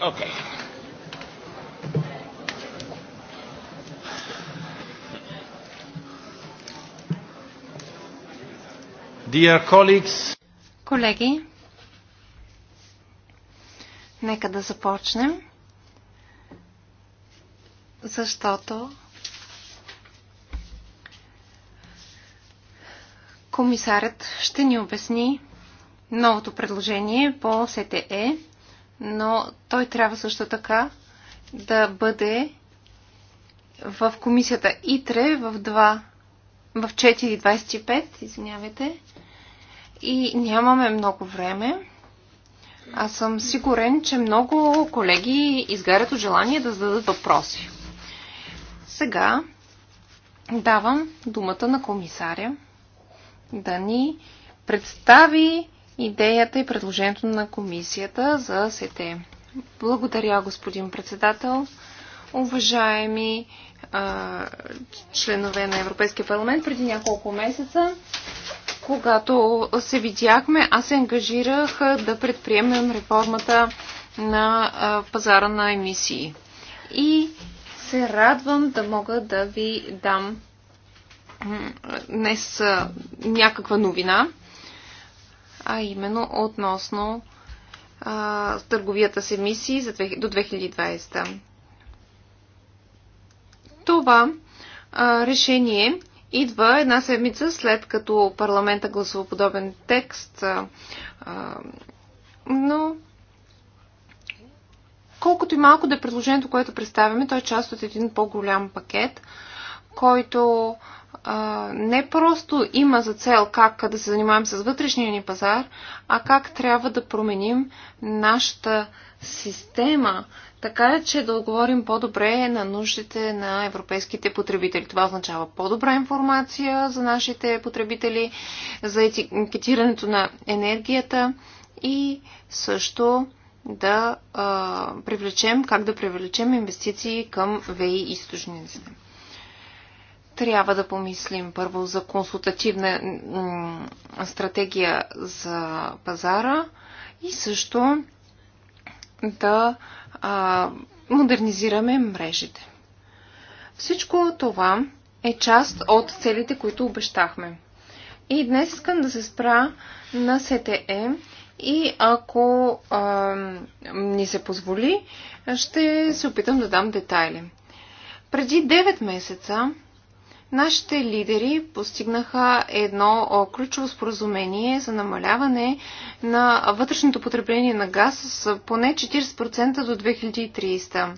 Okay. Dear colleagues, Колеги, нека да започнем, защото комисарят ще ни обясни новото предложение по СТЕ но той трябва също така да бъде в комисията ИТРЕ в 2, в 4.25, извинявайте. И нямаме много време. Аз съм сигурен, че много колеги изгарят от желание да зададат въпроси. Сега давам думата на комисаря да ни представи идеята и предложението на комисията за СЕТЕ. Благодаря, господин председател. Уважаеми а, членове на Европейския парламент, преди няколко месеца, когато се видяхме, аз се ангажирах да предприемем реформата на а, пазара на емисии. И се радвам да мога да ви дам днес някаква новина а именно относно а, търговията с емисии за, до 2020. Това а, решение идва една седмица след като парламента гласува подобен текст, а, а, но колкото и малко да е предложението, което представяме, то е част от един по-голям пакет, който не просто има за цел как да се занимаваме с вътрешния ни пазар, а как трябва да променим нашата система, така че да отговорим по-добре на нуждите на европейските потребители. Това означава по-добра информация за нашите потребители, за етикетирането на енергията и също да а, привлечем, как да привлечем инвестиции към ВИ източниците трябва да помислим първо за консултативна стратегия за пазара и също да а, модернизираме мрежите. Всичко това е част от целите, които обещахме. И днес искам да се спра на СТЕ и ако а, ни се позволи, ще се опитам да дам детайли. Преди 9 месеца Нашите лидери постигнаха едно ключово споразумение за намаляване на вътрешното потребление на газ с поне 40% до 2300.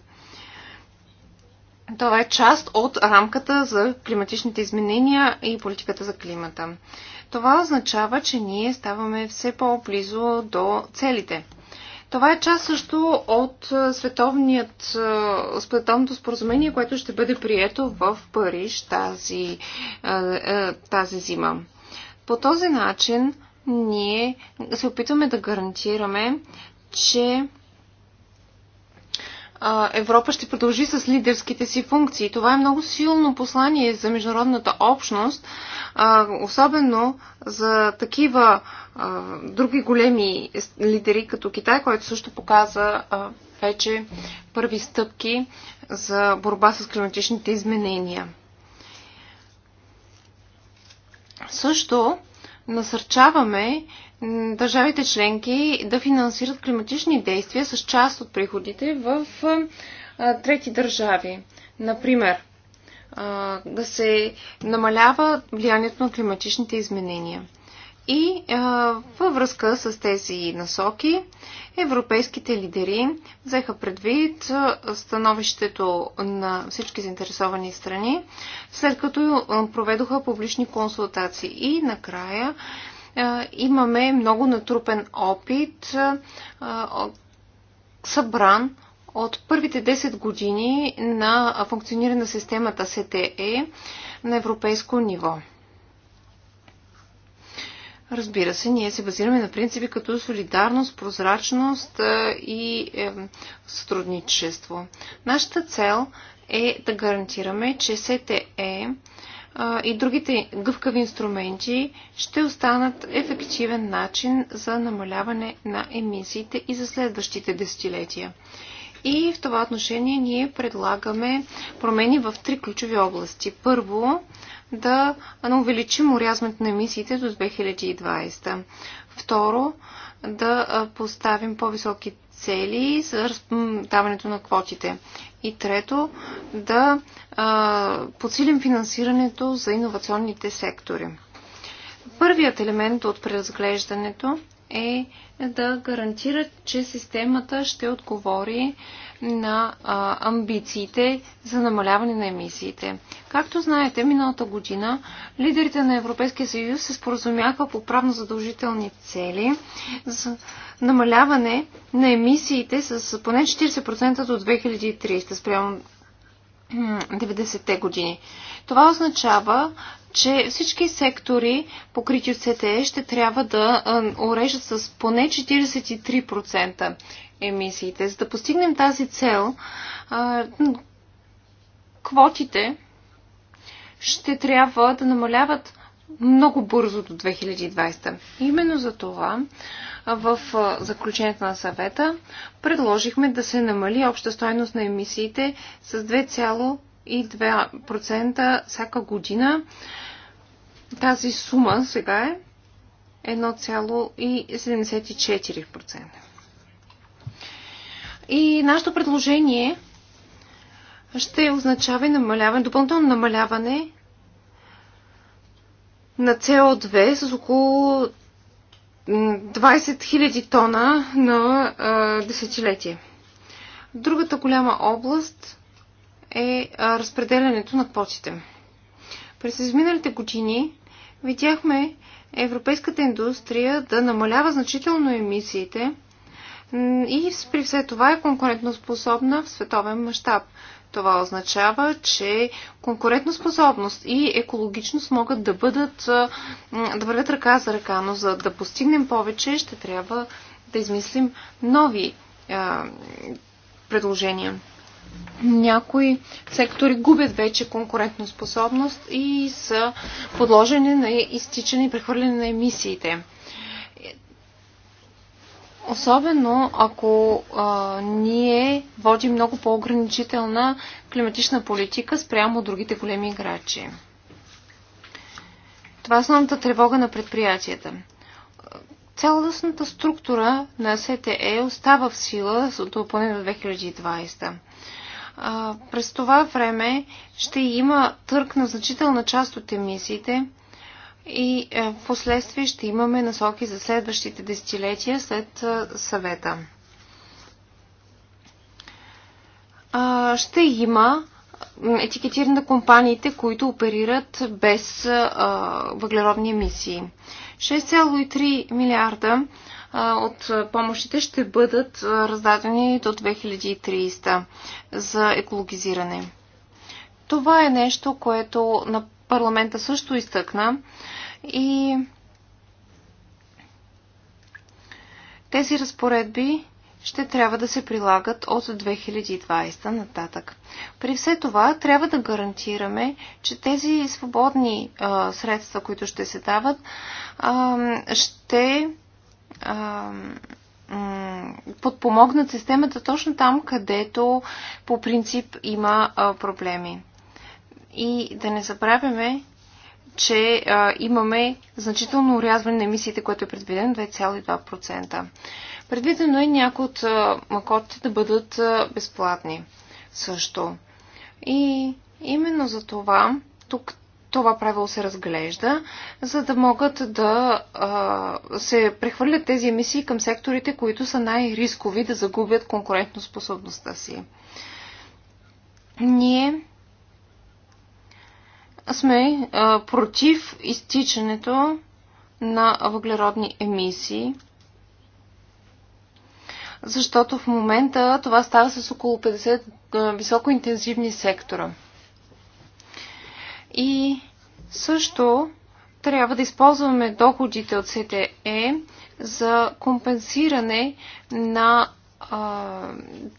Това е част от рамката за климатичните изменения и политиката за климата. Това означава, че ние ставаме все по-близо до целите. Това е част също от световният, световното споразумение, което ще бъде прието в Париж тази, тази зима. По този начин ние се опитваме да гарантираме, че Европа ще продължи с лидерските си функции. Това е много силно послание за международната общност, особено за такива други големи лидери като Китай, който също показа вече първи стъпки за борба с климатичните изменения. Също насърчаваме държавите членки да финансират климатични действия с част от приходите в трети държави. Например, да се намалява влиянието на климатичните изменения. И във връзка с тези насоки, европейските лидери взеха предвид становището на всички заинтересовани страни, след като проведоха публични консултации. И накрая е, имаме много натрупен опит, е, събран от първите 10 години на функциониране на системата СТЕ на европейско ниво. Разбира се, ние се базираме на принципи като солидарност, прозрачност е, и сътрудничество. Нашата цел е да гарантираме, че СТЕ и другите гъвкави инструменти ще останат ефективен начин за намаляване на емисиите и за следващите десетилетия. И в това отношение ние предлагаме промени в три ключови области. Първо, да увеличим урязването на емисиите до 2020. Второ, да поставим по-високи цели за даването на квотите. И трето, да подсилим финансирането за иновационните сектори. Първият елемент от преразглеждането е да гарантират, че системата ще отговори на а, амбициите за намаляване на емисиите. Както знаете, миналата година лидерите на Европейския съюз се споразумяха по правно задължителни цели за намаляване на емисиите с поне 40% до 2030 спрямо 90-те години. Това означава, че всички сектори, покрити от СТЕ, ще трябва да урежат с поне 43% емисиите. За да постигнем тази цел, квотите ще трябва да намаляват много бързо до 2020. Именно за това в заключението на съвета предложихме да се намали обща стоеност на емисиите с 2,2% всяка година. Тази сума сега е 1,74%. И нашето предложение ще означава и намаляване, допълнително намаляване на CO2 с около 20 000 тона на а, десетилетие. Другата голяма област е а, разпределянето на квотите. През изминалите години видяхме европейската индустрия да намалява значително емисиите – и при все това е конкурентоспособна в световен мащаб. Това означава, че конкурентоспособност и екологичност могат да бъдат, да вървят ръка за ръка, но за да постигнем повече, ще трябва да измислим нови а, предложения. Някои сектори губят вече конкурентоспособност и са подложени на изтичане и прехвърляне на емисиите. Особено ако а, ние водим много по-ограничителна климатична политика спрямо другите големи играчи. Това е основната тревога на предприятията. Цялостната структура на СТЕ остава в сила до поне до 2020. А, през това време ще има търк на значителна част от емисиите и е, в последствие ще имаме насоки за следващите десетилетия след е, съвета. Ще има етикетиране на компаниите, които оперират без е, въглеродни емисии. 6,3 милиарда от помощите ще бъдат раздадени до 2300 за екологизиране. Това е нещо, което парламента също изтъкна и тези разпоредби ще трябва да се прилагат от 2020 нататък. При все това трябва да гарантираме, че тези свободни а, средства, които ще се дават, а, ще а, подпомогнат системата точно там, където по принцип има а, проблеми. И да не забравяме, че а, имаме значително урязване на емисиите, което е предвидено 2,2%. Предвидено е някои от макотите да бъдат а, безплатни също. И именно за това тук това правило се разглежда, за да могат да а, се прехвърлят тези емисии към секторите, които са най-рискови да загубят конкурентоспособността си. Ние сме а, против изтичането на въглеродни емисии, защото в момента това става с около 50 високоинтензивни сектора. И също трябва да използваме доходите от СТЕ за компенсиране на а,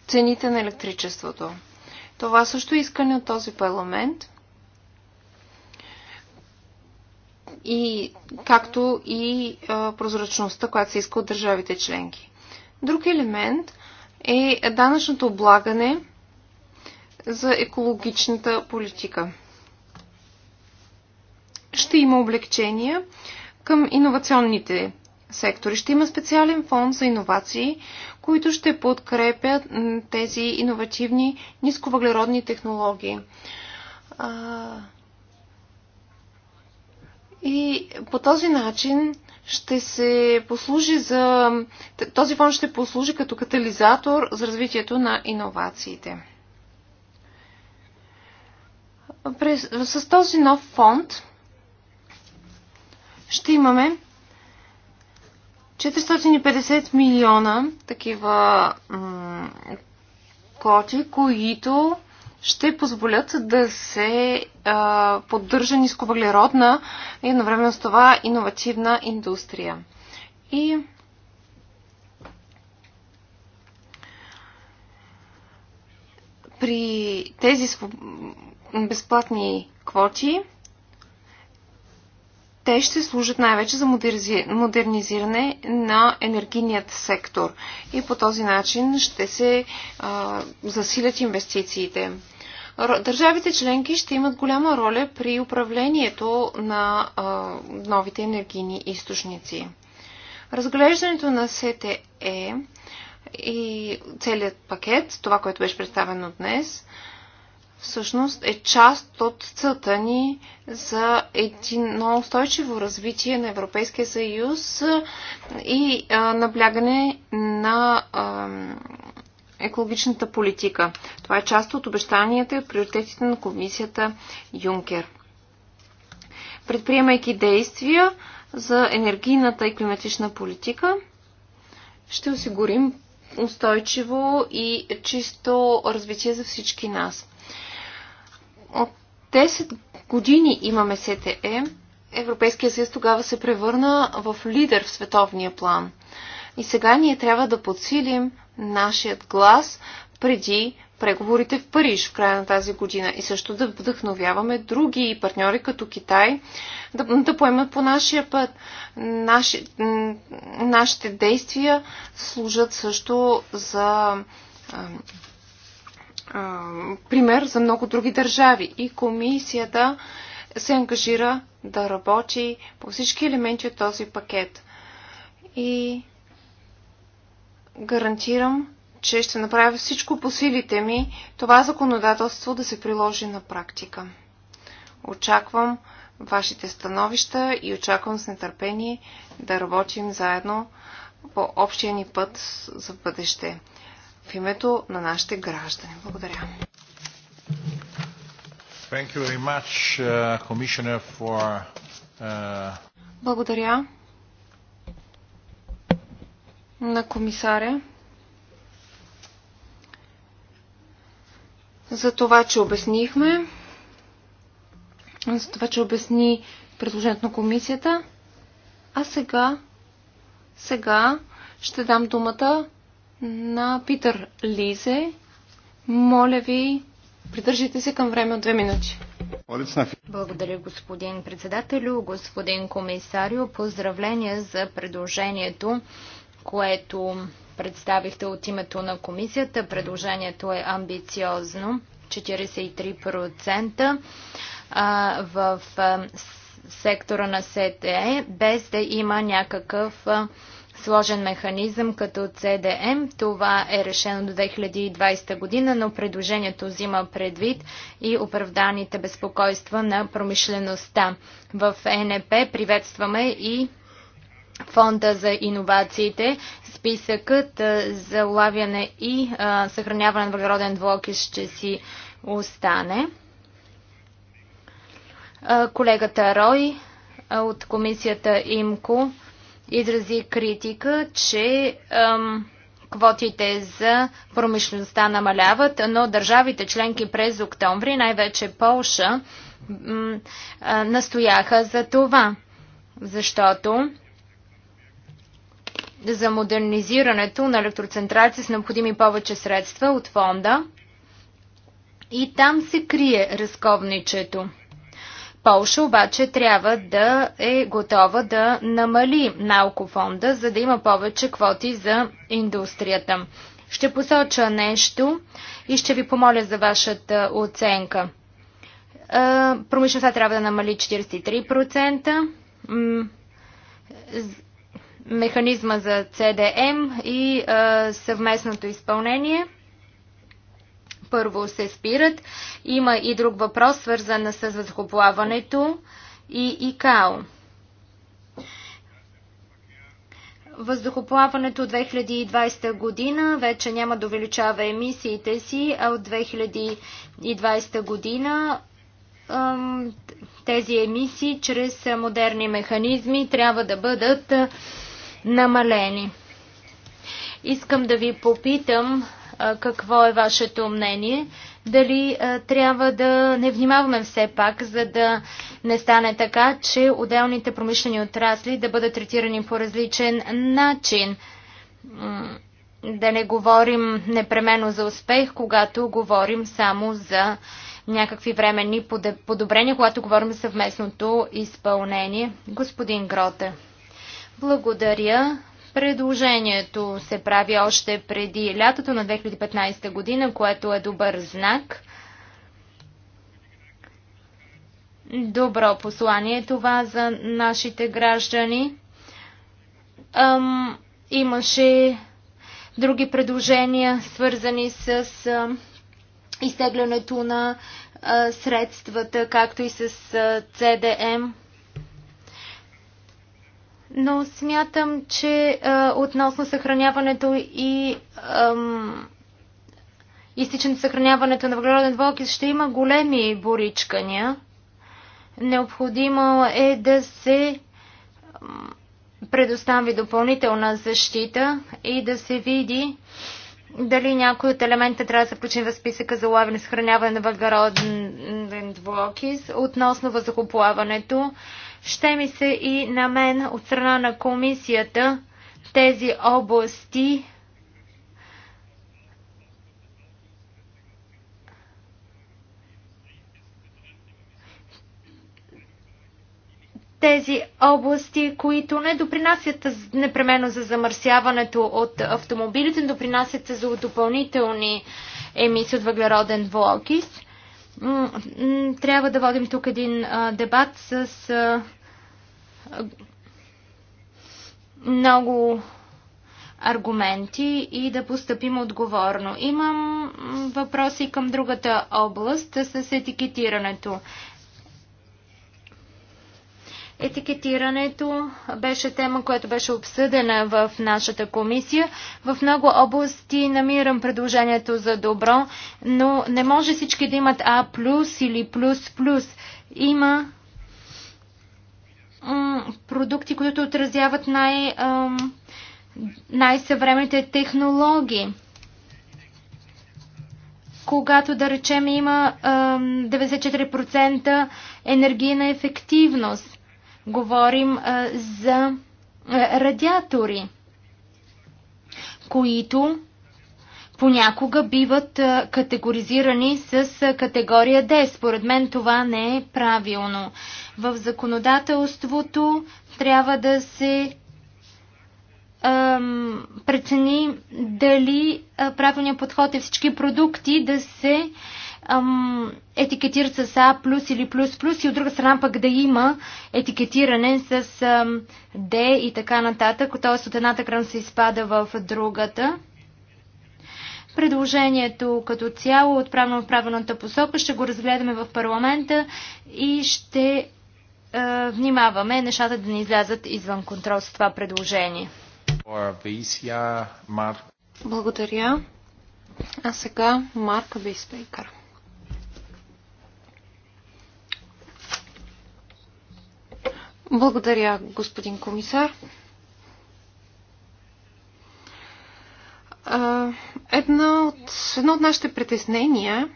цените на електричеството. Това също е искане от този парламент – и, както и а, прозрачността, която се иска от държавите членки. Друг елемент е данъчното облагане за екологичната политика. Ще има облегчения към иновационните сектори. Ще има специален фонд за иновации, които ще подкрепят тези иновативни нисковъглеродни технологии. И по този начин ще се послужи за... Този фонд ще послужи като катализатор за развитието на иновациите. През, с този нов фонд ще имаме 450 милиона такива коти, които ще позволят да се а, поддържа нисковъглеродна и едновременно с това иновативна индустрия. И при тези безплатни квоти те ще служат най-вече за модернизиране на енергийният сектор и по този начин ще се а, засилят инвестициите. Държавите членки ще имат голяма роля при управлението на новите енергийни източници. Разглеждането на СТЕ и целият пакет, това, което беше представено днес, всъщност е част от целта ни за едно устойчиво развитие на Европейския съюз и а, наблягане на а, екологичната политика. Това е част от обещанията и приоритетите на комисията Юнкер. Предприемайки действия за енергийната и климатична политика, ще осигурим устойчиво и чисто развитие за всички нас. От 10 години имаме СТЕ. Европейския съюз тогава се превърна в лидер в световния план – и сега ние трябва да подсилим нашият глас преди преговорите в Париж в края на тази година и също да вдъхновяваме други партньори като Китай да, да поемат по нашия път. Наши, нашите действия служат също за а, а, пример за много други държави и комисията се ангажира да работи по всички елементи от този пакет. И гарантирам, че ще направя всичко по силите ми това законодателство да се приложи на практика. Очаквам вашите становища и очаквам с нетърпение да работим заедно по общия ни път за бъдеще в името на нашите граждани. Благодаря. Thank you very much, uh, for, uh... Благодаря, на комисаря за това, че обяснихме, за това, че обясни предложението на комисията. А сега, сега ще дам думата на Питър Лизе. Моля ви, придържайте се към време от две минути. Благодаря, господин председателю, господин комисарио. Поздравления за предложението което представихте от името на комисията. Предложението е амбициозно. 43% в сектора на СТЕ, без да има някакъв сложен механизъм като CDM. Това е решено до 2020 година, но предложението взима предвид и оправданите безпокойства на промишлеността. В ЕНП приветстваме и фонда за иновациите, списъкът за улавяне и съхраняване на въглероден двуокис ще си остане. колегата Рой от комисията ИМКО изрази критика, че квотите за промишлеността намаляват, но държавите членки през октомври, най-вече Полша, настояха за това, защото за модернизирането на електроцентралите с необходими повече средства от фонда. И там се крие разковничето. Полша обаче трябва да е готова да намали малко фонда, за да има повече квоти за индустрията. Ще посоча нещо и ще ви помоля за вашата оценка. Промишлеността трябва да намали 43%, механизма за CDM и а, съвместното изпълнение. Първо се спират. Има и друг въпрос, свързан с въздухоплаването и ИКАО. Въздухоплаването от 2020 година вече няма да увеличава емисиите си, а от 2020 година тези емисии чрез модерни механизми трябва да бъдат намалени. Искам да ви попитам какво е вашето мнение. Дали трябва да не внимаваме все пак, за да не стане така, че отделните промишлени отрасли да бъдат третирани по различен начин. Да не говорим непременно за успех, когато говорим само за някакви временни подобрения, когато говорим за съвместното изпълнение. Господин Гроте. Благодаря. Предложението се прави още преди лятото на 2015 година, което е добър знак. Добро послание е това за нашите граждани. Ам, имаше други предложения, свързани с ам, изтеглянето на а, средствата, както и с а, CDM. Но смятам, че а, относно съхраняването и ам, изтичането съхраняването на въглероден двуокис ще има големи боричкания. Необходимо е да се предостави допълнителна защита и да се види дали някой от елемента трябва да се включи в списъка за лавене съхраняване на въглероден двуокис относно въздухоплаването. Ще ми се и на мен от страна на комисията тези области тези области, които не допринасят непременно за замърсяването от автомобилите, допринасят за допълнителни емисии от въглероден двуокис трябва да водим тук един а, дебат с а, много аргументи и да постъпим отговорно. Имам въпроси към другата област с етикетирането. Етикетирането беше тема, която беше обсъдена в нашата комисия. В много области намирам предложението за добро, но не може всички да имат А плюс или плюс плюс. Има продукти, които отразяват най- най-съвременните технологии когато да речем има 94% енергийна ефективност. Говорим а, за радиатори, които понякога биват категоризирани с категория D. Според мен това не е правилно. В законодателството трябва да се прецени дали правилният подход е всички продукти да се ам, етикетират с А плюс или плюс плюс и от друга страна пък да има етикетиране с ам, Д и така нататък, т.е. от едната кръм се изпада в другата. Предложението като цяло е отправено в правилната посока ще го разгледаме в парламента и ще а, внимаваме нещата да не излязат извън контрол с това предложение. Благодаря. А сега Марк Бейспейкър. Благодаря, господин комисар. Едно от, едно от нашите притеснения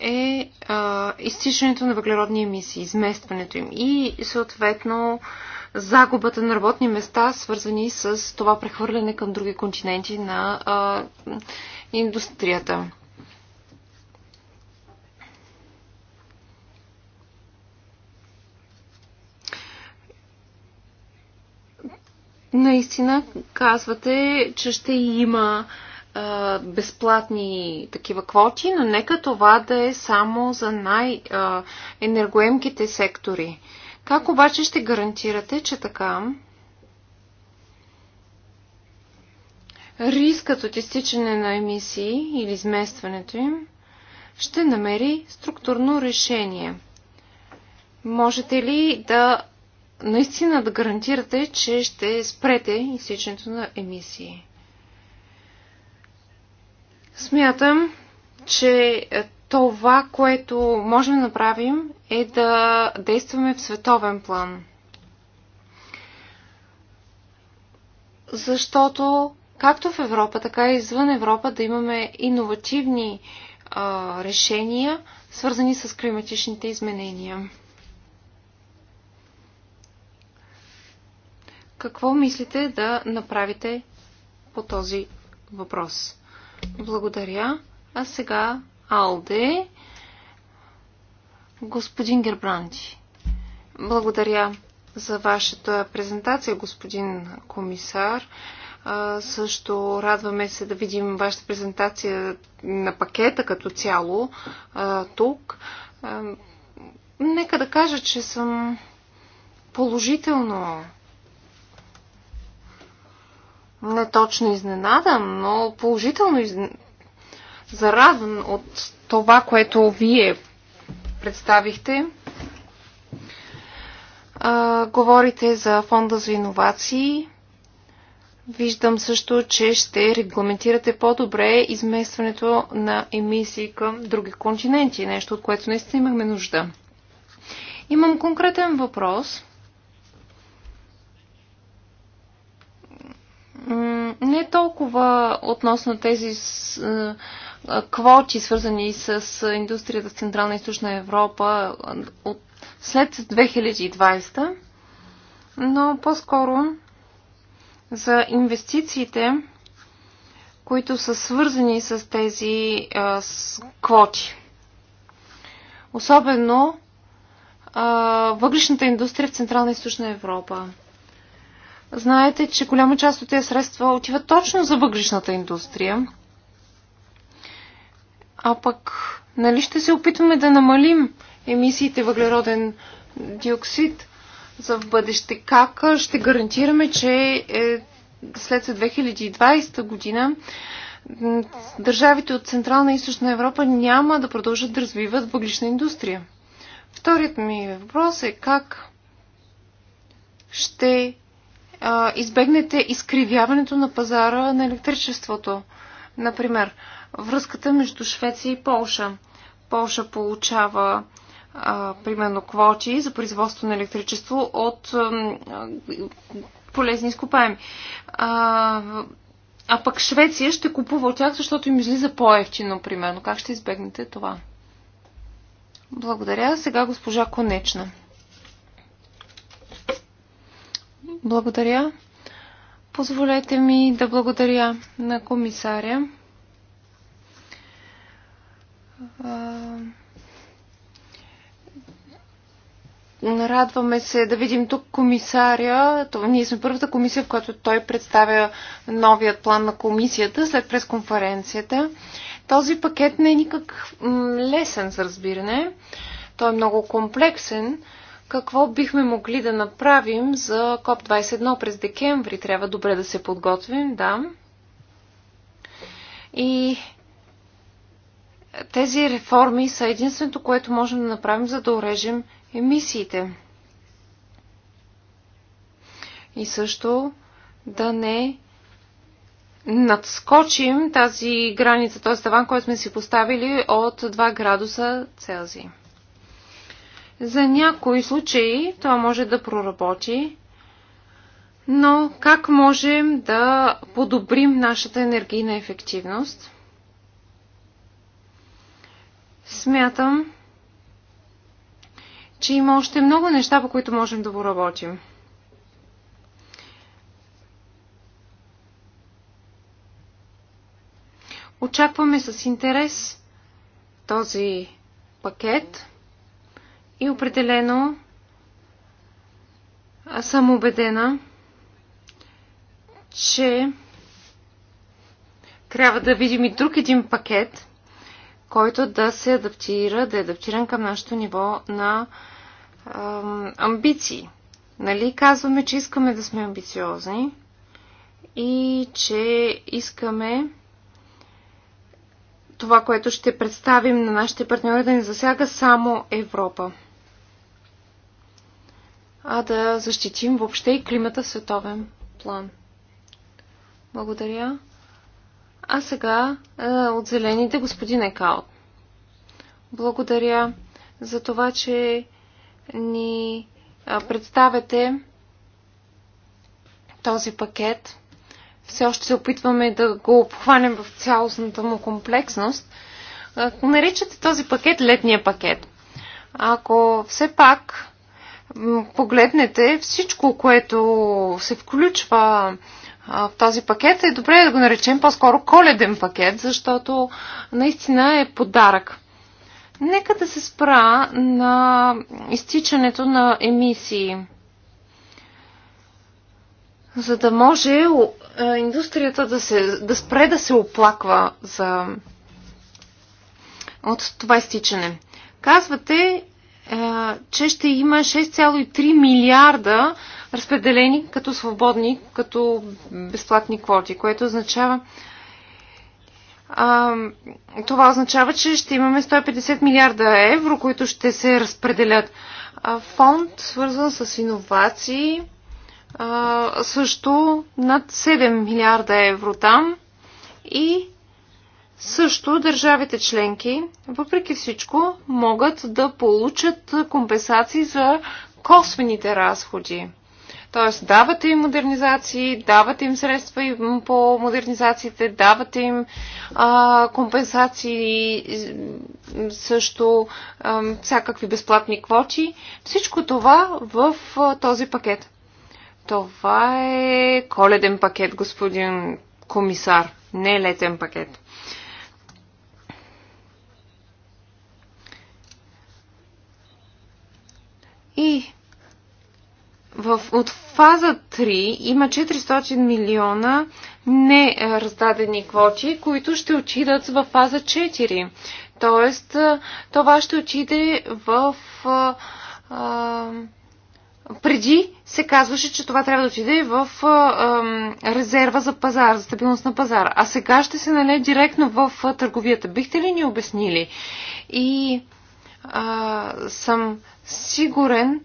е а, изтичането на въглеродни емисии, изместването им и съответно загубата на работни места, свързани с това прехвърляне към други континенти на а, индустрията. Наистина казвате, че ще има а, безплатни такива квоти, но нека това да е само за най-енергоемките сектори. Как обаче ще гарантирате, че така рискът от изтичане на емисии или изместването им ще намери структурно решение? Можете ли да наистина да гарантирате, че ще спрете изсичането на емисии. Смятам, че това, което можем да направим, е да действаме в световен план. Защото както в Европа, така и извън Европа да имаме иновативни а, решения, свързани с климатичните изменения. Какво мислите да направите по този въпрос? Благодаря. А сега Алде, господин Гербранти. Благодаря за вашата презентация, господин комисар. А, също радваме се да видим вашата презентация на пакета като цяло а, тук. А, нека да кажа, че съм положително не точно изненадан, но положително из... зарадан от това, което вие представихте. А, говорите за фонда за иновации. Виждам също, че ще регламентирате по-добре изместването на емисии към други континенти, нещо от което наистина имахме нужда. Имам конкретен въпрос не толкова относно тези квоти, свързани с индустрията в Централна и Източна Европа от, след 2020, но по-скоро за инвестициите, които са свързани с тези а, с квоти. Особено а, въглишната индустрия в Централна и Източна Европа. Знаете, че голяма част от тези средства отиват точно за въглишната индустрия. А пък, нали ще се опитваме да намалим емисиите въглероден диоксид за в бъдеще? Как ще гарантираме, че е, след 2020 година държавите от Централна и Източна Европа няма да продължат да развиват въглишна индустрия? Вторият ми въпрос е как ще а, избегнете изкривяването на пазара на електричеството. Например, връзката между Швеция и Полша. Полша получава а, примерно квоти за производство на електричество от а, полезни изкопаеми. А, а пък Швеция ще купува от тях, защото им излиза по-ефтино, примерно. Как ще избегнете това? Благодаря. Сега госпожа Конечна. Благодаря. Позволете ми да благодаря на комисаря. Радваме се да видим тук комисаря. Ние сме първата комисия, в която той представя новият план на комисията след пресконференцията. Този пакет не е никак лесен за разбиране. Той е много комплексен какво бихме могли да направим за КОП-21 през декември. Трябва добре да се подготвим, да. И тези реформи са единственото, което можем да направим, за да урежем емисиите. И също да не надскочим тази граница, т.е. таван, който сме си поставили от 2 градуса Целзий. За някои случаи това може да проработи, но как можем да подобрим нашата енергийна ефективност? Смятам, че има още много неща, по които можем да поработим. Очакваме с интерес този пакет. И определено аз съм убедена, че трябва да видим и друг един пакет, който да се адаптира, да е адаптиран към нашето ниво на ам, амбиции. Нали, казваме, че искаме да сме амбициозни и че искаме това, което ще представим на нашите партньори, да не засяга само Европа а да защитим въобще и климата в световен план. Благодаря. А сега е, от зелените господин Екаут. Благодаря за това, че ни е, представяте този пакет. Все още се опитваме да го обхванем в цялостната му комплексност. Е, наричате този пакет летния пакет. Ако все пак погледнете всичко, което се включва в този пакет, е добре да го наречем по-скоро коледен пакет, защото наистина е подарък. Нека да се спра на изтичането на емисии. За да може е, индустрията да, се, да спре да се оплаква за, от това изтичане. Казвате, е, че ще има 6,3 милиарда разпределени като свободни, като безплатни квоти, което означава а, това означава, че ще имаме 150 милиарда евро, които ще се разпределят. А, фонд, свързан с иновации, а, също над 7 милиарда евро там и също държавите членки, въпреки всичко, могат да получат компенсации за косвените разходи. Тоест, давате им модернизации, давате им средства по модернизациите, давате им а, компенсации, също а, всякакви безплатни квоти. Всичко това в а, този пакет. Това е коледен пакет, господин комисар, не летен пакет. И в, от фаза 3 има 400 милиона нераздадени квоти, които ще отидат в фаза 4. Тоест, това ще отиде в. А, а, преди се казваше, че това трябва да отиде в а, а, резерва за пазар, за стабилност на пазара. А сега ще се налее директно в а, търговията. Бихте ли ни обяснили? И а, съм сигурен,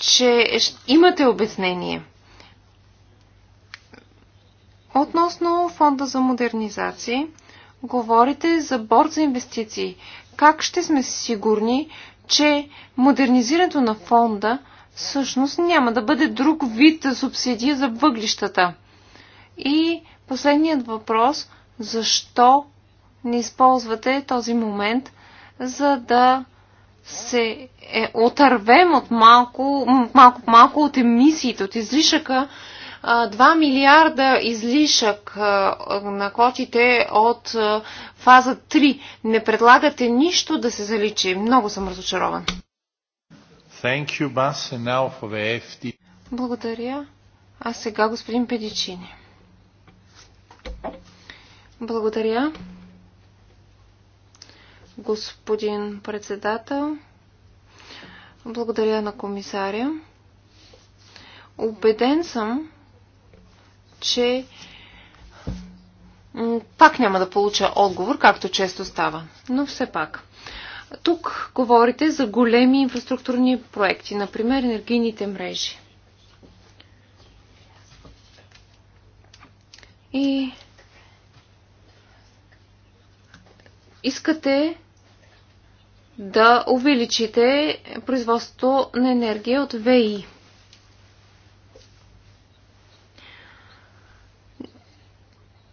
че имате обяснение. Относно фонда за модернизации, говорите за борт за инвестиции. Как ще сме сигурни, че модернизирането на фонда всъщност няма да бъде друг вид субсидия за въглищата? И последният въпрос, защо не използвате този момент, за да се е отървем от малко, малко, малко от емисиите, от излишъка, 2 милиарда излишък на котите от фаза 3. Не предлагате нищо да се заличи. Много съм разочарован. You, Благодаря. А сега господин Педичини. Благодаря господин председател. Благодаря на комисаря. Обеден съм, че пак няма да получа отговор, както често става. Но все пак. Тук говорите за големи инфраструктурни проекти, например енергийните мрежи. И искате да увеличите производството на енергия от ВИ.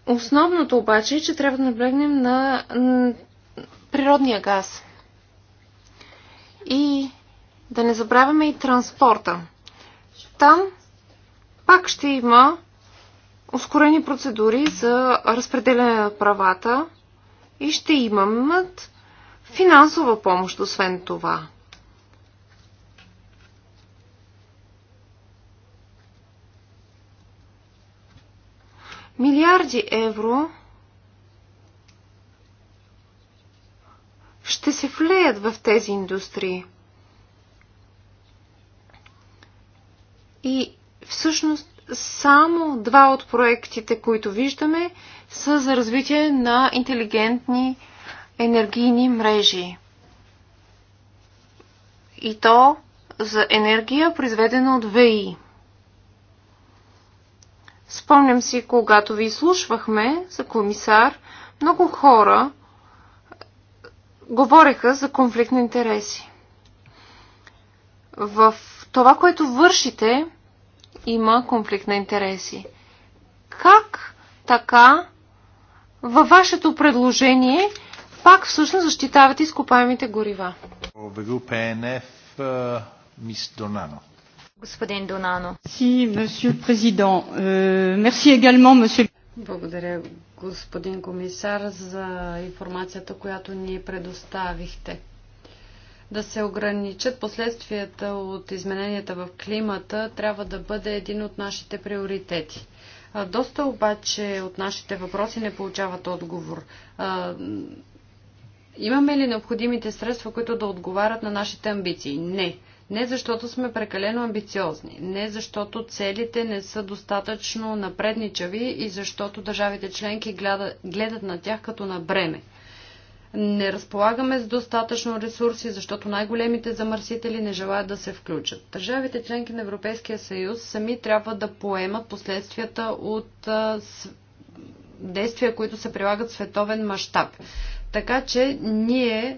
Основното обаче е, че трябва да наблегнем на природния газ. И да не забравяме и транспорта. Там пак ще има ускорени процедури за разпределяне на правата и ще имат финансова помощ, освен това. Милиарди евро ще се влеят в тези индустрии. И всъщност само два от проектите, които виждаме, са за развитие на интелигентни енергийни мрежи. И то за енергия, произведена от ВИ. Спомням си, когато ви изслушвахме за комисар, много хора говореха за конфликт на интереси. В това, което вършите, има конфликт на интереси. Как така във вашето предложение пак всъщност защитавате изкопаемите горива. ПНФ, мис Донано. Господин Донано. Си, месье президент. Е, мерси егалмон, месье... Благодаря, господин комисар, за информацията, която ни предоставихте. Да се ограничат последствията от измененията в климата трябва да бъде един от нашите приоритети – доста обаче от нашите въпроси не получават отговор. Имаме ли необходимите средства, които да отговарят на нашите амбиции? Не. Не защото сме прекалено амбициозни, не защото целите не са достатъчно напредничави и защото държавите членки гледат, на тях като на бреме не разполагаме с достатъчно ресурси, защото най-големите замърсители не желаят да се включат. Държавите членки на Европейския съюз сами трябва да поемат последствията от действия, които се прилагат в световен мащаб. Така че ние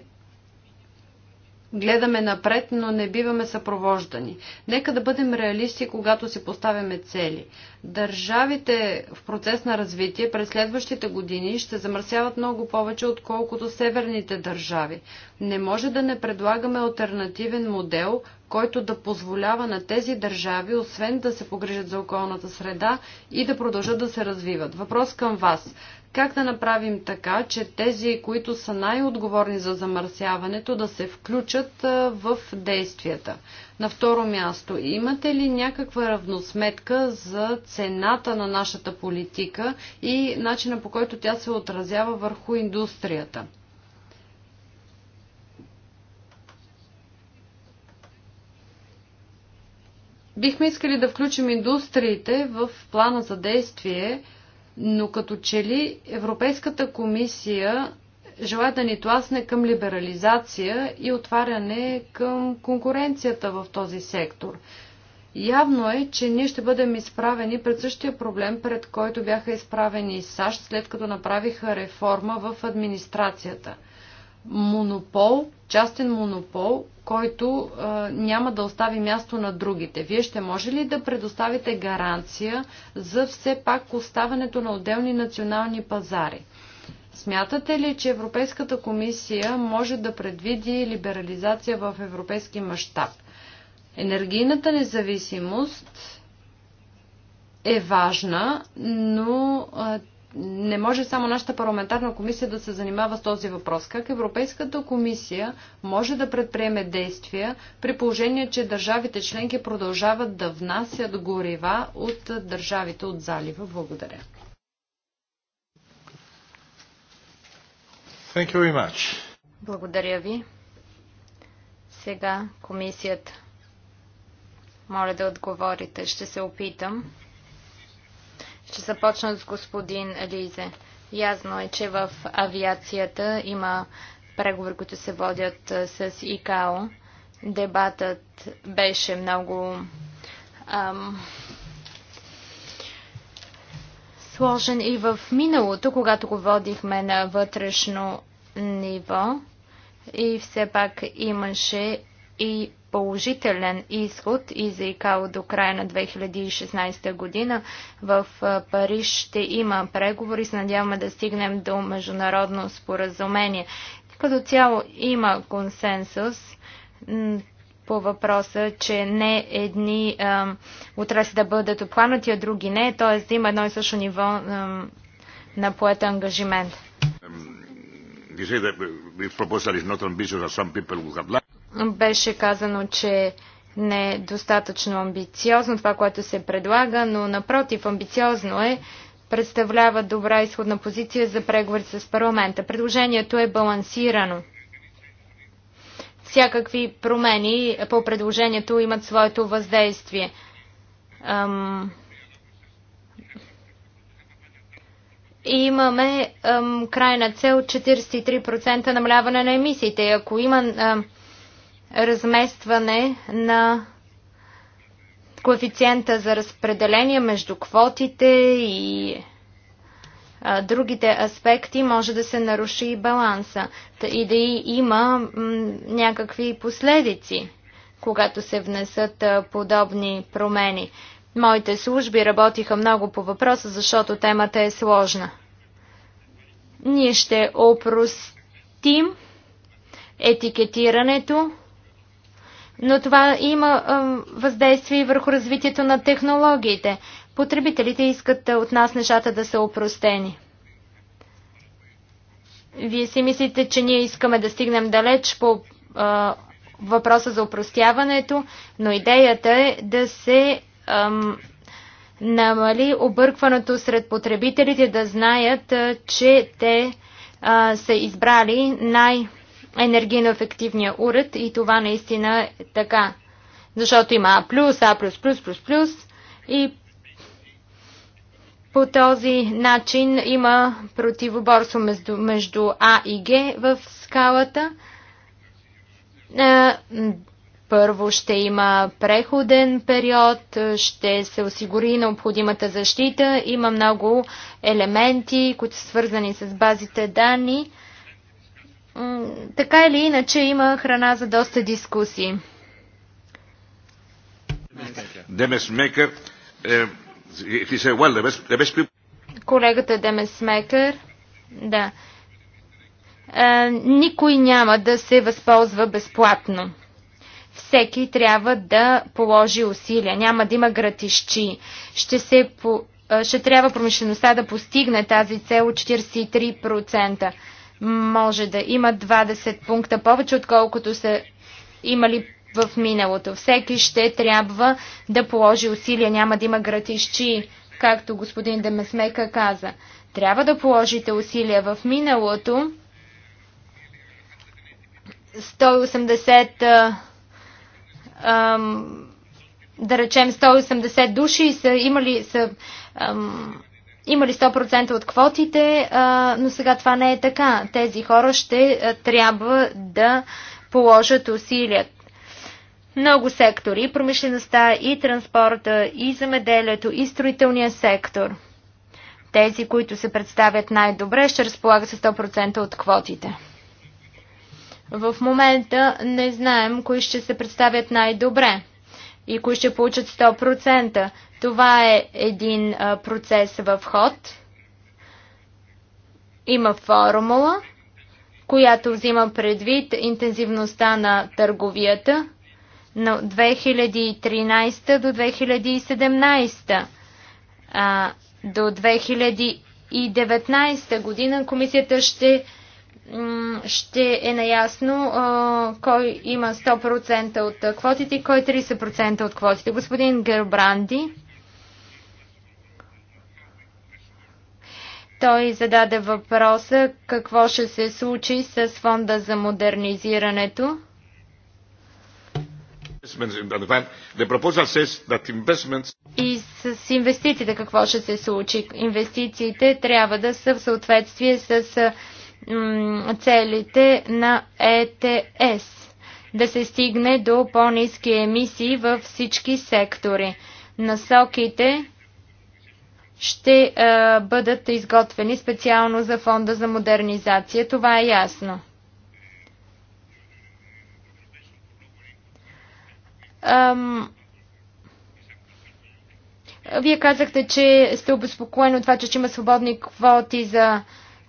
гледаме напред, но не биваме съпровождани. Нека да бъдем реалисти, когато си поставяме цели. Държавите в процес на развитие през следващите години ще замърсяват много повече, отколкото северните държави. Не може да не предлагаме альтернативен модел, който да позволява на тези държави, освен да се погрижат за околната среда и да продължат да се развиват. Въпрос към вас. Как да направим така, че тези, които са най-отговорни за замърсяването, да се включат в действията? На второ място, имате ли някаква равносметка за цената на нашата политика и начина по който тя се отразява върху индустрията? Бихме искали да включим индустриите в плана за действие, но като че ли Европейската комисия желая да ни тласне към либерализация и отваряне към конкуренцията в този сектор. Явно е, че ние ще бъдем изправени пред същия проблем, пред който бяха изправени САЩ, след като направиха реформа в администрацията – монопол, частен монопол, който а, няма да остави място на другите. Вие ще може ли да предоставите гаранция за все пак оставането на отделни национални пазари? Смятате ли, че Европейската комисия може да предвиди либерализация в европейски мащаб? Енергийната независимост е важна, но а, не може само нашата парламентарна комисия да се занимава с този въпрос. Как Европейската комисия може да предприеме действия при положение, че държавите членки продължават да внасят горива от държавите от залива? Благодаря. Thank you very much. Благодаря ви. Сега комисията. Моля да отговорите. Ще се опитам. Ще започна с господин Лизе. Ясно е, че в авиацията има преговори, които се водят с ИКАО. Дебатът беше много ам, сложен и в миналото, когато го водихме на вътрешно ниво и все пак имаше и положителен изход и за ИКАО до края на 2016 година. В Париж ще има преговори. се надяваме да стигнем до международно споразумение. Като цяло има консенсус по въпроса, че не едни ам, отрасли да бъдат обхванати, а други не, т.е. да има едно и също ниво ам, на поета ангажимент. Беше казано, че не е достатъчно амбициозно това, което се предлага, но напротив, амбициозно е, представлява добра изходна позиция за преговори с парламента. Предложението е балансирано. Всякакви промени по предложението имат своето въздействие. Ам... Имаме ам, крайна цел 43% намаляване на емисиите. Ако има ам, разместване на коефициента за разпределение между квотите и другите аспекти може да се наруши и баланса и да има някакви последици, когато се внесат подобни промени. Моите служби работиха много по въпроса, защото темата е сложна. Ние ще опростим етикетирането но това има въздействие върху развитието на технологиите. Потребителите искат от нас нещата да са опростени. Вие си мислите, че ние искаме да стигнем далеч по а, въпроса за опростяването, но идеята е да се ам, намали объркването сред потребителите, да знаят, а, че те а, са избрали най- енергийно ефективния уред и това наистина е така. Защото има А+, А++++ и по този начин има противоборство между, между А и Г в скалата. Е, първо ще има преходен период, ще се осигури необходимата защита. Има много елементи, които са свързани с базите данни така или иначе има храна за доста дискусии. Колегата Мекър да. Е, никой няма да се възползва безплатно. Всеки трябва да положи усилия. Няма да има гратищи. Ще се по е, ще трябва промишлеността да постигне тази цел 43% може да има 20 пункта повече, отколкото са имали в миналото. Всеки ще трябва да положи усилия, няма да има гратищи, както господин Демесмека каза. Трябва да положите усилия в миналото. 180 да речем 180 души са имали са, ам, има ли 100% от квотите, но сега това не е така. Тези хора ще трябва да положат усилия. Много сектори, промишлеността и транспорта, и замеделието, и строителния сектор. Тези, които се представят най-добре, ще разполагат с 100% от квотите. В момента не знаем кои ще се представят най-добре и кои ще получат 100%. Това е един а, процес в ход. Има формула, която взима предвид интензивността на търговията на 2013 до 2017. А, до 2019 година комисията ще, ще е наясно а, кой има 100% от квотите и кой 30% от квотите. Господин Гербранди. Той зададе въпроса какво ще се случи с фонда за модернизирането. И с инвестициите какво ще се случи? Инвестициите трябва да са в съответствие с целите на ЕТС. Да се стигне до по-низки емисии във всички сектори. Насоките ще а, бъдат изготвени специално за фонда за модернизация. Това е ясно. Ам... Вие казахте, че сте обезпокоени от това, че има свободни квоти за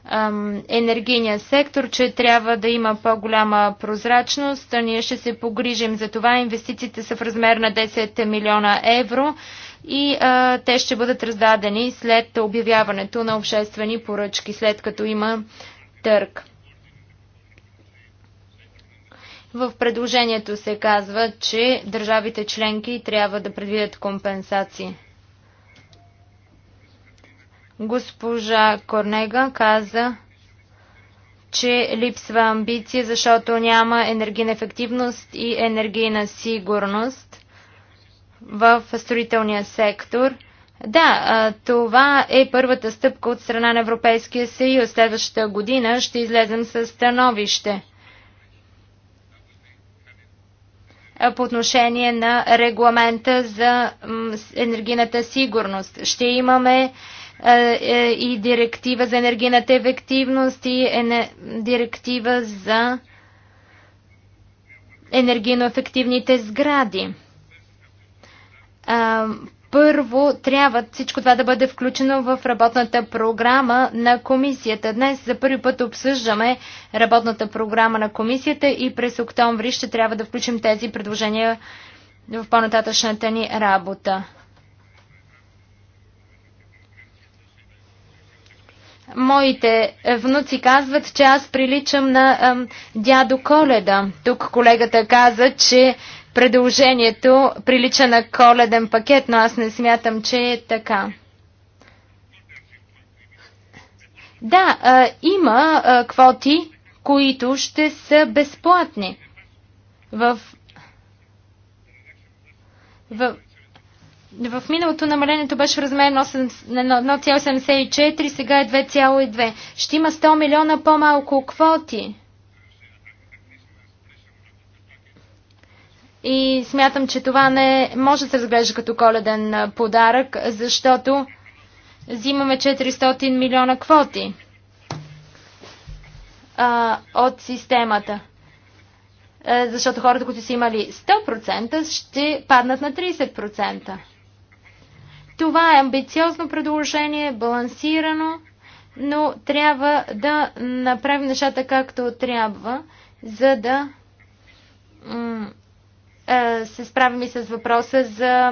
ам, енергийния сектор, че трябва да има по-голяма прозрачност. Ние ще се погрижим за това. Инвестициите са в размер на 10 милиона евро и а, те ще бъдат раздадени след обявяването на обществени поръчки, след като има търг. В предложението се казва, че държавите членки трябва да предвидят компенсации. Госпожа Корнега каза, че липсва амбиция, защото няма енергийна ефективност и енергийна сигурност в строителния сектор. Да, това е първата стъпка от страна на Европейския съюз. Следващата година ще излезем с становище по отношение на регламента за енергийната сигурност. Ще имаме е, и директива за енергийната ефективност и директива за енергийно ефективните сгради а, първо трябва всичко това да бъде включено в работната програма на комисията. Днес за първи път обсъждаме работната програма на комисията и през октомври ще трябва да включим тези предложения в по-нататъчната ни работа. Моите внуци казват, че аз приличам на ам, дядо Коледа. Тук колегата каза, че Предложението прилича на коледен пакет, но аз не смятам, че е така. Да, а, има а, квоти, които ще са безплатни. В, в, в миналото намалението беше в размер на 1,74, сега е 2,2. Ще има 100 милиона по-малко квоти. И смятам, че това не може да се разглежда като коледен подарък, защото взимаме 400 милиона квоти а, от системата. А, защото хората, които са имали 100%, ще паднат на 30%. Това е амбициозно предложение, балансирано, но трябва да направим нещата както трябва, за да е, се справим и с въпроса за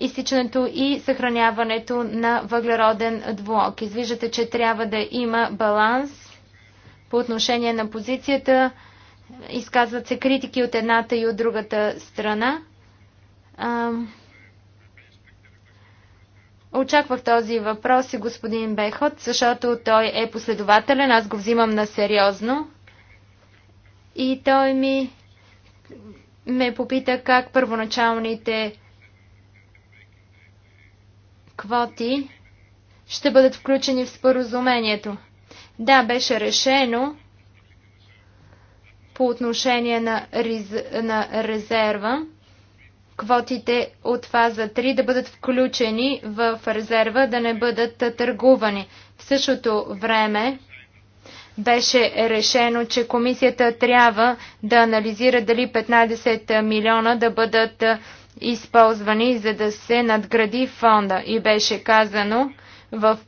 изтичането и съхраняването на въглероден двуокис. Виждате, че трябва да има баланс по отношение на позицията. Изказват се критики от едната и от другата страна. Е, очаквах този въпрос и господин Бехот, защото той е последователен, аз го взимам на сериозно. И той ми ме попита как първоначалните квоти ще бъдат включени в споразумението. Да, беше решено по отношение на, рез... на резерва квотите от фаза 3 да бъдат включени в резерва, да не бъдат търгувани. В същото време беше решено, че комисията трябва да анализира дали 15 милиона да бъдат използвани, за да се надгради фонда. И беше казано в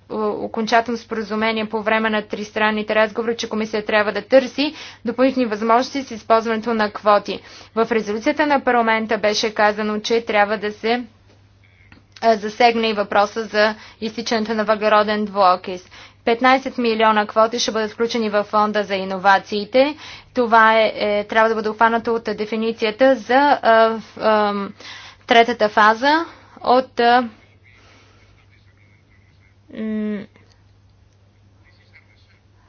окончателно споразумение по време на тристранните разговори, че комисия трябва да търси допълнителни възможности с използването на квоти. В резолюцията на парламента беше казано, че трябва да се засегне и въпроса за изтичането на въглероден двуокис. 15 милиона квоти ще бъдат включени в фонда за иновациите. Това е, е, трябва да бъде обхванато от дефиницията за е, е, третата фаза от е,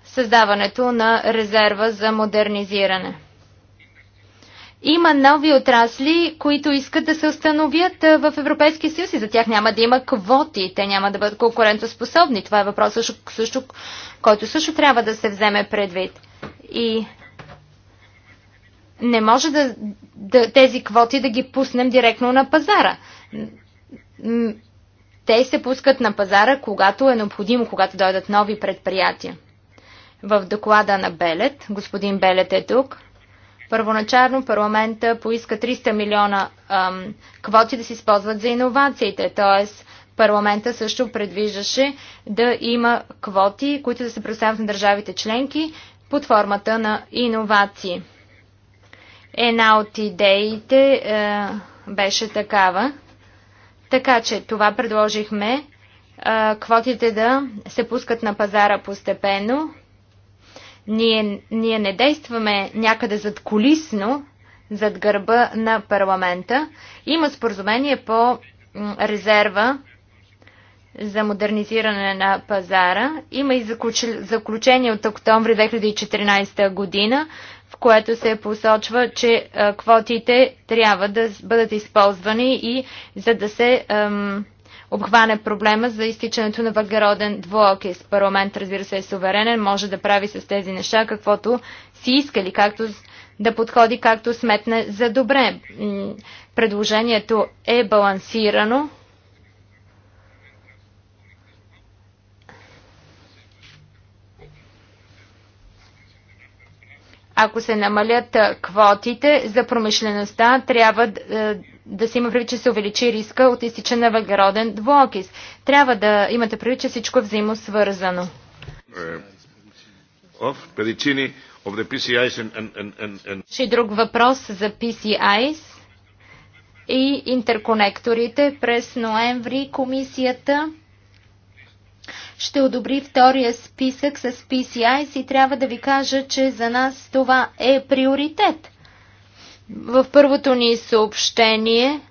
създаването на резерва за модернизиране. Има нови отрасли, които искат да се установят в Европейския съюз и за тях няма да има квоти. Те няма да бъдат конкурентоспособни. Това е въпрос, също, също, който също трябва да се вземе предвид. И не може да, да, тези квоти да ги пуснем директно на пазара. Те се пускат на пазара, когато е необходимо, когато дойдат нови предприятия. В доклада на Белет, господин Белет е тук, Първоначално парламента поиска 300 милиона ам, квоти да се използват за иновациите, т.е. парламента също предвиждаше да има квоти, които да се представят на държавите членки под формата на иновации. Една от идеите е, беше такава, така че това предложихме е, квотите да се пускат на пазара постепенно ние, ние не действаме някъде зад колисно, зад гърба на парламента. Има споразумение по резерва за модернизиране на пазара. Има и заключение от октомври 2014 година, в което се посочва, че квотите трябва да бъдат използвани и за да се обхване проблема за изтичането на въглероден двуокис. Парламент, разбира се, е суверенен, може да прави с тези неща каквото си искали, както да подходи както сметне за добре. Предложението е балансирано. Ако се намалят квотите за промишлеността, трябва е, да се има предвид, че се увеличи риска от изтича на въглероден двуокис. Трябва да имате предвид, че всичко е взаимосвързано. Ще друг въпрос за PCIs и интерконекторите. През ноември комисията ще одобри втория списък с PCIs и трябва да ви кажа, че за нас това е приоритет – в първото ни съобщение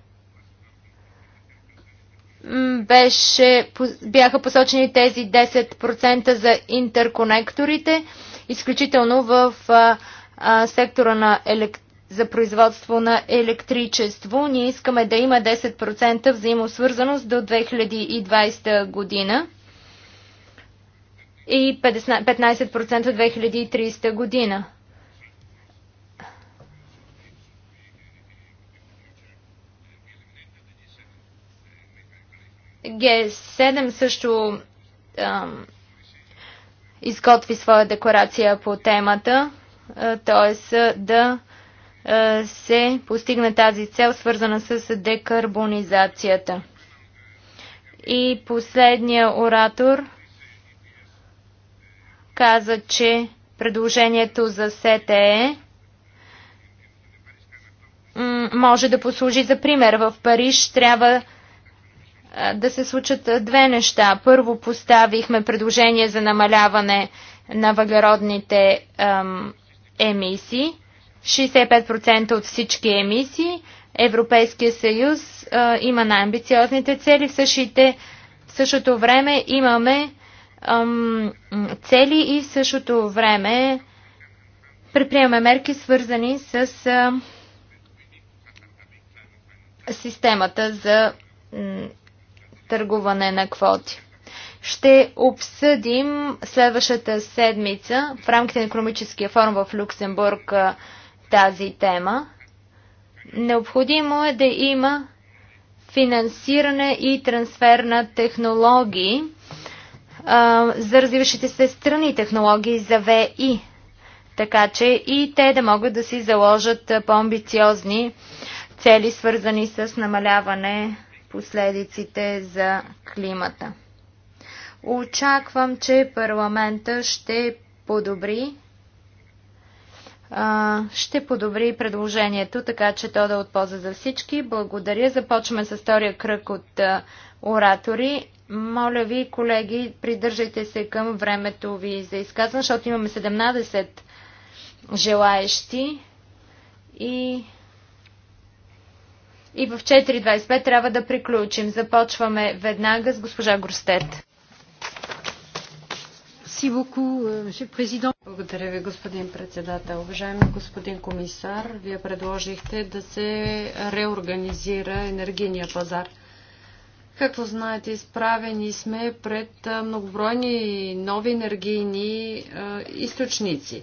беше, бяха посочени тези 10% за интерконекторите, изключително в а, а, сектора на елект... за производство на електричество. Ние искаме да има 10% взаимосвързаност до 2020 година и 15% 2030 година. g 7 също ам, изготви своя декларация по темата, т.е. да се постигне тази цел, свързана с декарбонизацията. И последния оратор каза, че предложението за СТЕ може да послужи за пример. В Париж трябва да се случат две неща. Първо поставихме предложение за намаляване на въглеродните ем, емисии. 65% от всички емисии. Европейския съюз е, има най-амбициозните цели. В, същите, в същото време имаме ем, цели и в същото време предприемаме мерки свързани с е, системата за търгуване на квоти. Ще обсъдим следващата седмица в рамките на економическия форум в Люксембург тази тема. Необходимо е да има финансиране и трансфер на технологии а, за развиващите се страни технологии за ВИ, така че и те да могат да си заложат по-амбициозни цели, свързани с намаляване последиците за климата. Очаквам, че парламента ще подобри ще подобри предложението, така че то да е от за всички. Благодаря. Започваме с втория кръг от оратори. Моля ви, колеги, придържайте се към времето ви за изказване, защото имаме 17 желаещи и и в 4.25 трябва да приключим. Започваме веднага с госпожа Горстет. Е, Благодаря ви, господин председател. Уважаеми господин комисар, вие предложихте да се реорганизира енергийния пазар. Както знаете, изправени сме пред е, многобройни нови енергийни е, източници.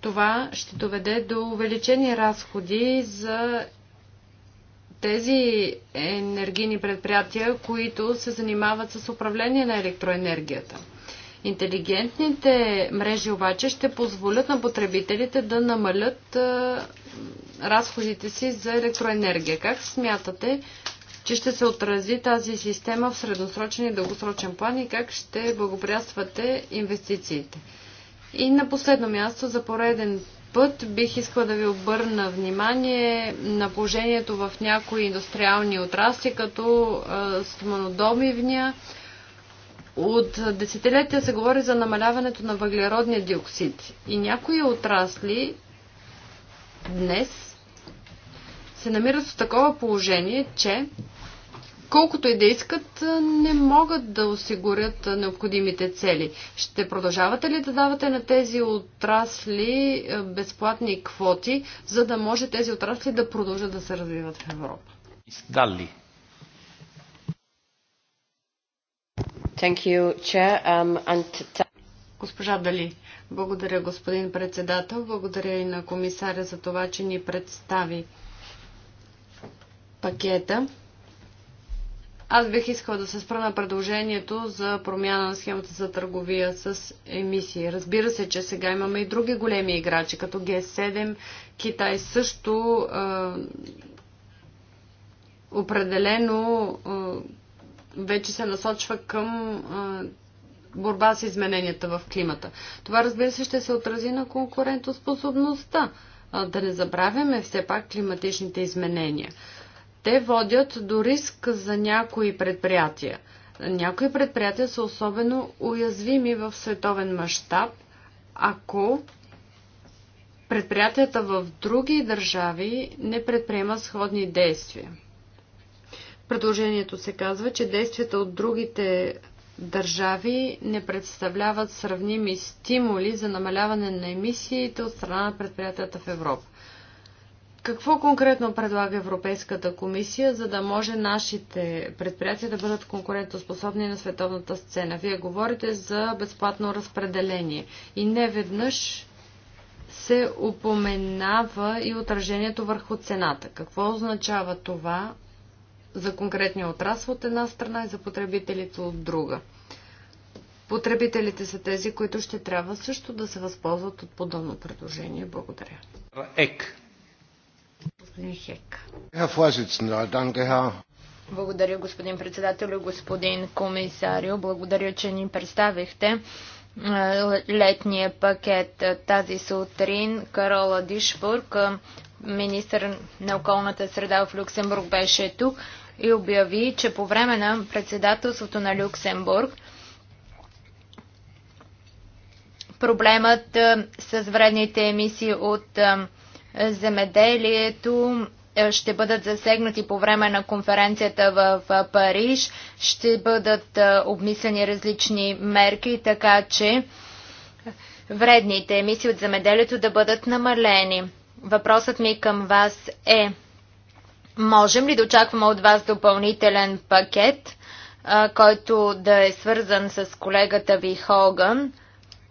Това ще доведе до увеличени разходи за тези енергийни предприятия, които се занимават с управление на електроенергията. Интелигентните мрежи обаче ще позволят на потребителите да намалят разходите си за електроенергия. Как смятате, че ще се отрази тази система в средносрочен и дългосрочен план и как ще благоприятствате инвестициите? И на последно място, за пореден път бих искала да ви обърна внимание на положението в някои индустриални отрасли, като стоманодомивния, От десетилетия се говори за намаляването на въглеродния диоксид. И някои отрасли днес се намират в такова положение, че колкото и да искат, не могат да осигурят необходимите цели. Ще продължавате ли да давате на тези отрасли е, безплатни квоти, за да може тези отрасли да продължат да се развиват в Европа? Дали. Thank you, Chair. Um, and... Госпожа Дали, благодаря господин председател, благодаря и на комисаря за това, че ни представи пакета. Аз бих искал да се спра на предложението за промяна на схемата за търговия с емисии. Разбира се, че сега имаме и други големи играчи, като G7. Китай също е, определено е, вече се насочва към е, борба с измененията в климата. Това, разбира се, ще се отрази на конкурентоспособността. да не забравяме все пак климатичните изменения. Те водят до риск за някои предприятия. Някои предприятия са особено уязвими в световен мащаб, ако предприятията в други държави не предприемат сходни действия. Предложението се казва, че действията от другите държави не представляват сравними стимули за намаляване на емисиите от страна на предприятията в Европа. Какво конкретно предлага Европейската комисия, за да може нашите предприятия да бъдат конкурентоспособни на световната сцена? Вие говорите за безплатно разпределение и не веднъж се упоменава и отражението върху цената. Какво означава това за конкретния отрасъл от една страна и за потребителите от друга? Потребителите са тези, които ще трябва също да се възползват от подобно предложение. Благодаря. ЕК господин Хек. Благодаря, господин председател, господин комисарио. Благодаря, че ни представихте летния пакет тази сутрин. Карола Дишбург, министър на околната среда в Люксембург, беше тук и обяви, че по време на председателството на Люксембург проблемът с вредните емисии от земеделието е, ще бъдат засегнати по време на конференцията в Париж. Ще бъдат е, обмислени различни мерки, така че вредните емисии от земеделието да бъдат намалени. Въпросът ми към вас е, можем ли да очакваме от вас допълнителен пакет, е, който да е свързан с колегата ви Хоган?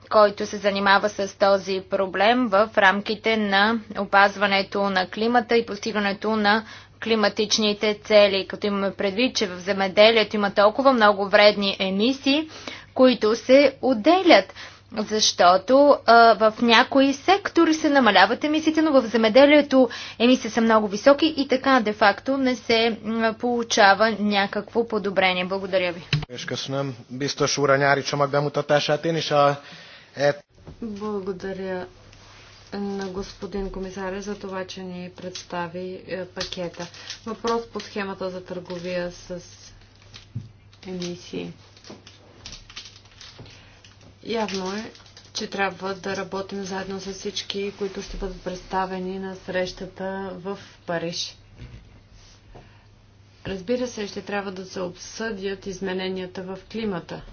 който се занимава с този проблем в рамките на опазването на климата и постигането на климатичните цели. Като имаме предвид, че в земеделието има толкова много вредни емисии, които се отделят. Защото а, в някои сектори се намаляват емисиите, но в земеделието емисии са много високи и така де-факто не се получава някакво подобрение. Благодаря ви. Е. Благодаря на господин комисаря за това, че ни представи е, пакета. Въпрос по схемата за търговия с емисии. Явно е, че трябва да работим заедно с всички, които ще бъдат представени на срещата в Париж. Разбира се, ще трябва да се обсъдят измененията в климата –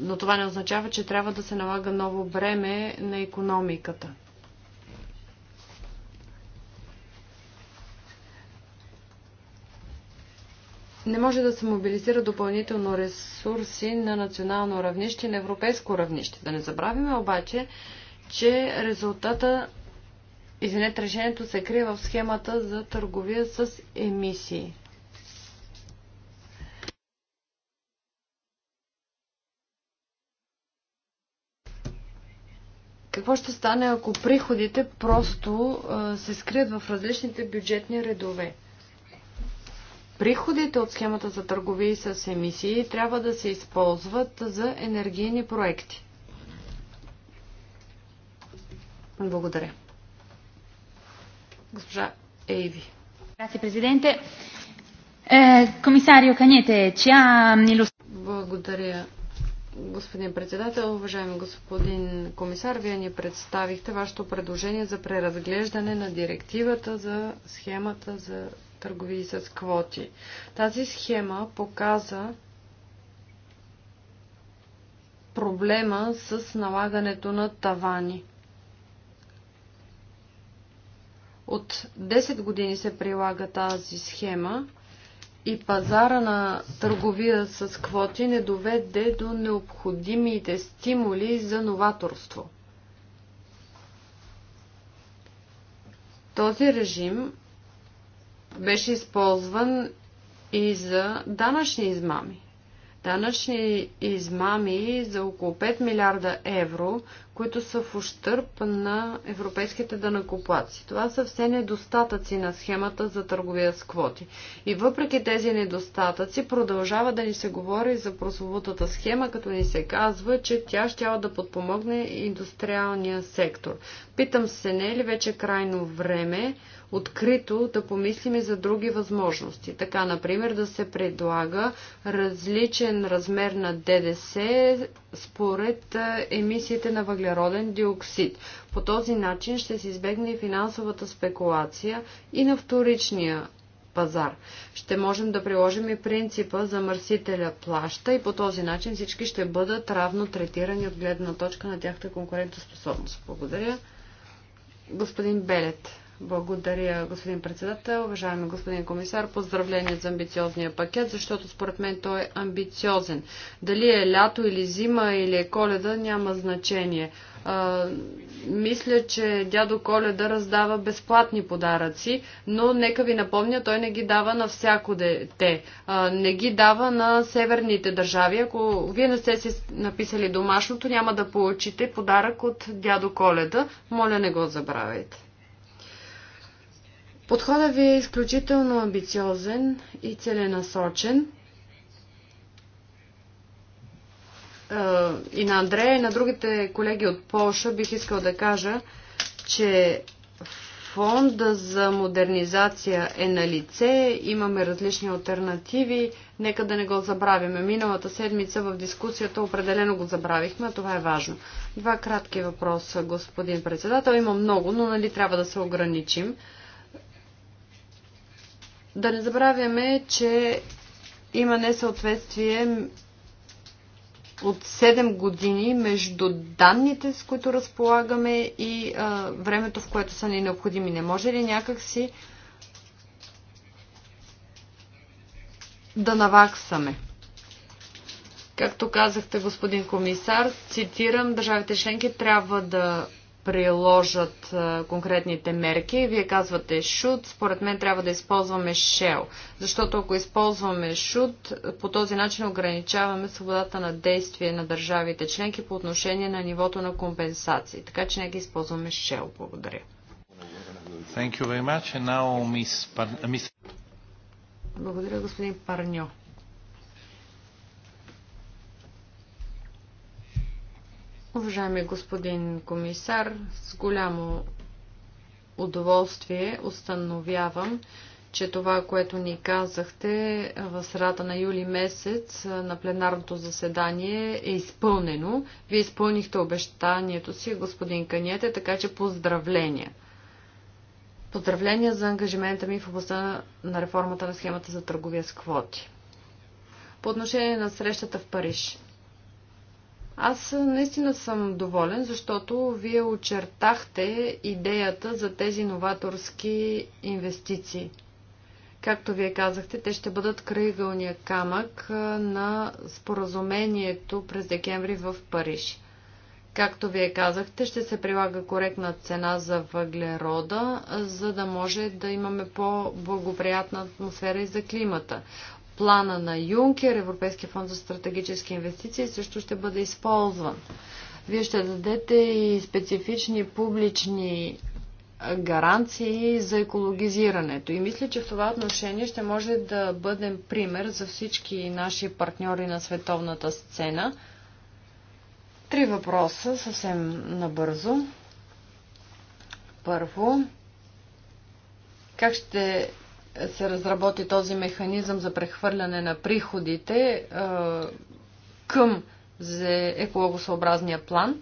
но това не означава, че трябва да се налага ново бреме на економиката. Не може да се мобилизира допълнително ресурси на национално равнище и на европейско равнище. Да не забравяме обаче, че резултата, извинете, решението се крие в схемата за търговия с емисии. какво ще стане, ако приходите просто се скрият в различните бюджетни редове? Приходите от схемата за търговии с емисии трябва да се използват за енергийни проекти. Благодаря. Госпожа Ейви. Grazie президенте. Комисарио Канете, ci eh, Благодаря, Господин председател, уважаеми господин комисар, вие ни представихте вашето предложение за преразглеждане на директивата за схемата за търговии с квоти. Тази схема показа проблема с налагането на тавани. От 10 години се прилага тази схема и пазара на търговия с квоти не доведе до необходимите стимули за новаторство. Този режим беше използван и за данъчни измами данъчни измами за около 5 милиарда евро, които са в ущърп на европейските данъкоплаци. Това са все недостатъци на схемата за търговия с квоти. И въпреки тези недостатъци продължава да ни се говори за прословутата схема, като ни се казва, че тя ще да подпомогне индустриалния сектор. Питам се не е ли вече крайно време открито да помислим и за други възможности. Така, например, да се предлага различен размер на ДДС според емисиите на въглероден диоксид. По този начин ще се избегне и финансовата спекулация и на вторичния пазар. Ще можем да приложим и принципа за мърсителя плаща и по този начин всички ще бъдат равно третирани от гледна точка на тяхната конкурентоспособност. Благодаря. Господин Белет. Благодаря, господин председател. Уважаеми господин комисар, поздравление за амбициозния пакет, защото според мен той е амбициозен. Дали е лято или зима или е коледа, няма значение. А, мисля, че дядо Коледа раздава безплатни подаръци, но нека ви напомня, той не ги дава на всяко дете. А, не ги дава на северните държави. Ако вие не сте си написали домашното, няма да получите подарък от дядо Коледа. Моля, не го забравяйте. Подходът ви е изключително амбициозен и целенасочен. И на Андрея, и на другите колеги от Польша бих искал да кажа, че фонда за модернизация е на лице, имаме различни альтернативи, нека да не го забравяме. Миналата седмица в дискусията определено го забравихме, а това е важно. Два кратки въпроса, господин председател. Има много, но нали трябва да се ограничим. Да не забравяме, че има несъответствие от 7 години между данните, с които разполагаме и а, времето, в което са ни необходими. Не може ли някакси да наваксаме? Както казахте, господин комисар, цитирам, държавите членки трябва да приложат конкретните мерки. Вие казвате should, според мен трябва да използваме shall, защото ако използваме should, по този начин ограничаваме свободата на действие на държавите членки по отношение на нивото на компенсации. Така че нека използваме shall. Благодаря. Благодаря, господин Парньо. Уважаеми господин комисар, с голямо удоволствие установявам, че това, което ни казахте в срата на юли месец на пленарното заседание е изпълнено. Вие изпълнихте обещанието си, господин Каньете, така че поздравления. Поздравления за ангажимента ми в областта на реформата на схемата за търговия с квоти. По отношение на срещата в Париж – аз наистина съм доволен, защото вие очертахте идеята за тези новаторски инвестиции. Както вие казахте, те ще бъдат крайъгълния камък на споразумението през декември в Париж. Както вие казахте, ще се прилага коректна цена за въглерода, за да може да имаме по-благоприятна атмосфера и за климата плана на Юнкер, Европейския фонд за стратегически инвестиции също ще бъде използван. Вие ще дадете и специфични публични гаранции за екологизирането. И мисля, че в това отношение ще може да бъдем пример за всички наши партньори на световната сцена. Три въпроса съвсем набързо. Първо, как ще се разработи този механизъм за прехвърляне на приходите към екологосъобразния план.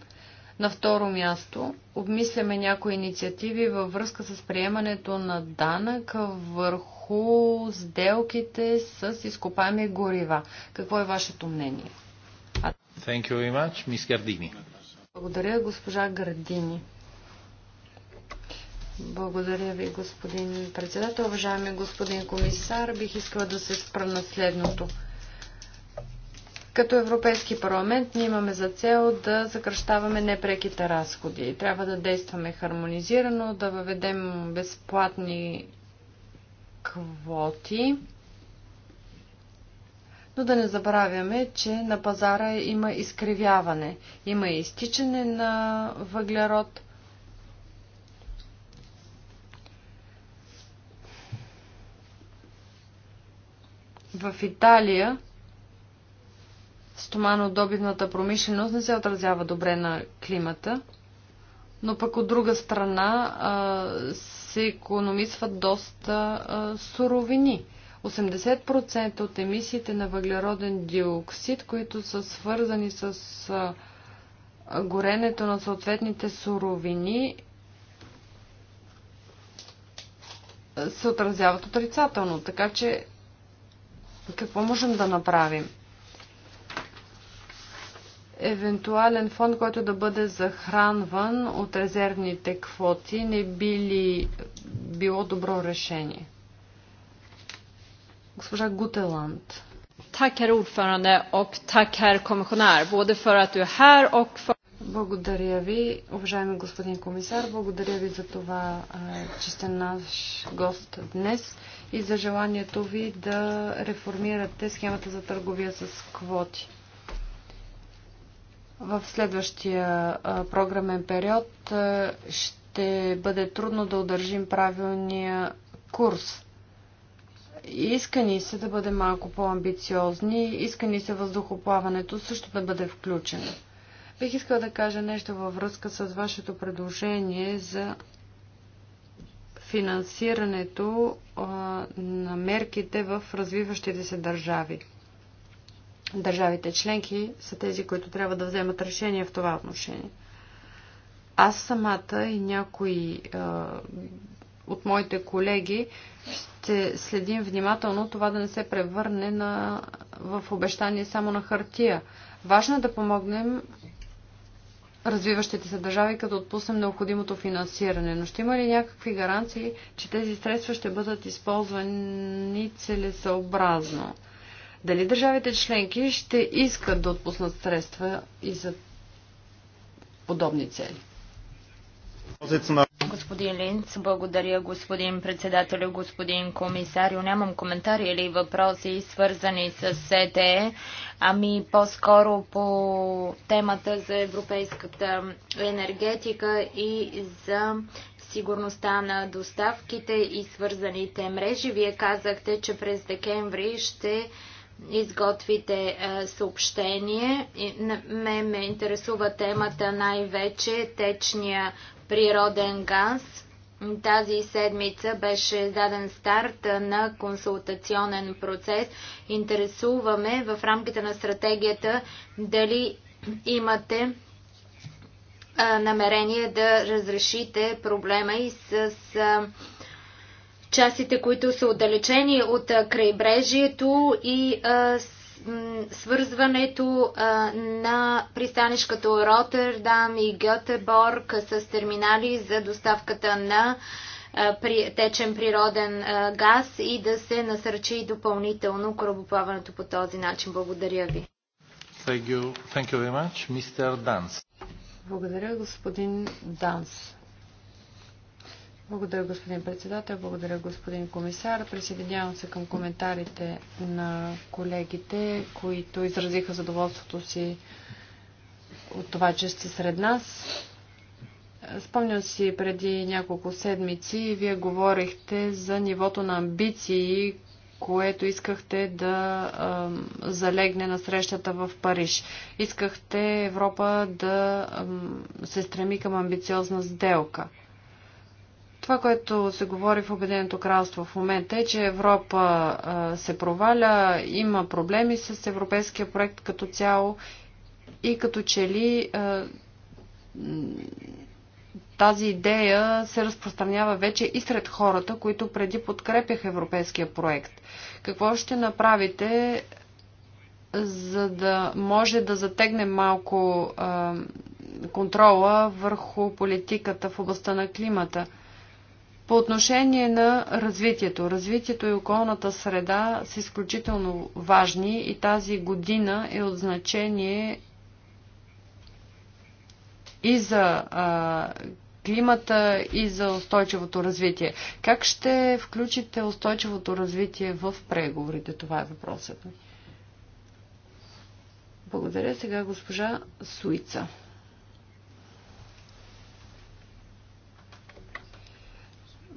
На второ място, обмисляме някои инициативи във връзка с приемането на данък върху сделките с изкопаеми горива. Какво е вашето мнение? Thank you very much, Gardini. Благодаря, госпожа Гардини. Благодаря ви, господин председател. Уважаеми господин комисар, бих искала да се спра на следното. Като Европейски парламент ние имаме за цел да съкръщаваме непреките разходи. Трябва да действаме хармонизирано, да въведем безплатни квоти, но да не забравяме, че на пазара има изкривяване, има изтичане на въглерод – В Италия стоманодобивната промишленост не се отразява добре на климата, но пък от друга страна а, се економисват доста а, суровини. 80% от емисиите на въглероден диоксид, които са свързани с а, горенето на съответните суровини, се отразяват отрицателно. Така че какво можем да направим? евентуален фонд, който да бъде захранван от резервните квоти, не би ли било добро решение? Госпожа Гутеланд. Tack herr ordförande och tack herr kommissionär, både för att du är här och för... Благодаря ви, уважаеми господин комисар. Благодаря ви за това, че сте наш гост днес и за желанието ви да реформирате схемата за търговия с квоти. В следващия програмен период ще бъде трудно да удържим правилния курс. искани се да бъде малко по-амбициозни, искани се въздухоплаването също да бъде включено. Бих искал да кажа нещо във връзка с вашето предложение за финансирането а, на мерките в развиващите се държави. Държавите членки са тези, които трябва да вземат решение в това отношение. Аз самата и някои а, от моите колеги ще следим внимателно това да не се превърне на, в обещание само на хартия. Важно е да помогнем развиващите се държави, като отпуснем необходимото финансиране. Но ще има ли някакви гаранции, че тези средства ще бъдат използвани целесъобразно? Дали държавите членки ще искат да отпуснат средства и за подобни цели? Господин Линц, благодаря господин председател, господин комисар. Нямам коментари или въпроси, свързани с СТЕ, ами по-скоро по темата за европейската енергетика и за сигурността на доставките и свързаните мрежи. Вие казахте, че през декември ще изготвите съобщение. Ме ме интересува темата най-вече течния природен газ. Тази седмица беше даден старт на консултационен процес. Интересуваме в рамките на стратегията дали имате намерение да разрешите проблема и с частите, които са отдалечени от крайбрежието и с свързването на пристанищ като Роттердам и Гетеборг с терминали за доставката на течен природен газ и да се насърчи допълнително корабоплаването по този начин. Благодаря ви. Thank you. Thank you Благодаря, господин Данс. Благодаря, господин председател. Благодаря, господин комисар. Присъединявам се към коментарите на колегите, които изразиха задоволството си от това, че сте сред нас. Спомням си преди няколко седмици, вие говорихте за нивото на амбиции, което искахте да а, залегне на срещата в Париж. Искахте Европа да а, се стреми към амбициозна сделка – това, което се говори в Обединеното кралство в момента е, че Европа се проваля, има проблеми с европейския проект като цяло и като че ли тази идея се разпространява вече и сред хората, които преди подкрепях европейския проект. Какво ще направите, за да може да затегне малко контрола върху политиката в областта на климата? По отношение на развитието. Развитието и околната среда са изключително важни и тази година е от значение и за а, климата, и за устойчивото развитие. Как ще включите устойчивото развитие в преговорите? Това е въпросът ми. Благодаря сега госпожа Суица.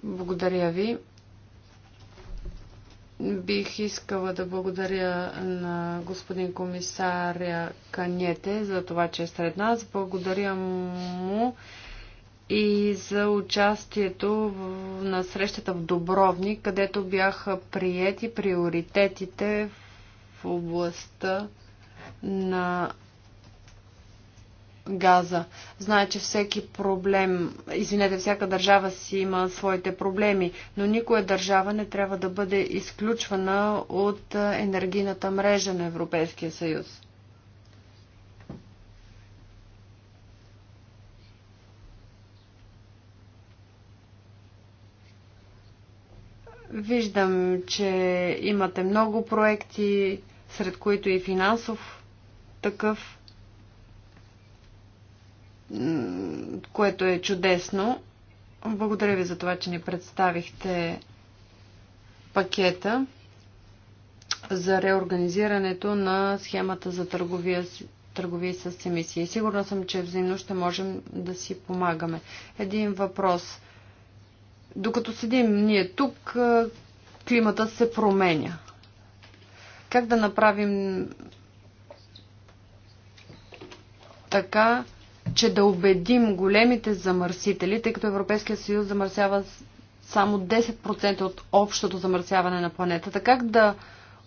Благодаря ви. Бих искала да благодаря на господин комисаря Канете за това, че е сред нас. Благодаря му и за участието на срещата в Добровник, където бяха приети приоритетите в областта на газа. Знае, че всеки проблем, извинете, всяка държава си има своите проблеми, но никоя държава не трябва да бъде изключвана от енергийната мрежа на Европейския съюз. Виждам, че имате много проекти, сред които и финансов такъв което е чудесно. Благодаря ви за това, че ни представихте пакета за реорганизирането на схемата за търговия, търговия с емисии. Сигурна съм, че взаимно ще можем да си помагаме. Един въпрос. Докато седим ние тук, климата се променя. Как да направим така, че да убедим големите замърсители, тъй като Европейския съюз замърсява само 10% от общото замърсяване на планетата. Как да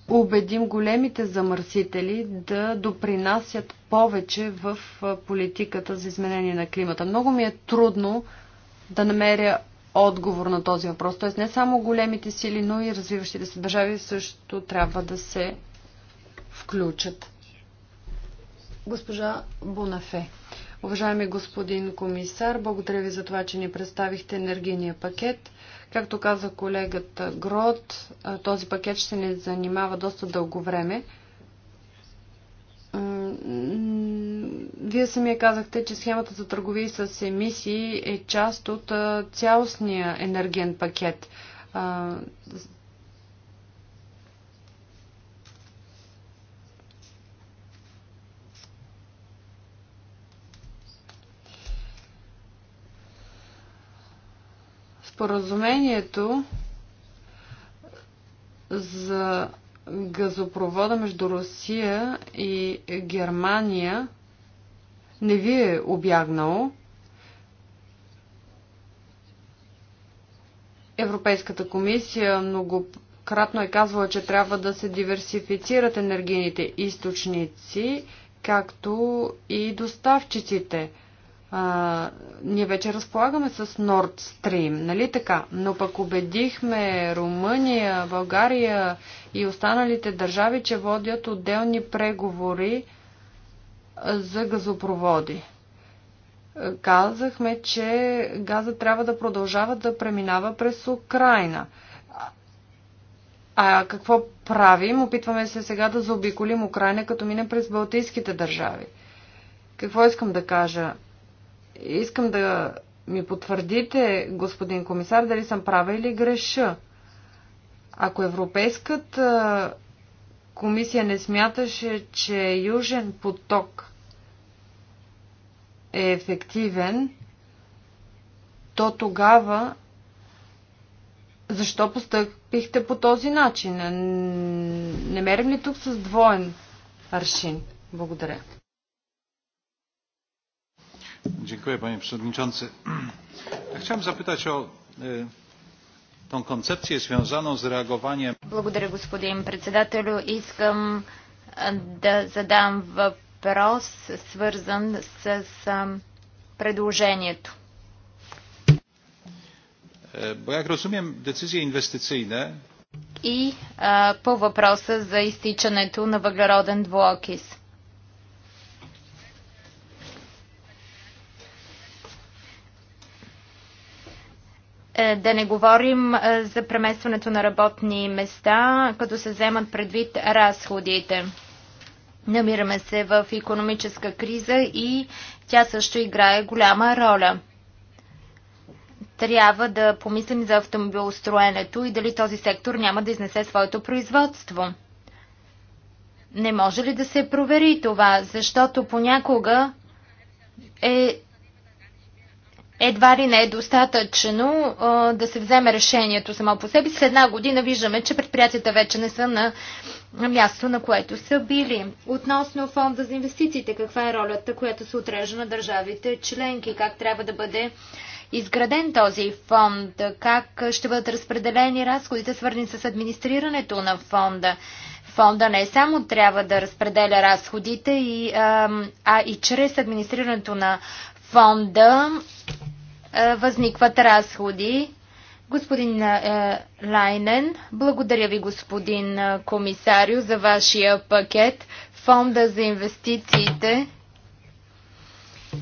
убедим големите замърсители да допринасят повече в политиката за изменение на климата? Много ми е трудно да намеря отговор на този въпрос. Тоест не само големите сили, но и развиващите се държави също трябва да се включат. Госпожа Бонафе. Уважаеми господин комисар, благодаря ви за това, че ни представихте енергийния пакет. Както каза колегата Грот, този пакет ще ни занимава доста дълго време. Вие самия казахте, че схемата за търговия с емисии е част от цялостния енергиен пакет. Споразумението за газопровода между Русия и Германия не ви е обягнало. Европейската комисия многократно е казвала, че трябва да се диверсифицират енергийните източници, както и доставчиците – а, ние вече разполагаме с Nord Stream, нали така? Но пък убедихме Румъния, България и останалите държави, че водят отделни преговори за газопроводи. Казахме, че газа трябва да продължава да преминава през Украина. А какво правим? Опитваме се сега да заобиколим Украина, като мине през Балтийските държави. Какво искам да кажа? Искам да ми потвърдите, господин комисар, дали съм права или греша. Ако Европейската комисия не смяташе, че Южен поток е ефективен, то тогава защо постъпихте по този начин? Не мерим ли тук с двоен аршин? Благодаря. Dziękuję panie przewodniczący. Chciałem zapytać o e, tą концепцию, связанную с реагированием. Благодаря, господин председателю. Искам да задам въпрос, свързан с предложението. Bo jak rozumiem, decyzje inwestycyjne и а, по въпроса за изтичането на въглероден двуокис. Е, да не говорим е, за преместването на работни места, като се вземат предвид разходите. Намираме се в економическа криза и тя също играе голяма роля. Трябва да помислим за автомобилостроенето и дали този сектор няма да изнесе своето производство. Не може ли да се провери това, защото понякога е едва ли не е достатъчно а, да се вземе решението само по себе. С една година виждаме, че предприятията вече не са на място, на което са били. Относно фонда за инвестициите, каква е ролята, която се отрежа на държавите членки, как трябва да бъде изграден този фонд, как ще бъдат разпределени разходите, свързани с администрирането на фонда. Фонда не само трябва да разпределя разходите, и, а, а и чрез администрирането на фонда е, възникват разходи. Господин е, Лайнен, благодаря ви, господин е, комисарио, за вашия пакет. Фонда за инвестициите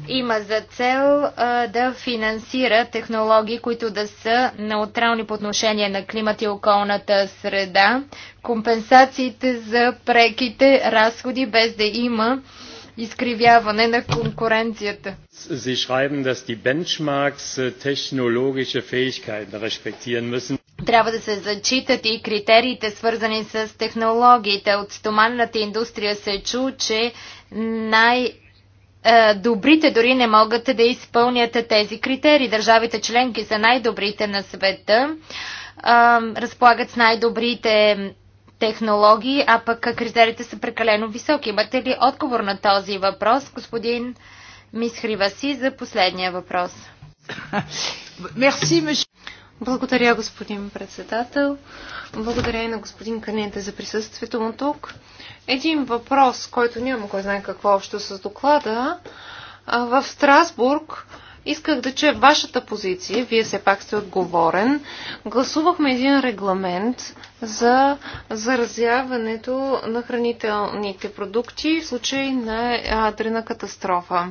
има за цел е, да финансира технологии, които да са неутрални по отношение на климат и околната среда, компенсациите за преките разходи, без да има изкривяване на конкуренцията. Sie schreiben, dass die Benchmarks äh, technologische Fähigkeiten respektieren müssen. Трябва да се зачитат и критериите, свързани с технологиите. От стоманната индустрия се чу, че най- е, добрите дори не могат да изпълнят тези критерии. Държавите членки са най-добрите на света, разполагат с най-добрите технологии, а пък критериите са прекалено високи. Имате ли отговор на този въпрос, господин Мисхрива си, за последния въпрос? Мерси, Благодаря, господин председател. Благодаря и на господин Канете за присъствието му тук. Един въпрос, който няма кой знае какво общо с доклада. В Страсбург Исках да чуя вашата позиция. Вие все пак сте отговорен. Гласувахме един регламент за заразяването на хранителните продукти в случай на адрена катастрофа.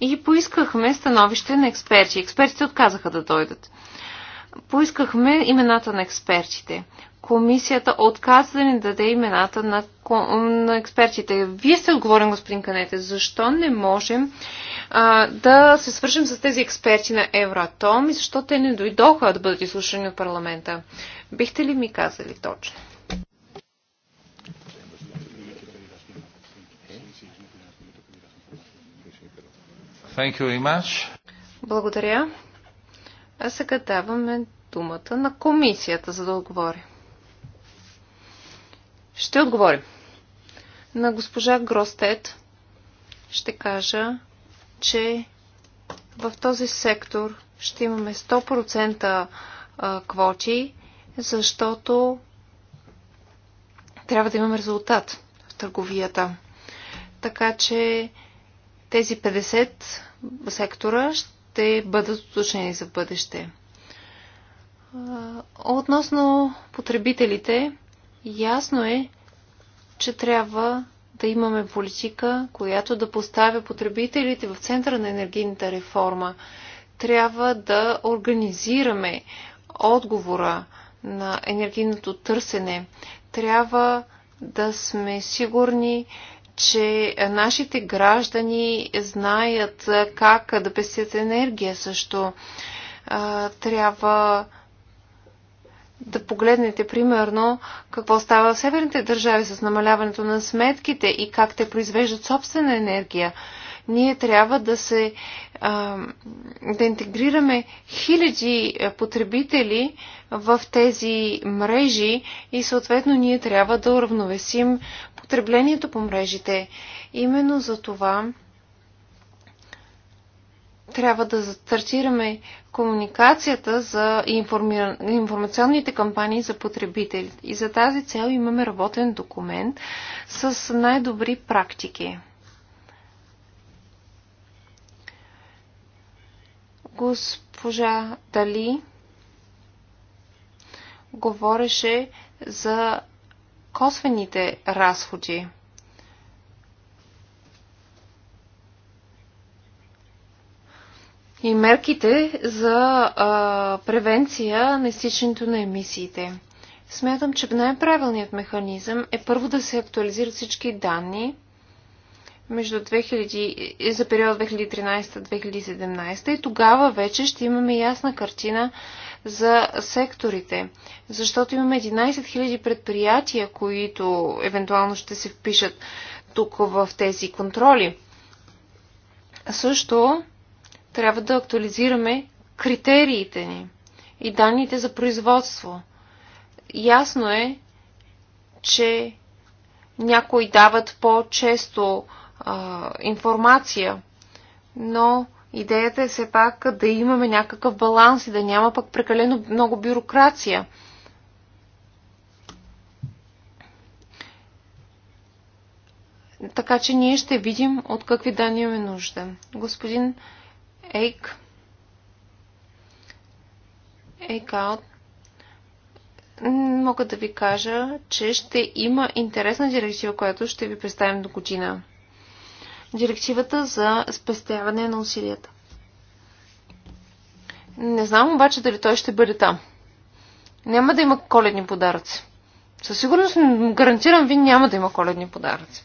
И поискахме становище на експерти. Експертите отказаха да дойдат. Поискахме имената на експертите комисията отказа да ни даде имената на, на експертите. Вие сте отговорен, господин Канете, защо не можем а, да се свършим с тези експерти на Евратом и защо те не дойдоха да бъдат изслушани от парламента? Бихте ли ми казали точно? Thank you very much. Благодаря. А сега даваме думата на комисията, за да отговори. Ще отговоря. На госпожа Гростет ще кажа, че в този сектор ще имаме 100% квоти, защото трябва да имаме резултат в търговията. Така че тези 50 сектора ще бъдат уточнени за бъдеще. Относно потребителите, Ясно е, че трябва да имаме политика, която да поставя потребителите в центъра на енергийната реформа. Трябва да организираме отговора на енергийното търсене. Трябва да сме сигурни, че нашите граждани знаят как да пестят енергия също. Трябва да погледнете примерно какво става в северните държави с намаляването на сметките и как те произвеждат собствена енергия. Ние трябва да се да интегрираме хиляди е, потребители в тези мрежи и съответно ние трябва да уравновесим потреблението по мрежите. Именно за това трябва да стартираме комуникацията за информира... информационните кампании за потребителите. И за тази цел имаме работен документ с най-добри практики. Госпожа Дали говореше за косвените разходи. и мерките за а, превенция на изтичането на емисиите. Смятам, че най-правилният механизъм е първо да се актуализират всички данни между 2000, за период 2013-2017 и тогава вече ще имаме ясна картина за секторите, защото имаме 11 000 предприятия, които евентуално ще се впишат тук в тези контроли. Също трябва да актуализираме критериите ни и данните за производство. Ясно е, че някои дават по-често информация, но идеята е все пак да имаме някакъв баланс и да няма пък прекалено много бюрокрация. Така че ние ще видим от какви данни имаме нужда. Господин Ейк, Ейкаут, мога да ви кажа, че ще има интересна директива, която ще ви представим до година. Директивата за спестяване на усилията. Не знам обаче дали той ще бъде там. Няма да има коледни подаръци. Със сигурност гарантирам ви няма да има коледни подаръци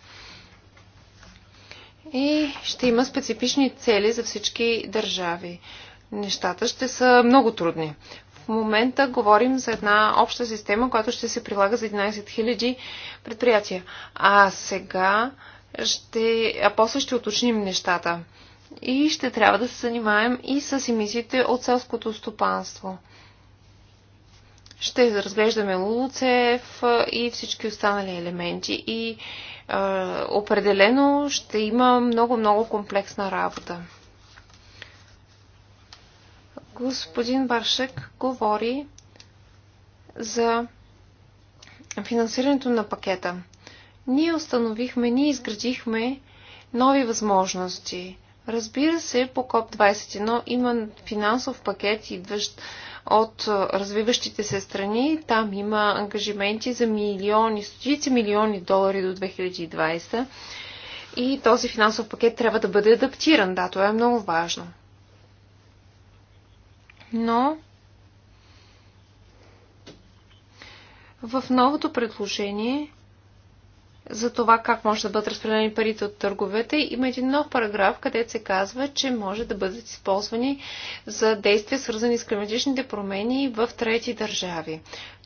и ще има специфични цели за всички държави. Нещата ще са много трудни. В момента говорим за една обща система, която ще се прилага за 11 000 предприятия. А сега ще, а после ще уточним нещата. И ще трябва да се занимаем и с емисиите от селското стопанство. Ще разглеждаме Луцев и всички останали елементи и определено ще има много-много комплексна работа. Господин Баршек говори за финансирането на пакета. Ние установихме, ние изградихме нови възможности. Разбира се, по КОП-21 има финансов пакет, идващ от развиващите се страни. Там има ангажименти за милиони, стотици милиони долари до 2020. И този финансов пакет трябва да бъде адаптиран. Да, това е много важно. Но в новото предложение за това как може да бъдат разпределени парите от търговете. Има един нов параграф, където се казва, че може да бъдат използвани за действия, свързани с климатичните промени в трети държави.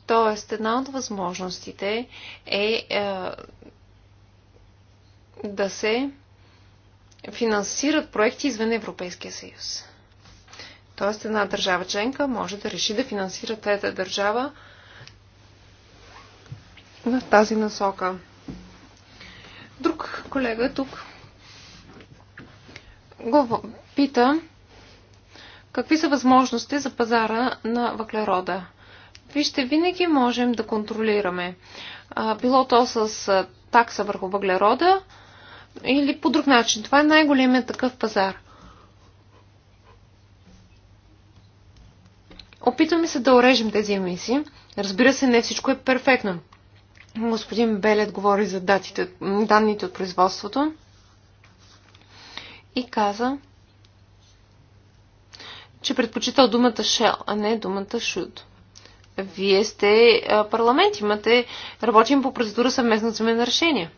Тоест, една от възможностите е, е да се финансират проекти извън Европейския съюз. Тоест, една държава членка може да реши да финансира трета държава в тази насока. Друг колега тук го пита какви са възможности за пазара на въглерода. Вижте, винаги можем да контролираме. Било то с такса върху въглерода или по друг начин. Това е най-големият такъв пазар. Опитваме се да орежем тези емисии. Разбира се, не всичко е перфектно. Господин Белет говори за датите, данните от производството и каза, че предпочитал думата shell, а не думата should. Вие сте парламент, имате, работим по процедура съвместно вземе на решение.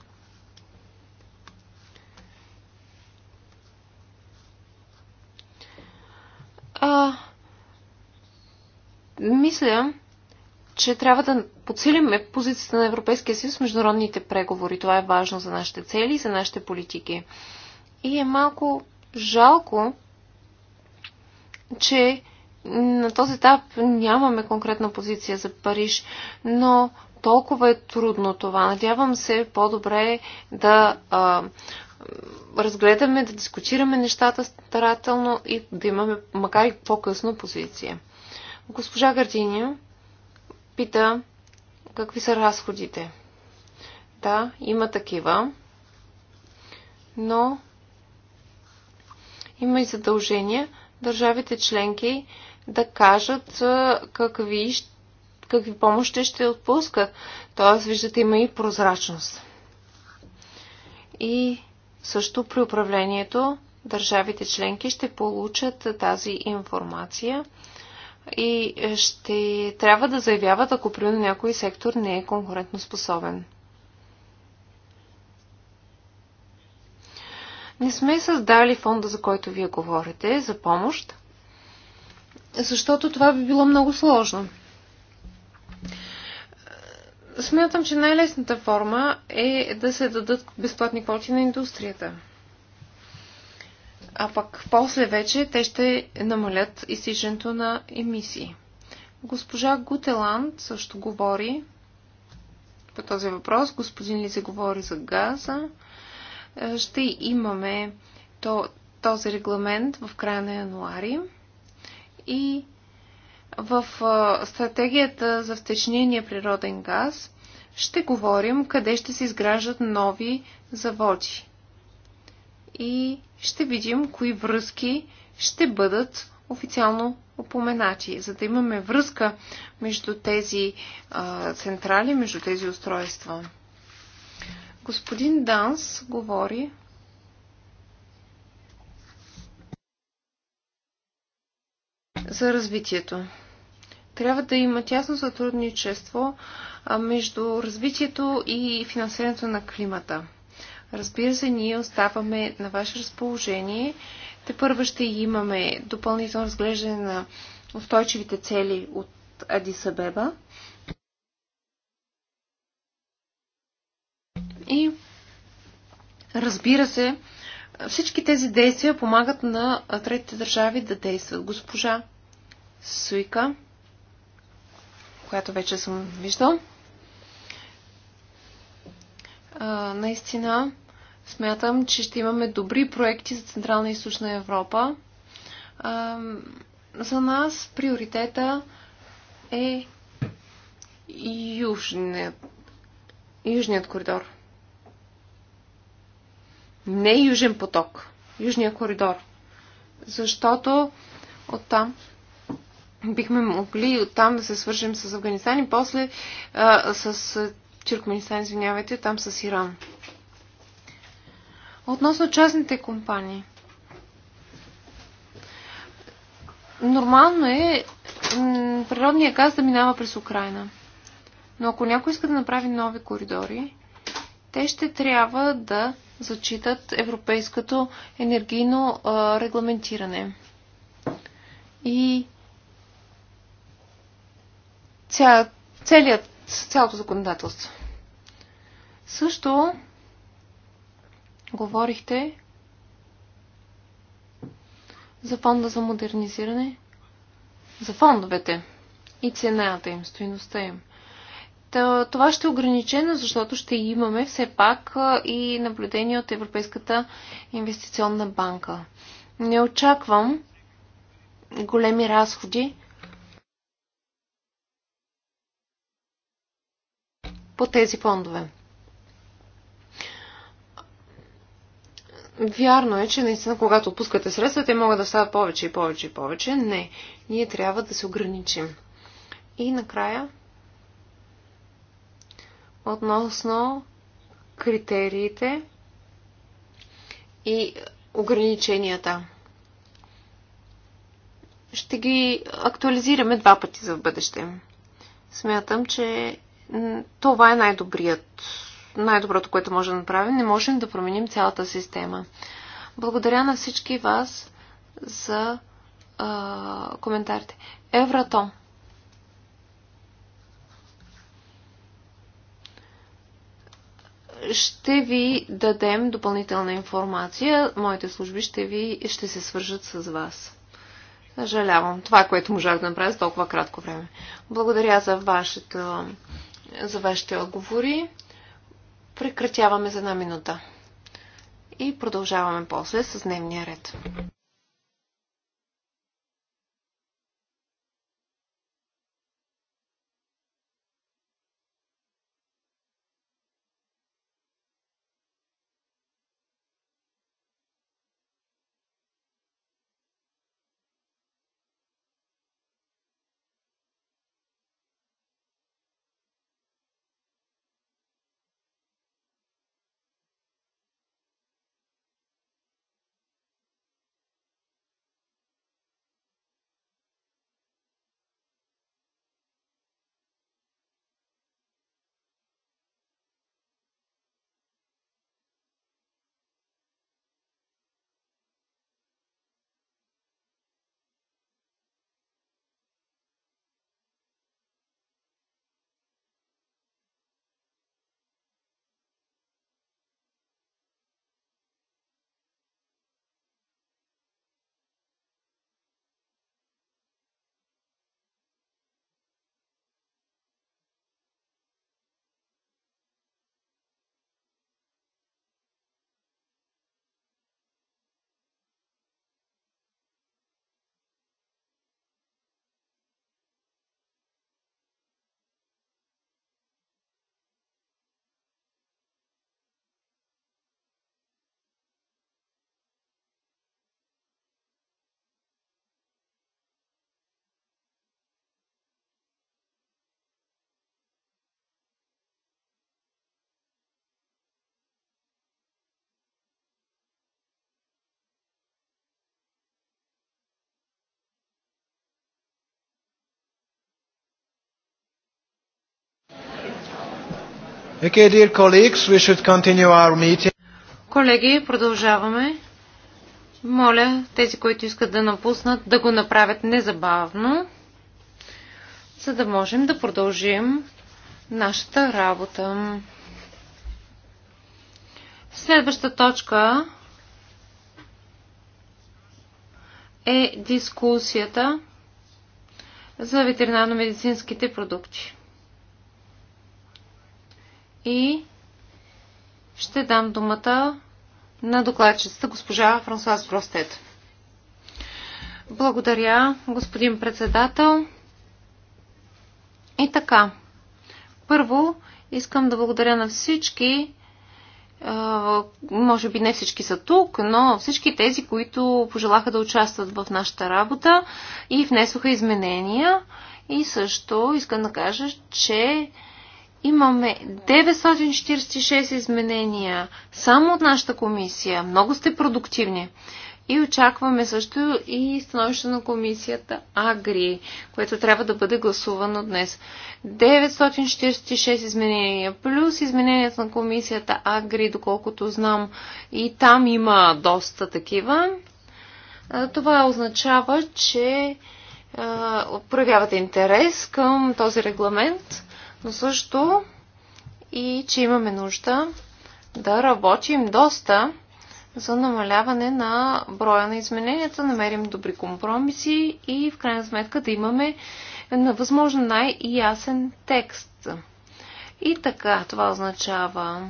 А, мисля, че трябва да подсилиме позицията на Европейския съюз в международните преговори. Това е важно за нашите цели и за нашите политики. И е малко жалко, че на този етап нямаме конкретна позиция за Париж, но толкова е трудно това. Надявам се по-добре да а, разгледаме, да дискутираме нещата старателно и да имаме, макар и по късна позиция. Госпожа Гардиния пита какви са разходите. Да, има такива, но има и задължение държавите членки да кажат какви, какви помощи ще отпускат. Тоест, виждате, има и прозрачност. И също при управлението държавите членки ще получат тази информация и е, ще трябва да заявяват, ако примерно някой сектор не е конкурентно способен. Не сме създали фонда, за който вие говорите, за помощ, защото това би било много сложно. Смятам, че най-лесната форма е да се дадат безплатни квоти на индустрията а пък после вече те ще намалят изтичането на емисии. Госпожа Гутеланд също говори по този въпрос. Господин Лизе говори за газа. Е, ще имаме то, този регламент в края на януари. И в е, стратегията за втечнения природен газ ще говорим къде ще се изграждат нови заводи и ще видим кои връзки ще бъдат официално упоменати, за да имаме връзка между тези а, централи, между тези устройства. Господин Данс говори за развитието. Трябва да има тясно сътрудничество между развитието и финансирането на климата. Разбира се, ние оставаме на ваше разположение. Те първа ще имаме допълнително разглеждане на устойчивите цели от Адисабеба. И разбира се, всички тези действия помагат на третите държави да действат. Госпожа Суика, която вече съм виждал а, наистина смятам, че ще имаме добри проекти за Централна и Източна Европа. А, за нас приоритета е южният, южният коридор. Не южен поток. Южния коридор. Защото оттам бихме могли оттам да се свържим с Афганистан и после а, с Чиркменистан, извинявайте, там с Иран. Относно частните компании. Нормално е природния газ да минава през Украина. Но ако някой иска да направи нови коридори, те ще трябва да зачитат европейското енергийно а, регламентиране. И ця, целият с цялото законодателство. Също говорихте за фонда за модернизиране, за фондовете и цената им, стоиността им. Това ще е ограничено, защото ще имаме все пак и наблюдение от Европейската инвестиционна банка. Не очаквам големи разходи по тези фондове. Вярно е, че наистина, когато отпускате средства, те могат да стават повече и повече и повече. Не, ние трябва да се ограничим. И накрая, относно критериите и ограниченията. Ще ги актуализираме два пъти за в бъдеще. Смятам, че това е най-добрият, най-доброто, което може да направим. Не можем да променим цялата система. Благодаря на всички вас за а, коментарите. Евратом. Ще ви дадем допълнителна информация. Моите служби ще, ви, ще се свържат с вас. Съжалявам. Това, което можах да направя за толкова кратко време. Благодаря за вашето за вашите отговори. Прекратяваме за една минута и продължаваме после с дневния ред. Okay, dear colleagues, we should continue our meeting. Колеги, продължаваме. Моля тези, които искат да напуснат, да го направят незабавно, за да можем да продължим нашата работа. Следваща точка е дискусията за ветеринарно-медицинските продукти и ще дам думата на докладчицата госпожа Франсуаз Гростет. Благодаря, господин председател. И така, първо искам да благодаря на всички, може би не всички са тук, но всички тези, които пожелаха да участват в нашата работа и внесоха изменения. И също искам да кажа, че Имаме 946 изменения само от нашата комисия. Много сте продуктивни. И очакваме също и становище на комисията Агри, което трябва да бъде гласувано днес. 946 изменения, плюс измененията на комисията Агри, доколкото знам, и там има доста такива. Това означава, че проявявате интерес към този регламент но също и че имаме нужда да работим доста за намаляване на броя на измененията, намерим добри компромиси и в крайна сметка да имаме на възможно най-ясен текст. И така, това означава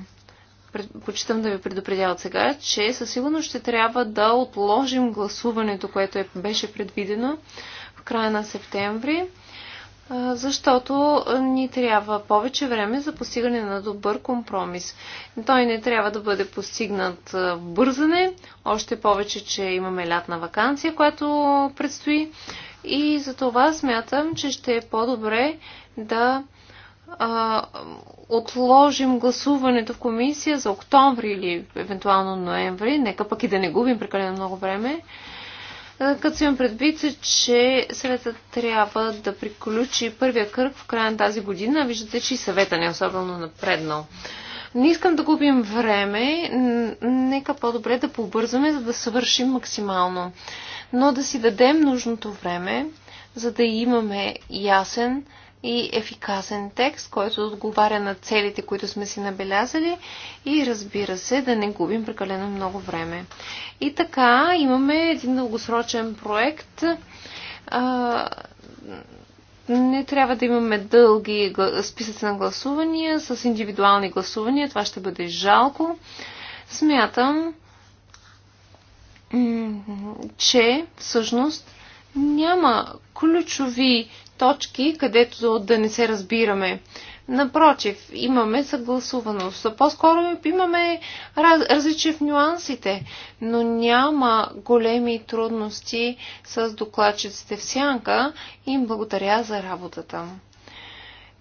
Почитам да ви предупредя от сега, че със сигурност ще трябва да отложим гласуването, което е, беше предвидено в края на септември защото ни трябва повече време за постигане на добър компромис. Той не трябва да бъде постигнат бързане, още повече, че имаме лятна вакансия, която предстои. И за това смятам, че ще е по-добре да а, отложим гласуването в комисия за октомври или евентуално ноември. Нека пък и да не губим прекалено много време като си имам предвид, че съветът трябва да приключи първия кръг в края на тази година. Виждате, че и съвета не е особено напреднал. Не искам да губим време, нека по-добре да побързаме, за да свършим максимално. Но да си дадем нужното време, за да имаме ясен и ефикасен текст, който отговаря на целите, които сме си набелязали и разбира се да не губим прекалено много време. И така имаме един дългосрочен проект. А, не трябва да имаме дълги списъци на гласувания с индивидуални гласувания. Това ще бъде жалко. Смятам, че всъщност няма ключови точки, където да не се разбираме. Напротив, имаме съгласуваност. По-скоро имаме раз, различие в нюансите, но няма големи трудности с докладчиците в сянка. и Им благодаря за работата.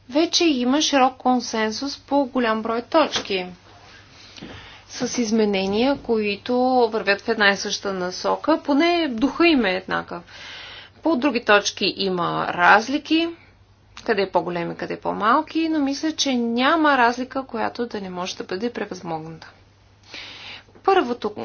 Вече има широк консенсус по голям брой точки с изменения, които вървят в една и съща насока, поне духа им е еднакъв. По други точки има разлики, къде е по-големи, къде е по-малки, но мисля, че няма разлика, която да не може да бъде превъзмогната. Първото,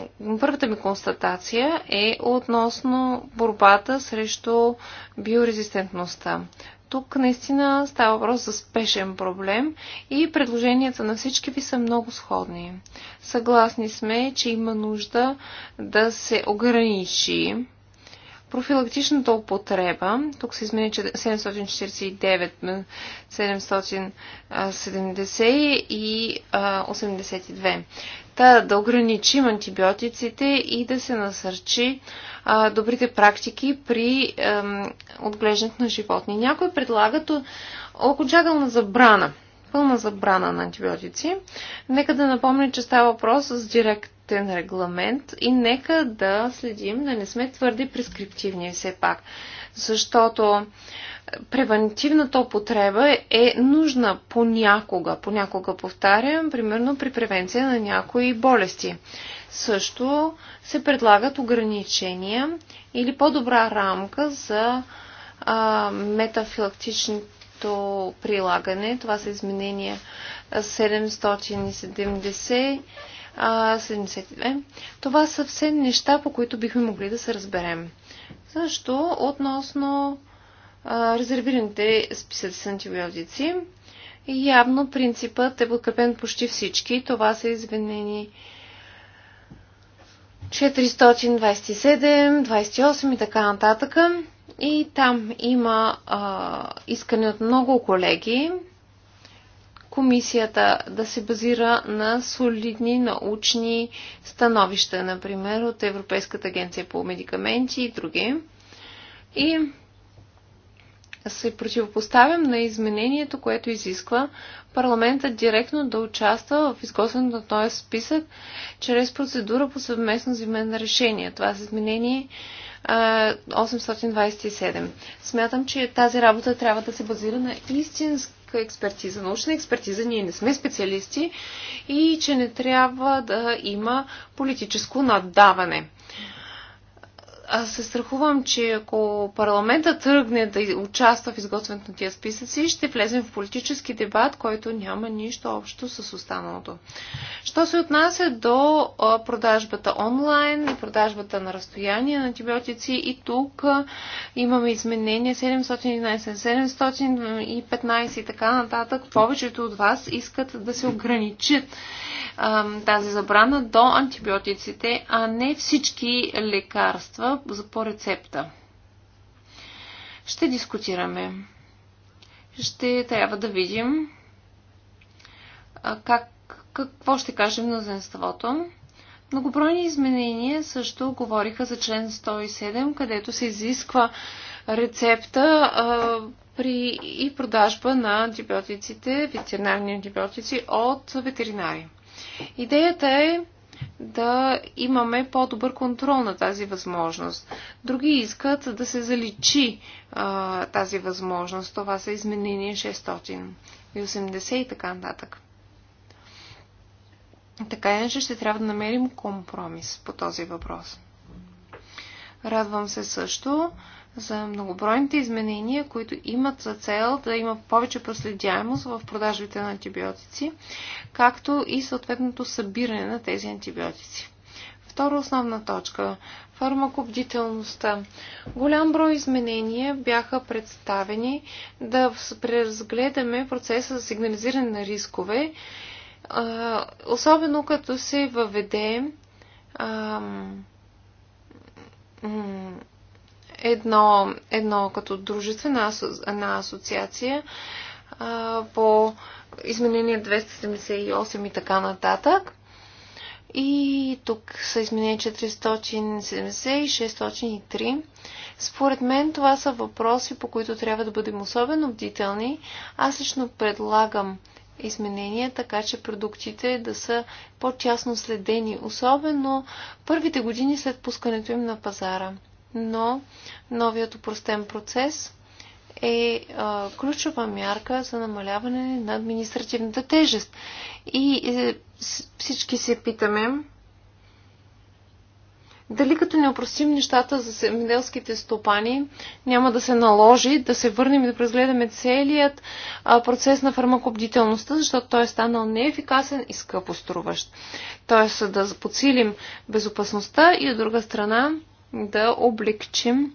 първата ми констатация е относно борбата срещу биорезистентността. Тук наистина става въпрос за спешен проблем и предложенията на всички ви са много сходни. Съгласни сме, че има нужда да се ограничи Профилактичната употреба, тук се измени 749, 770 и 82. Та да ограничим антибиотиците и да се насърчи добрите практики при отглеждането на животни. Някои предлагат окончателна забрана, пълна забрана на антибиотици. Нека да напомня, че става въпрос с директ бюджетен регламент и нека да следим да не сме твърди прескриптивни все пак, защото превентивната употреба е нужна понякога. Понякога повтарям, примерно при превенция на някои болести. Също се предлагат ограничения или по-добра рамка за а, метафилактичното прилагане. Това са изменения 770 а, 72. Това са все неща, по които бихме могли да се разберем. Също относно а, резервираните списъци с антибиотици, явно принципът е подкрепен почти всички. Това са извинени 427, 28 и така нататък. И там има а, искане от много колеги комисията да се базира на солидни научни становища, например от Европейската агенция по медикаменти и други. И се противопоставям на изменението, което изисква парламентът директно да участва в изготвянето на този списък чрез процедура по съвместно взимане на решение. Това с изменение 827. Смятам, че тази работа трябва да се базира на истински медицинска експертиза, научна експертиза, ние не сме специалисти и че не трябва да има политическо наддаване аз се страхувам, че ако парламента тръгне да участва в изготвянето на тия списъци, ще влезем в политически дебат, който няма нищо общо с останалото. Що се отнася до продажбата онлайн и продажбата на разстояние на антибиотици, и тук имаме изменения 711, 715 и така нататък. Повечето от вас искат да се ограничат тази забрана до антибиотиците, а не всички лекарства за по рецепта. Ще дискутираме. Ще трябва да видим как, какво ще кажем зенството. Многобройни изменения също говориха за член 107, където се изисква рецепта а, при и продажба на антибиотиците, ветеринарни антибиотици от ветеринари. Идеята е да имаме по-добър контрол на тази възможност. Други искат да се заличи а, тази възможност. Това са изменения 680 и така нататък. Така иначе ще трябва да намерим компромис по този въпрос. Радвам се също, за многобройните изменения, които имат за цел да има повече проследяемост в продажбите на антибиотици, както и съответното събиране на тези антибиотици. Втора основна точка – фармакобдителността. Голям брой изменения бяха представени да преразгледаме процеса за сигнализиране на рискове, особено като се въведе едно, едно като дружествена една асоциация а, по изменение 278 и така нататък. И тук са изменени 470 и 603. Според мен това са въпроси, по които трябва да бъдем особено бдителни. Аз лично предлагам изменения, така че продуктите да са по-тясно следени, особено първите години след пускането им на пазара но новият упростен процес е а, ключова мярка за намаляване на административната тежест. И е, всички се питаме дали като не опростим нещата за земеделските стопани, няма да се наложи да се върнем и да преразгледаме целият а, процес на фармакобдителността, защото той е станал неефикасен и скъпоструващ. Тоест да подсилим безопасността и от друга страна да облегчим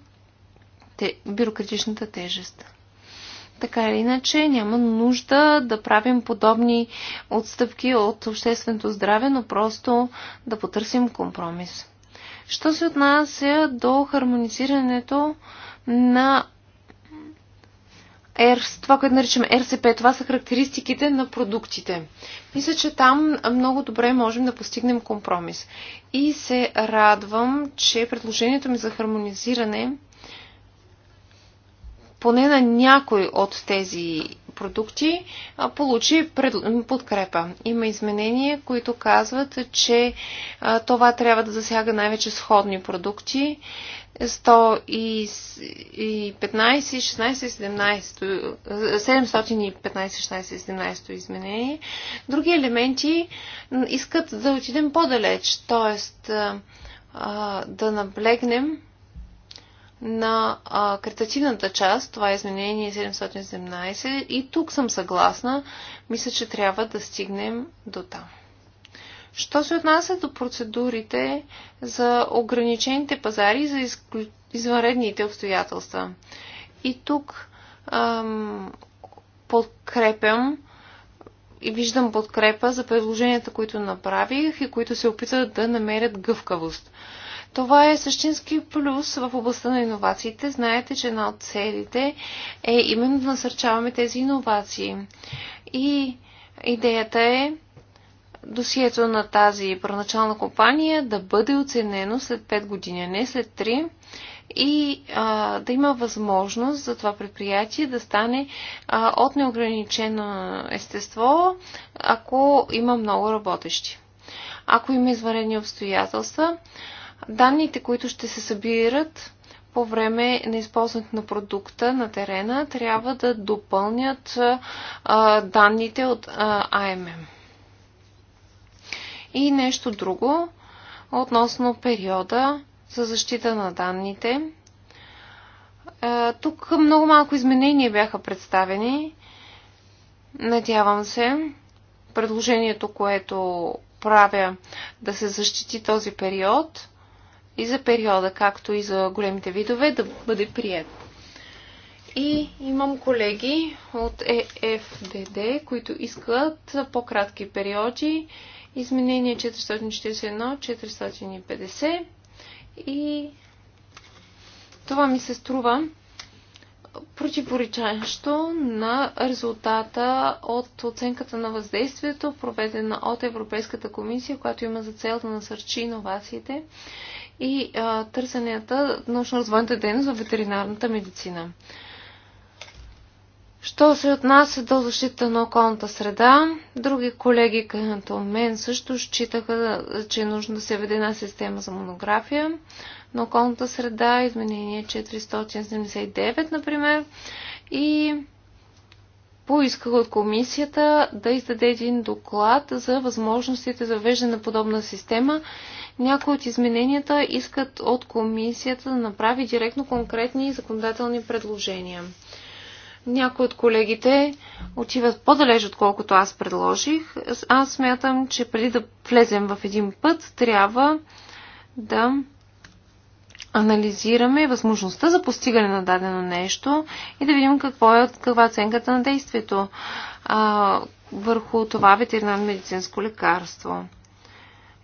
те, бюрократичната тежест. Така или иначе, няма нужда да правим подобни отстъпки от общественото здраве, но просто да потърсим компромис. Що се отнася до хармонизирането на R, това, което наричаме RCP, това са характеристиките на продуктите. Мисля, че там много добре можем да постигнем компромис. И се радвам, че предложението ми за хармонизиране поне на някой от тези продукти получи подкрепа. Има изменения, които казват, че това трябва да засяга най-вече сходни продукти. 115, 16, 17, 715-16-17 изменение. Други елементи искат да отидем по-далеч, т.е. да наблегнем на кретативната част, това е изменение 717, и тук съм съгласна, мисля, че трябва да стигнем до там. Що се отнася до процедурите за ограничените пазари за изклю... извънредните обстоятелства? И тук ам, подкрепям и виждам подкрепа за предложенията, които направих и които се опитват да намерят гъвкавост. Това е същински плюс в областта на иновациите. Знаете, че една от целите е именно да насърчаваме тези иновации. И идеята е досието на тази първоначална компания да бъде оценено след 5 години, не след 3 и а, да има възможност за това предприятие да стане а, от неограничено естество, ако има много работещи. Ако има извънредни обстоятелства, данните, които ще се събират по време на използването на продукта на терена, трябва да допълнят а, данните от а, АММ. И нещо друго относно периода за защита на данните. Е, тук много малко изменения бяха представени. Надявам се, предложението, което правя да се защити този период и за периода, както и за големите видове, да бъде прият. И имам колеги от EFDD, е които искат по-кратки периоди Изменение 441, 450 и това ми се струва противоречащо на резултата от оценката на въздействието, проведена от Европейската комисия, която има за цел да насърчи иновациите и а, търсенията научно-развойната дейност в ветеринарната медицина. Що се отнася до защита на околната среда, други колеги като мен също считаха, че е нужно да се веде една система за монография на околната среда, изменение 479, например, и поисках от комисията да издаде един доклад за възможностите за веждане на подобна система. Някои от измененията искат от комисията да направи директно конкретни законодателни предложения. Някои от колегите отиват по-далеч, отколкото аз предложих. Аз смятам, че преди да влезем в един път, трябва да анализираме възможността за постигане на дадено нещо и да видим какво е, каква е оценката на действието а, върху това ветеринарно-медицинско лекарство.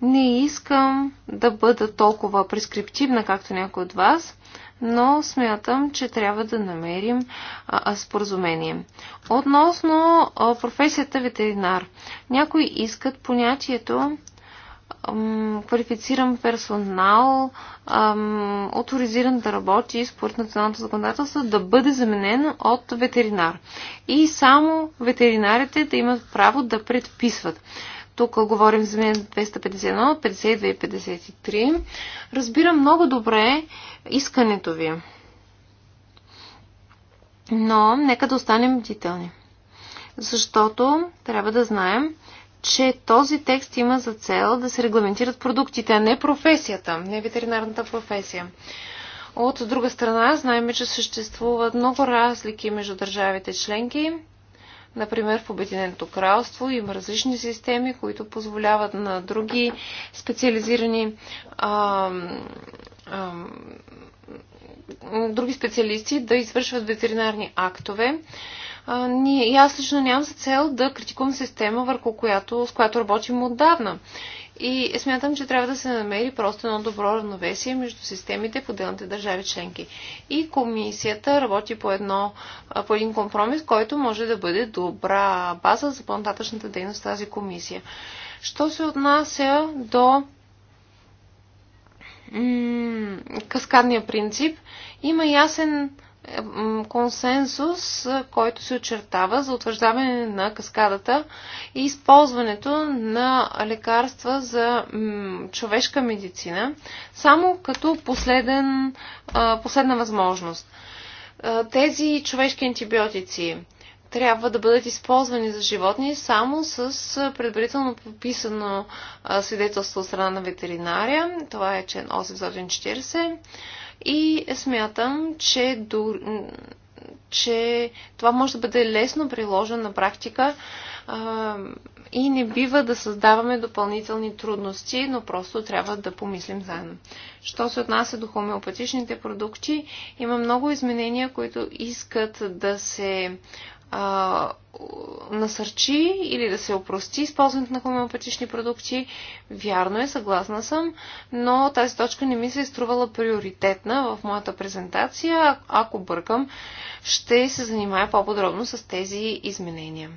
Не искам да бъда толкова прескриптивна, както някой от вас, но смятам, че трябва да намерим споразумение. Относно професията ветеринар, някои искат понятието квалифициран персонал, авторизиран да работи според националното законодателство, да бъде заменен от ветеринар. И само ветеринарите да имат право да предписват. Тук говорим за мен 251, 52 и 53. Разбирам много добре искането ви. Но нека да останем бдителни. Защото трябва да знаем, че този текст има за цел да се регламентират продуктите, а не професията, не ветеринарната професия. От друга страна, знаем, че съществуват много разлики между държавите членки Например, в Обединеното кралство има различни системи, които позволяват на други специализирани а, а, други специалисти да извършват ветеринарни актове. А, ние, и аз лично нямам за цел да критикувам система, върху която, с която работим отдавна. И смятам, че трябва да се намери просто едно добро равновесие между системите в отделните държави членки. И комисията работи по, едно, по един компромис, който може да бъде добра база за по-нататъчната дейност тази комисия. Що се отнася до каскадния принцип, има ясен консенсус, който се очертава за утвърждаване на каскадата и използването на лекарства за човешка медицина, само като последен, последна възможност. Тези човешки антибиотици трябва да бъдат използвани за животни само с предварително подписано свидетелство от страна на ветеринария. Това е член 840 и смятам, че, до, че това може да бъде лесно приложено на практика а, и не бива да създаваме допълнителни трудности, но просто трябва да помислим заедно. Що се отнася до хомеопатичните продукти, има много изменения, които искат да се а, насърчи или да се опрости използването на хомеопатични продукти. Вярно е, съгласна съм, но тази точка не ми се е струвала приоритетна в моята презентация. Ако бъркам, ще се занимая по-подробно с тези изменения.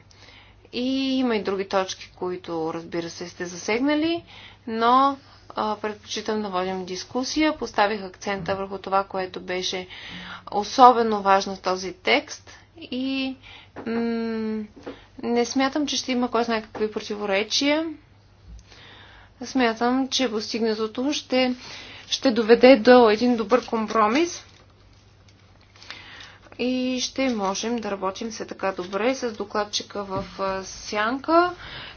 И има и други точки, които, разбира се, сте засегнали, но предпочитам да водим дискусия. Поставих акцента върху това, което беше особено важно в този текст – и не смятам, че ще има кой знае какви противоречия. Смятам, че постигнатото ще, ще доведе до един добър компромис и ще можем да работим все така добре с докладчика в сянка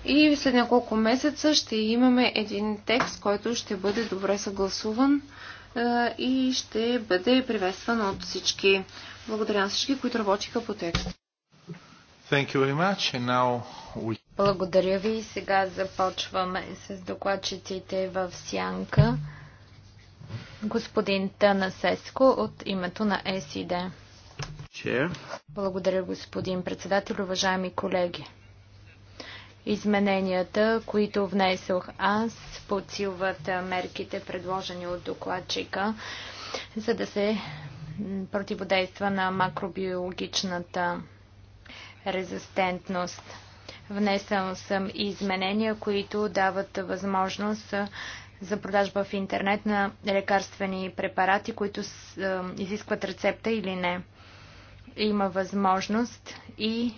и след няколко месеца ще имаме един текст, който ще бъде добре съгласуван и ще бъде приветстван от всички. Благодаря на всички, които работиха по текст. We... Благодаря ви. Сега започваме с докладчиците в Сянка. Господин Танасеско от името на СИД. Chair. Благодаря, господин председател. Уважаеми колеги, измененията, които внесох аз, подсилват мерките, предложени от докладчика, за да се противодейства на макробиологичната резистентност. Внесъл съм и изменения, които дават възможност за продажба в интернет на лекарствени препарати, които е, изискват рецепта или не. Има възможност и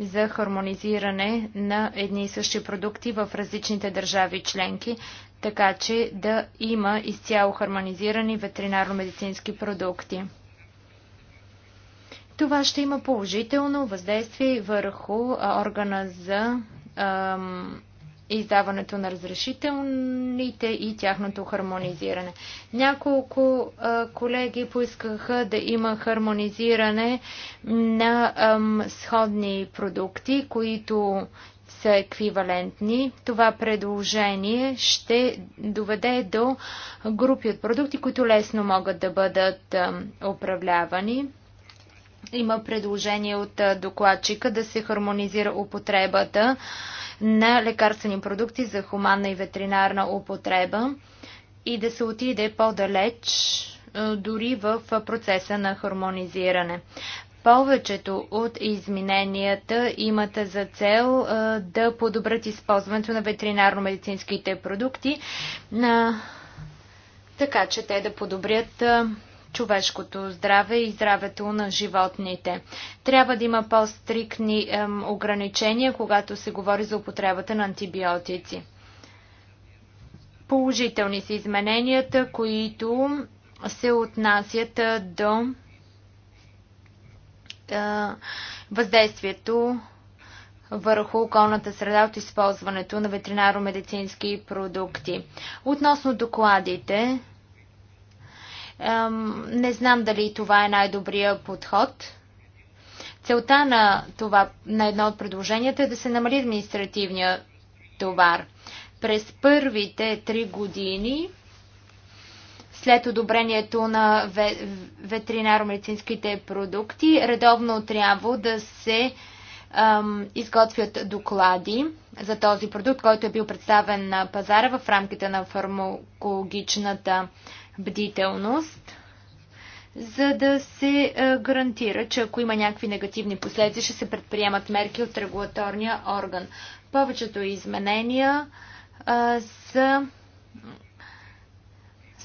за хармонизиране на едни и същи продукти в различните държави членки, така че да има изцяло хармонизирани ветеринарно-медицински продукти. Това ще има положително въздействие върху органа за ам, издаването на разрешителните и тяхното хармонизиране. Няколко а, колеги поискаха да има хармонизиране на ам, сходни продукти, които са еквивалентни, това предложение ще доведе до групи от продукти, които лесно могат да бъдат управлявани. Има предложение от докладчика да се хармонизира употребата на лекарствени продукти за хуманна и ветеринарна употреба и да се отиде по-далеч дори в процеса на хармонизиране. Повечето от измененията имат за цел да подобрят използването на ветеринарно-медицинските продукти, така че те да подобрят човешкото здраве и здравето на животните. Трябва да има по-стрикни ограничения, когато се говори за употребата на антибиотици. Положителни са измененията, които се отнасят до въздействието върху околната среда от използването на ветеринаро-медицински продукти. Относно докладите, не знам дали това е най-добрия подход. Целта на, това, на едно от предложенията е да се намали административния товар. През първите три години след одобрението на ветеринарно-медицинските продукти редовно трябва да се ам, изготвят доклади за този продукт, който е бил представен на пазара в рамките на фармакологичната бдителност, за да се гарантира, че ако има някакви негативни последствия, ще се предприемат мерки от регулаторния орган. Повечето изменения а, са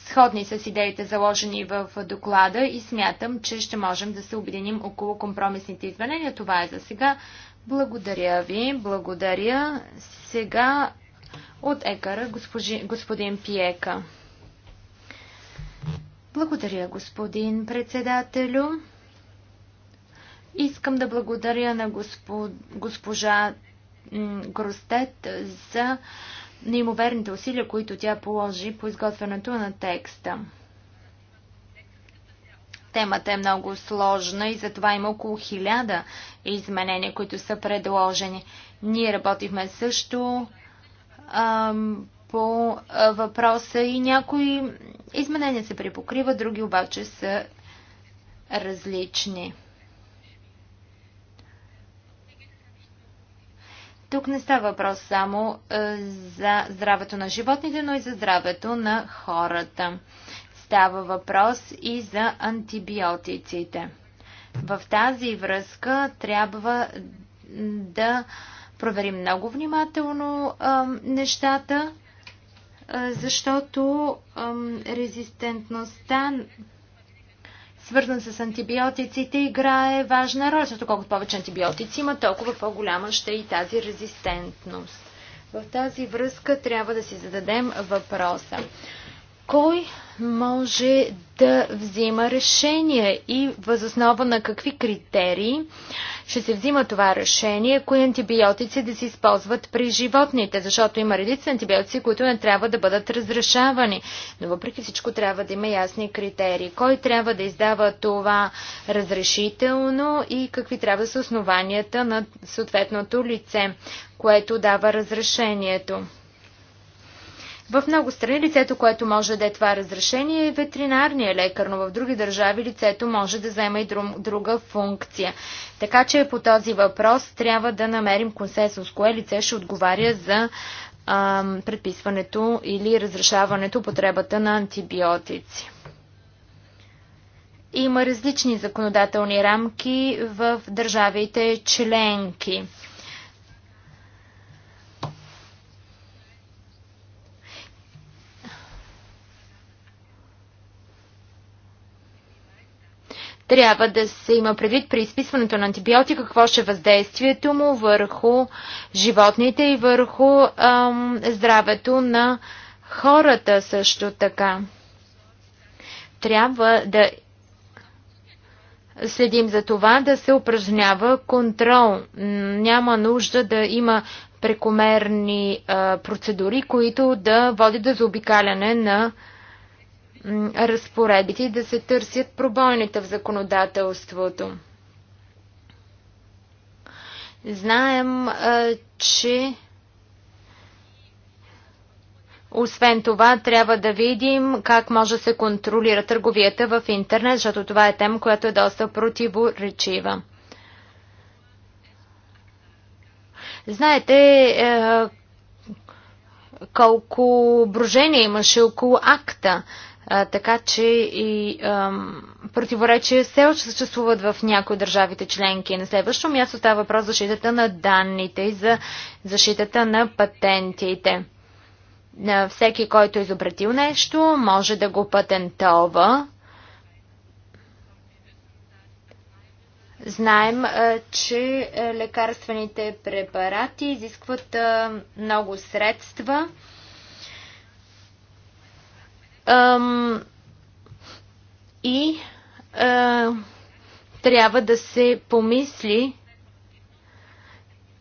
сходни с идеите заложени в доклада и смятам, че ще можем да се обединим около компромисните изменения. Това е за сега. Благодаря ви. Благодаря. Сега от екара господин Пиека. Благодаря, господин председателю. Искам да благодаря на госпожа Гростет за неимоверните усилия, които тя положи по изготвянето на текста. Темата е много сложна и затова има около хиляда изменения, които са предложени. Ние работихме също ам, по а, въпроса и някои изменения се припокриват, други обаче са различни. Тук не става въпрос само е, за здравето на животните, но и за здравето на хората. Става въпрос и за антибиотиците. В тази връзка трябва да проверим много внимателно а, е, нещата, а, е, защото а, резистентността свързан с антибиотиците, играе важна роля, защото колкото повече антибиотици има, толкова по-голяма ще е и тази резистентност. В тази връзка трябва да си зададем въпроса. Кой може да взима решение и възоснова на какви критерии ще се взима това решение, кои антибиотици да се използват при животните, защото има редица антибиотици, които не трябва да бъдат разрешавани. Но въпреки всичко трябва да има ясни критерии. Кой трябва да издава това разрешително и какви трябва да са основанията на съответното лице, което дава разрешението. В много страни лицето, което може да е това разрешение е ветеринарния лекар, но в други държави лицето може да взема и друга функция. Така че по този въпрос трябва да намерим консенсус, кое лице ще отговаря за предписването или разрешаването потребата на антибиотици. Има различни законодателни рамки в държавите членки. Трябва да се има предвид при изписването на антибиотика какво ще е въздействието му върху животните и върху ам, здравето на хората също така. Трябва да следим за това да се упражнява контрол. Няма нужда да има прекомерни а, процедури, които да водят до заобикаляне на а, разпоредбите и да се търсят пробойните в законодателството. Знаем, че освен това, трябва да видим как може да се контролира търговията в интернет, защото това е тема, която е доста противоречива. Знаете е, колко брожение имаше около акта. А, така че и ам, противоречия се още съществуват в някои от държавите членки. На следващо място става въпрос за защитата на данните и за защитата на патентите. На всеки, който е изобретил нещо, може да го патентова. Знаем, че лекарствените препарати изискват много средства. Ам, и а, трябва да се помисли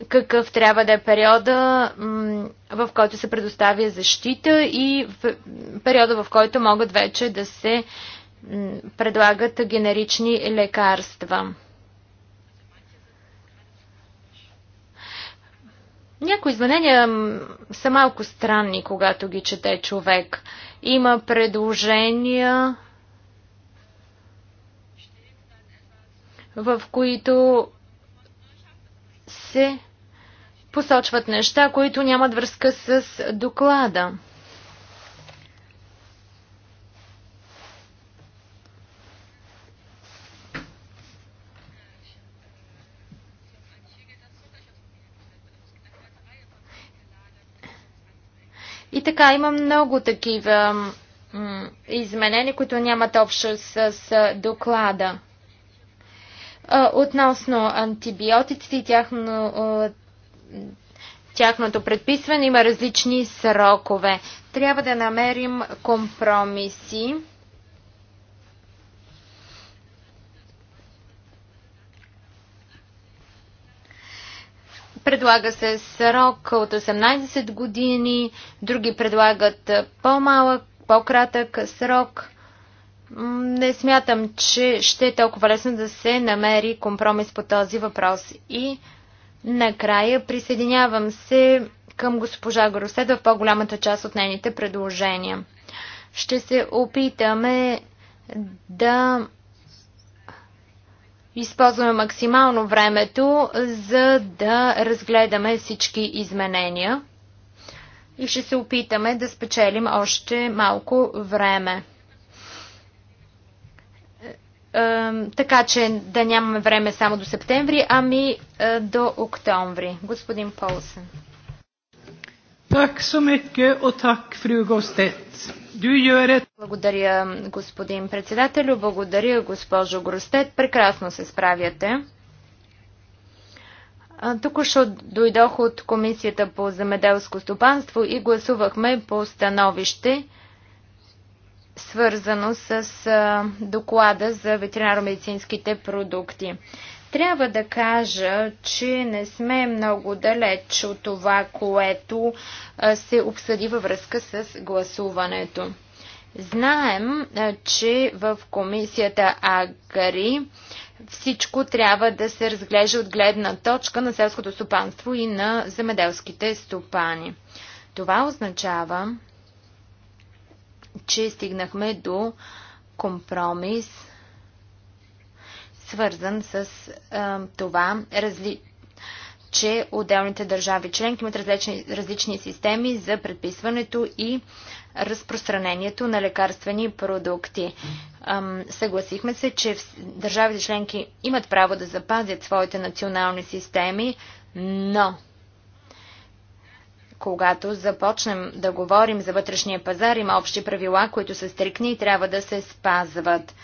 какъв трябва да е периода, в който се предоставя защита и в периода, в който могат вече да се предлагат генерични лекарства. Някои изменения са малко странни, когато ги чете човек. Има предложения, в които се посочват неща, които нямат връзка с доклада. И така, има много такива изменения, които нямат общо с, с доклада. Относно антибиотиците и тяхно, тяхното предписване има различни срокове. Трябва да намерим компромиси. Предлага се срок от 18 години, други предлагат по-малък, по-кратък срок. Не смятам, че ще е толкова лесно да се намери компромис по този въпрос. И накрая присъединявам се към госпожа Гроседа в по-голямата част от нейните предложения. Ще се опитаме да използваме максимално времето, за да разгледаме всички изменения и ще се опитаме да спечелим още малко време. Така че да нямаме време само до септември, ами е, до октомври. Господин Полсен. Tack så mycket och tack fru Gostedt. Благодаря, господин председателю. Благодаря, госпожо Гростет. Прекрасно се справяте. Току-що дойдох от Комисията по земеделско стопанство и гласувахме по становище, свързано с доклада за ветеринарно-медицинските продукти. Трябва да кажа, че не сме много далеч от това, което се обсъди във връзка с гласуването. Знаем, че в комисията Агари всичко трябва да се разглежда от гледна точка на селското стопанство и на земеделските стопани. Това означава, че стигнахме до компромис свързан с а, това, разли... че отделните държави членки имат различни, различни системи за предписването и разпространението на лекарствени продукти. съгласихме се, че в... държавите членки имат право да запазят своите национални системи, но когато започнем да говорим за вътрешния пазар, има общи правила, които са стрикни и трябва да се спазват.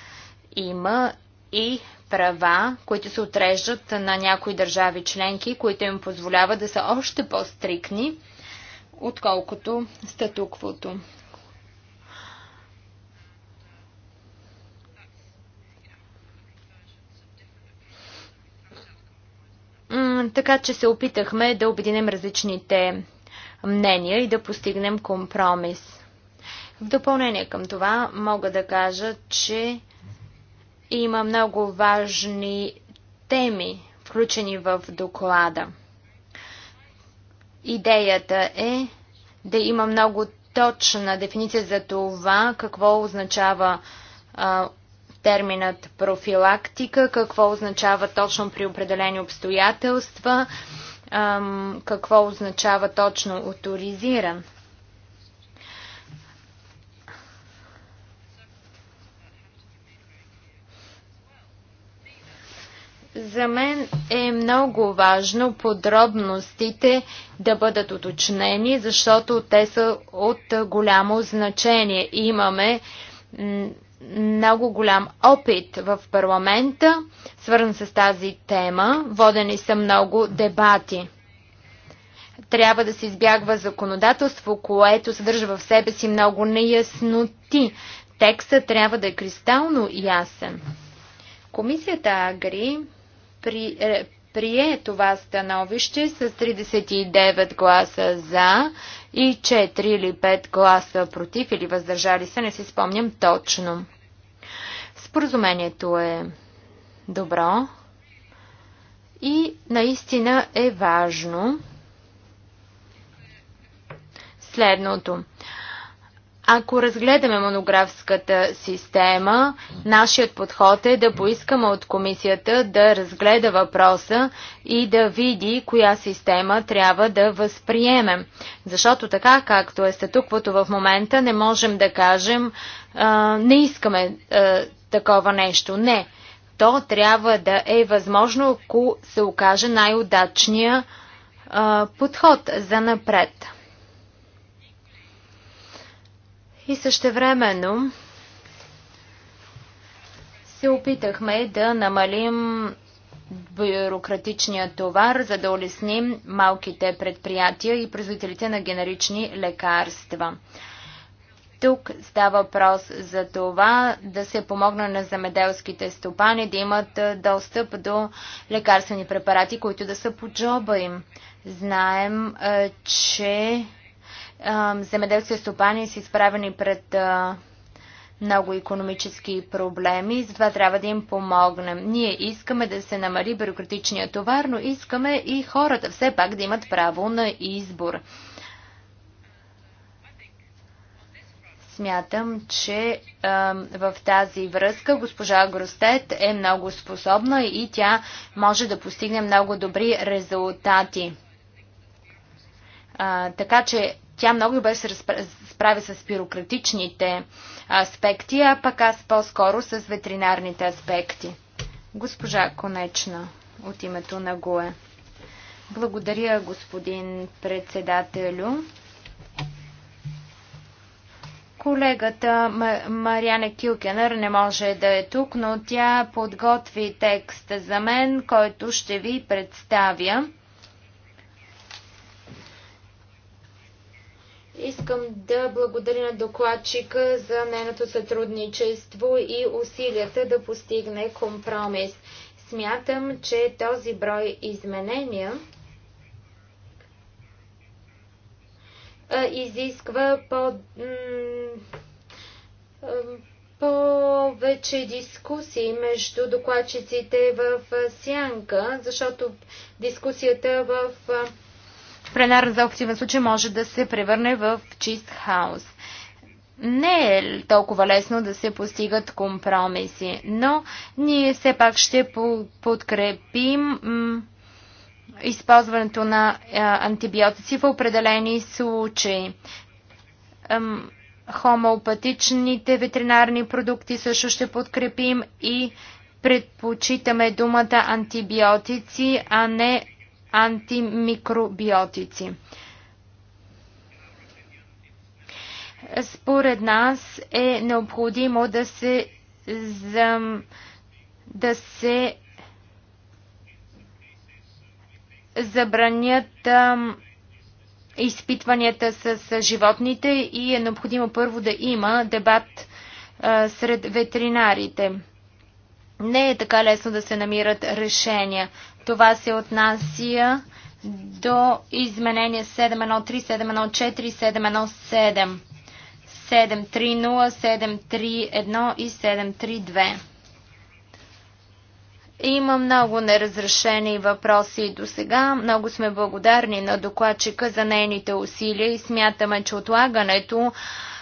Има и права, които се отреждат на някои държави членки, които им позволяват да са още по-стрикни, отколкото статуквото. Така че се опитахме да обединим различните мнения и да постигнем компромис. В допълнение към това мога да кажа, че има много важни теми, включени в доклада. Идеята е да има много точна дефиниция за това какво означава а, терминът профилактика, какво означава точно при определени обстоятелства, а, какво означава точно авторизиран. За мен е много важно подробностите да бъдат уточнени, защото те са от голямо значение. Имаме много голям опит в парламента, свързан с тази тема. Водени са много дебати. Трябва да се избягва законодателство, което съдържа в себе си много неясноти. Текстът трябва да е кристално ясен. Комисията Агри при, е, прие това становище с 39 гласа за и 4 или 5 гласа против или въздържали се, не си спомням точно. Споразумението е добро и наистина е важно следното. Ако разгледаме монографската система, нашият подход е да поискаме от комисията да разгледа въпроса и да види коя система трябва да възприемем. Защото така, както е статуквото в момента, не можем да кажем а, не искаме а, такова нещо. Не. То трябва да е възможно, ако се окаже най-удачния подход за напред. И същевременно се опитахме да намалим бюрократичния товар, за да улесним малките предприятия и производителите на генерични лекарства. Тук става въпрос за това да се помогна на замеделските стопани да имат достъп до лекарствени препарати, които да са по джоба им. Знаем, че земеделски стопани са изправени пред много економически проблеми затова трябва да им помогнем. Ние искаме да се намали бюрократичния товар, но искаме и хората все пак да имат право на избор. Смятам, че а, в тази връзка госпожа Гростет е много способна и тя може да постигне много добри резултати. А, така че тя много добре се справя с бюрократичните аспекти, а пък аз по-скоро с ветеринарните аспекти. Госпожа Конечна от името на ГУЕ. Благодаря, господин председателю. Колегата Мариана Килкенър не може да е тук, но тя подготви текст за мен, който ще ви представя. Искам да благодаря на докладчика за нейното сътрудничество и усилията да постигне компромис. Смятам, че този брой изменения изисква по, повече дискусии между докладчиците в сянка, защото дискусията в пленарна за в противен случай може да се превърне в чист хаос. Не е толкова лесно да се постигат компромиси, но ние все пак ще подкрепим използването на антибиотици в определени случаи. Хомеопатичните ветеринарни продукти също ще подкрепим и предпочитаме думата антибиотици, а не антимикробиотици. Според нас е необходимо да се, да се забранят изпитванията с, с животните и е необходимо първо да има дебат а, сред ветеринарите не е така лесно да се намират решения. Това се отнася до изменение 713, 714, 717, 730, 731 и 732. Има много неразрешени въпроси до сега. Много сме благодарни на докладчика за нейните усилия и смятаме, че отлагането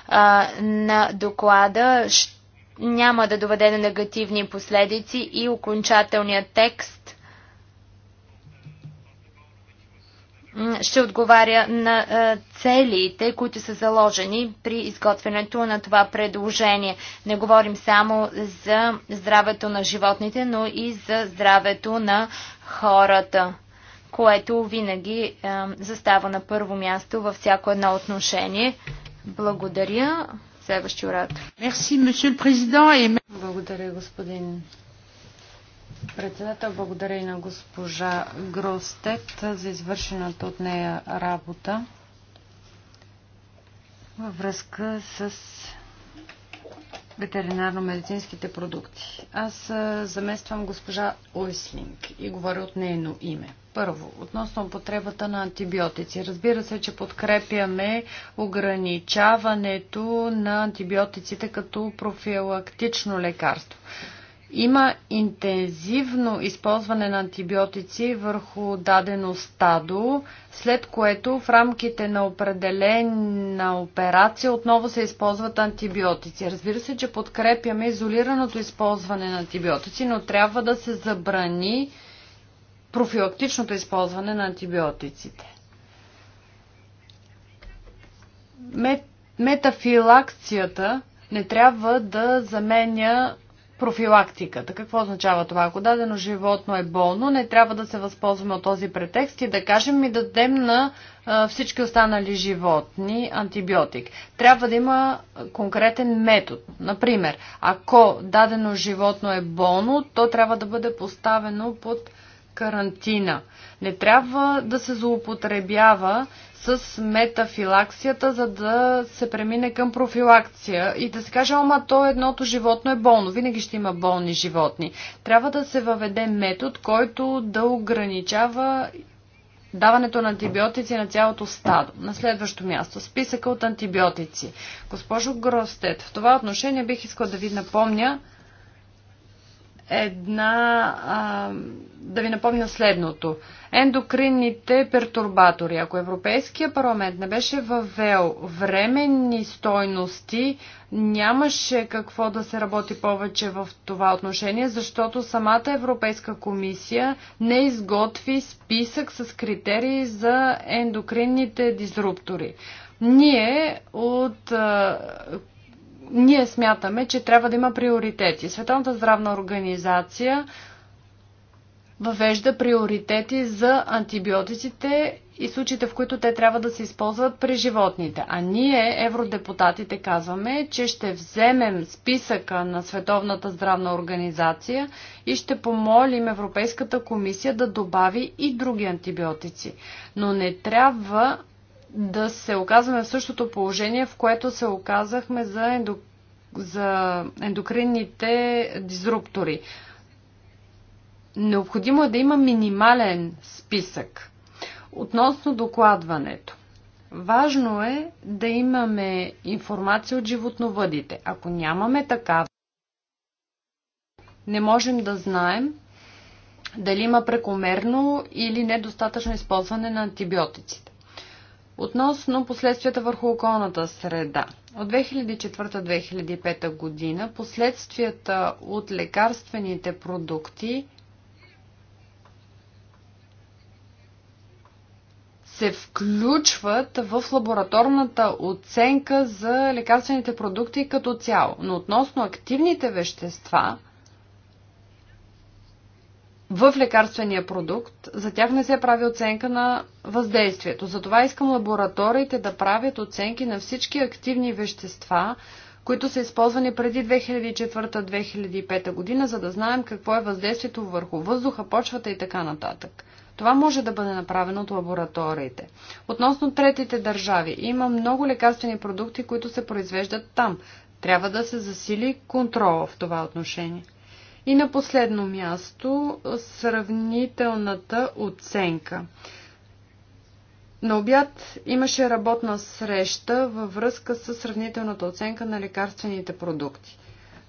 а, на доклада ще няма да доведе на негативни последици и окончателният текст ще отговаря на целите, които са заложени при изготвянето на това предложение. Не говорим само за здравето на животните, но и за здравето на хората, което винаги застава на първо място във всяко едно отношение. Благодаря следващия оратор. Благодаря, господин председател. Благодаря и на госпожа Гростет за извършената от нея работа във връзка с ветеринарно-медицинските продукти. Аз замествам госпожа Ойслинг и говоря от нейно име. Първо, относно употребата на антибиотици. Разбира се, че подкрепяме ограничаването на антибиотиците като профилактично лекарство. Има интензивно използване на антибиотици върху дадено стадо, след което в рамките на определена операция отново се използват антибиотици. Разбира се, че подкрепяме изолираното използване на антибиотици, но трябва да се забрани профилактичното използване на антибиотиците. Метафилакцията не трябва да заменя профилактиката. Какво означава това? Ако дадено животно е болно, не трябва да се възползваме от този претекст и да кажем ми дадем на всички останали животни антибиотик. Трябва да има конкретен метод. Например, ако дадено животно е болно, то трябва да бъде поставено под карантина. Не трябва да се злоупотребява с метафилаксията, за да се премине към профилакция и да се каже, ама то едното животно е болно, винаги ще има болни животни. Трябва да се въведе метод, който да ограничава даването на антибиотици на цялото стадо. На следващо място, списъка от антибиотици. Госпожо Гростет, в това отношение бих искала да ви напомня една... А, да ви напомня следното. Ендокринните пертурбатори. Ако Европейския парламент не беше въвел временни стойности, нямаше какво да се работи повече в това отношение, защото самата Европейска комисия не изготви списък с критерии за ендокринните дизруптори. Ние от ние смятаме, че трябва да има приоритети. Световната здравна организация въвежда приоритети за антибиотиците и случаите, в които те трябва да се използват при животните. А ние, евродепутатите, казваме, че ще вземем списъка на Световната здравна организация и ще помолим Европейската комисия да добави и други антибиотици. Но не трябва да се оказваме в същото положение, в което се оказахме за, ендо... за ендокринните дизруптори. Необходимо е да има минимален списък. Относно докладването. Важно е да имаме информация от животновъдите. Ако нямаме такава, не можем да знаем дали има прекомерно или недостатъчно използване на антибиотиците. Относно последствията върху околната среда. От 2004-2005 година последствията от лекарствените продукти се включват в лабораторната оценка за лекарствените продукти като цяло. Но относно активните вещества – в лекарствения продукт, за тях не се прави оценка на въздействието. Затова искам лабораториите да правят оценки на всички активни вещества, които са използвани преди 2004-2005 година, за да знаем какво е въздействието върху въздуха, почвата и така нататък. Това може да бъде направено от лабораториите. Относно третите държави, има много лекарствени продукти, които се произвеждат там. Трябва да се засили контрола в това отношение. И на последно място сравнителната оценка. На обяд имаше работна среща във връзка с сравнителната оценка на лекарствените продукти.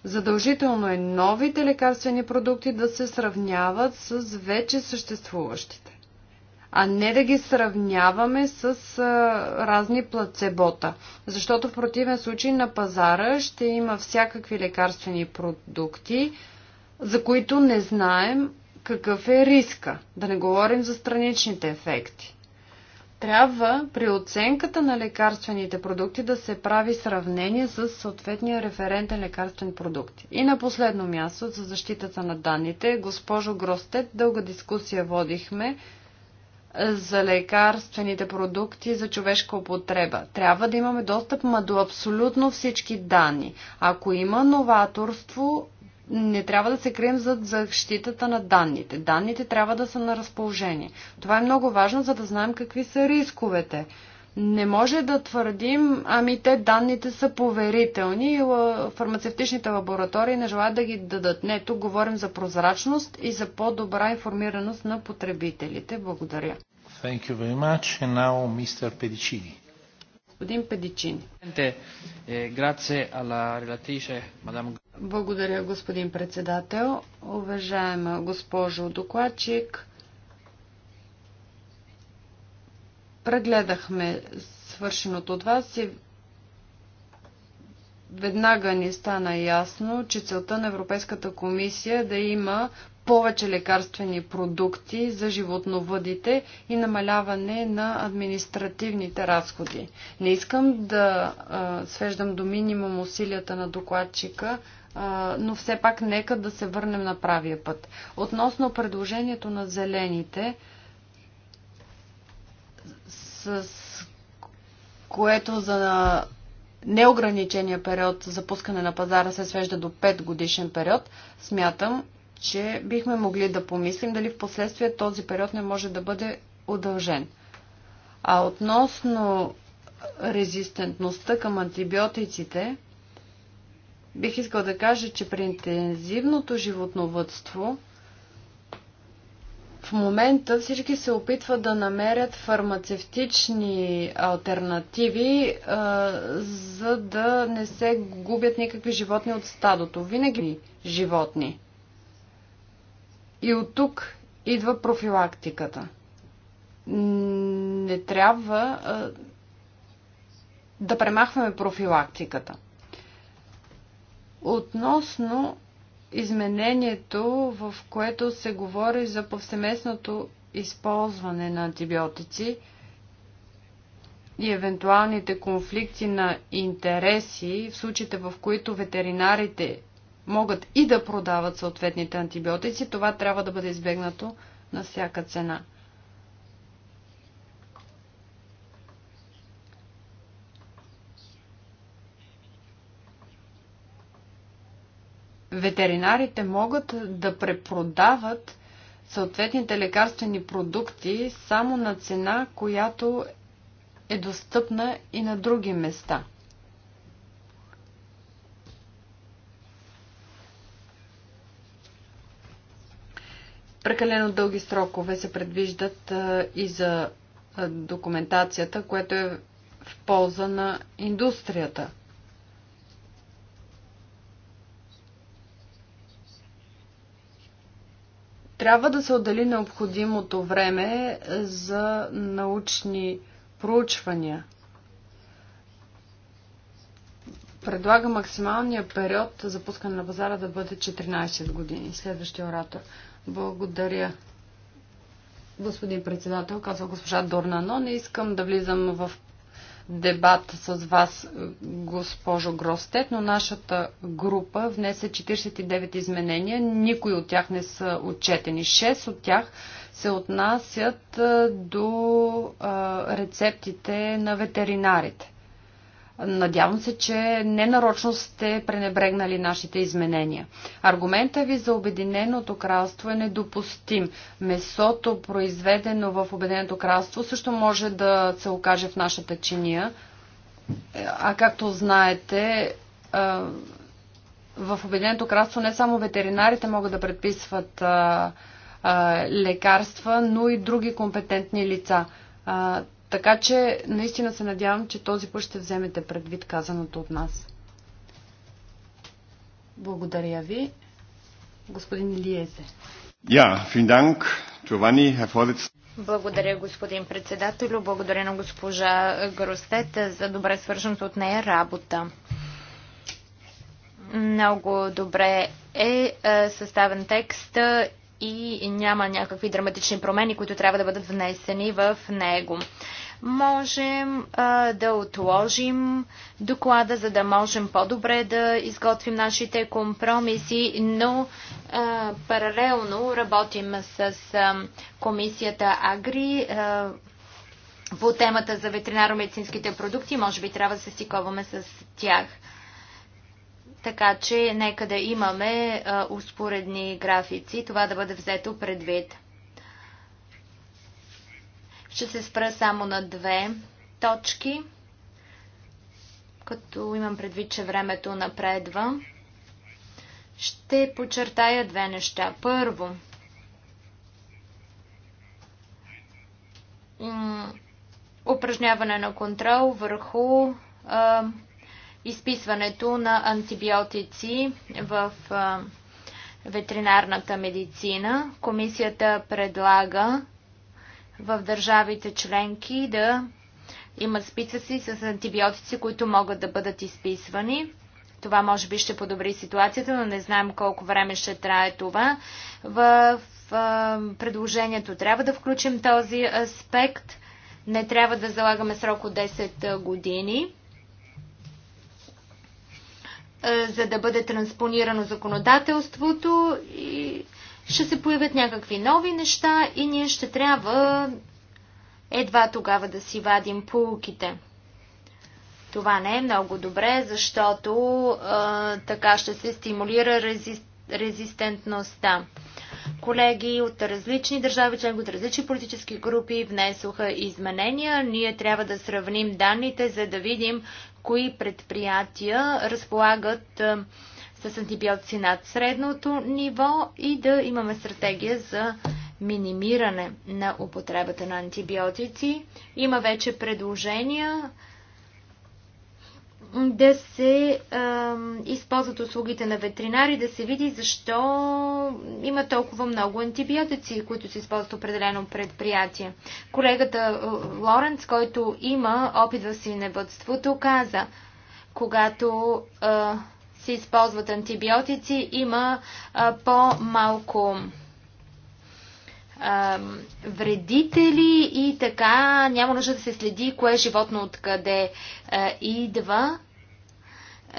Задължително е новите лекарствени продукти да се сравняват с вече съществуващите, а не да ги сравняваме с а, разни плацебота, защото в противен случай на пазара ще има всякакви лекарствени продукти, за които не знаем какъв е риска. Да не говорим за страничните ефекти. Трябва при оценката на лекарствените продукти да се прави сравнение с съответния референтен лекарствен продукт. И на последно място, за защитата на данните, госпожо Гростет, дълга дискусия водихме за лекарствените продукти за човешка употреба. Трябва да имаме достъп ма до абсолютно всички данни. Ако има новаторство, не трябва да се крием зад защитата на данните. Данните трябва да са на разположение. Това е много важно, за да знаем какви са рисковете. Не може да твърдим, ами те данните са поверителни и фармацевтичните лаборатории не желаят да ги дадат. Не, тук говорим за прозрачност и за по-добра информираност на потребителите. Благодаря. Thank you very much. And now Mr. Pedicini. Господин Педичин. Е, е, Благодаря, господин председател. Уважаема госпожо докладчик, прегледахме свършеното от вас и веднага ни стана ясно, че целта на Европейската комисия е да има повече лекарствени продукти за животновъдите и намаляване на административните разходи. Не искам да а, свеждам до минимум усилията на докладчика, а, но все пак нека да се върнем на правия път. Относно предложението на зелените, с което за неограничения период за пускане на пазара се свежда до 5 годишен период, смятам, че бихме могли да помислим дали в последствие този период не може да бъде удължен. А относно резистентността към антибиотиците, бих искал да кажа, че при интензивното животновътство – в момента всички се опитват да намерят фармацевтични альтернативи, а, за да не се губят никакви животни от стадото. Винаги животни. И от тук идва профилактиката. Не трябва а, да премахваме профилактиката. Относно изменението, в което се говори за повсеместното използване на антибиотици и евентуалните конфликти на интереси в случаите, в които ветеринарите могат и да продават съответните антибиотици, това трябва да бъде избегнато на всяка цена. ветеринарите могат да препродават съответните лекарствени продукти само на цена, която е достъпна и на други места. Прекалено дълги срокове се предвиждат и за документацията, което е в полза на индустрията – Трябва да се отдели необходимото време за научни проучвания. Предлага максималния период за пускане на пазара да бъде 14 години. Следващия оратор. Благодаря. Господин председател, казва госпожа Дорнано, не искам да влизам в дебат с вас, госпожо Гростет, но нашата група внесе 49 изменения. Никой от тях не са отчетени. 6 от тях се отнасят до рецептите на ветеринарите. Надявам се, че ненарочно сте пренебрегнали нашите изменения. Аргумента ви за Обединеното кралство е недопустим. Месото, произведено в Обединеното кралство, също може да се окаже в нашата чиния. А както знаете, в Обединеното кралство не само ветеринарите могат да предписват лекарства, но и други компетентни лица така че наистина се надявам, че този път ще вземете предвид казаното от нас. Благодаря ви. Господин Лиезе. Ja, vielen Dank, Giovanni, Благодаря, господин председател, Благодаря на госпожа Гростет за добре свършеното от нея работа. Много добре е, е съставен текст и няма някакви драматични промени, които трябва да бъдат внесени в него. Можем а, да отложим доклада, за да можем по-добре да изготвим нашите компромиси, но а, паралелно работим с а, комисията Агри. А, по темата за ветеринаро-медицинските продукти, може би трябва да се стиковаме с тях. Така че нека да имаме а, успоредни графици, това да бъде взето предвид. Ще се спра само на две точки, като имам предвид, че времето напредва. Ще подчертая две неща. Първо, упражняване на контрол върху а, изписването на антибиотици в ветеринарната медицина. Комисията предлага в държавите членки да имат списъци с антибиотици, които могат да бъдат изписвани. Това може би ще подобри ситуацията, но не знаем колко време ще трае това. В предложението трябва да включим този аспект. Не трябва да залагаме срок от 10 години. Е, за да бъде транспонирано законодателството и ще се появят някакви нови неща и ние ще трябва едва тогава да си вадим полуките. Това не е много добре, защото а, е, така ще се стимулира резист, резистентността. Колеги от различни държави, членки от различни политически групи внесоха изменения. Ние трябва да сравним данните, за да видим кои предприятия разполагат с антибиотици над средното ниво и да имаме стратегия за минимиране на употребата на антибиотици. Има вече предложения да се а, използват услугите на ветеринари, да се види защо има толкова много антибиотици, които се използват определено предприятие. Колегата е, Лоренц, който има опит в свиневътството, каза, когато а, е, се използват антибиотици, има е, по-малко вредители и така няма нужда да се следи кое е животно откъде а, идва.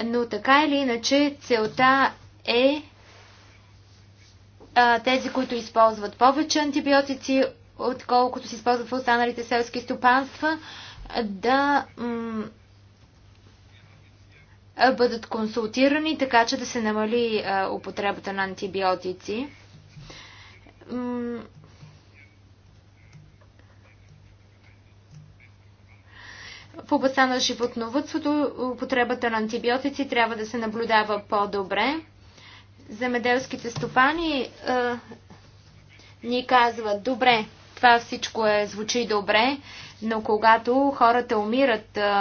Но така или иначе целта е а, тези, които използват повече антибиотици, отколкото се използват в останалите селски стопанства, да бъдат консултирани, така че да се намали а, употребата на антибиотици. М В областта на животновътството употребата на антибиотици трябва да се наблюдава по-добре. Земеделските стопани е, ни казват, добре, това всичко е, звучи добре, но когато хората умират е,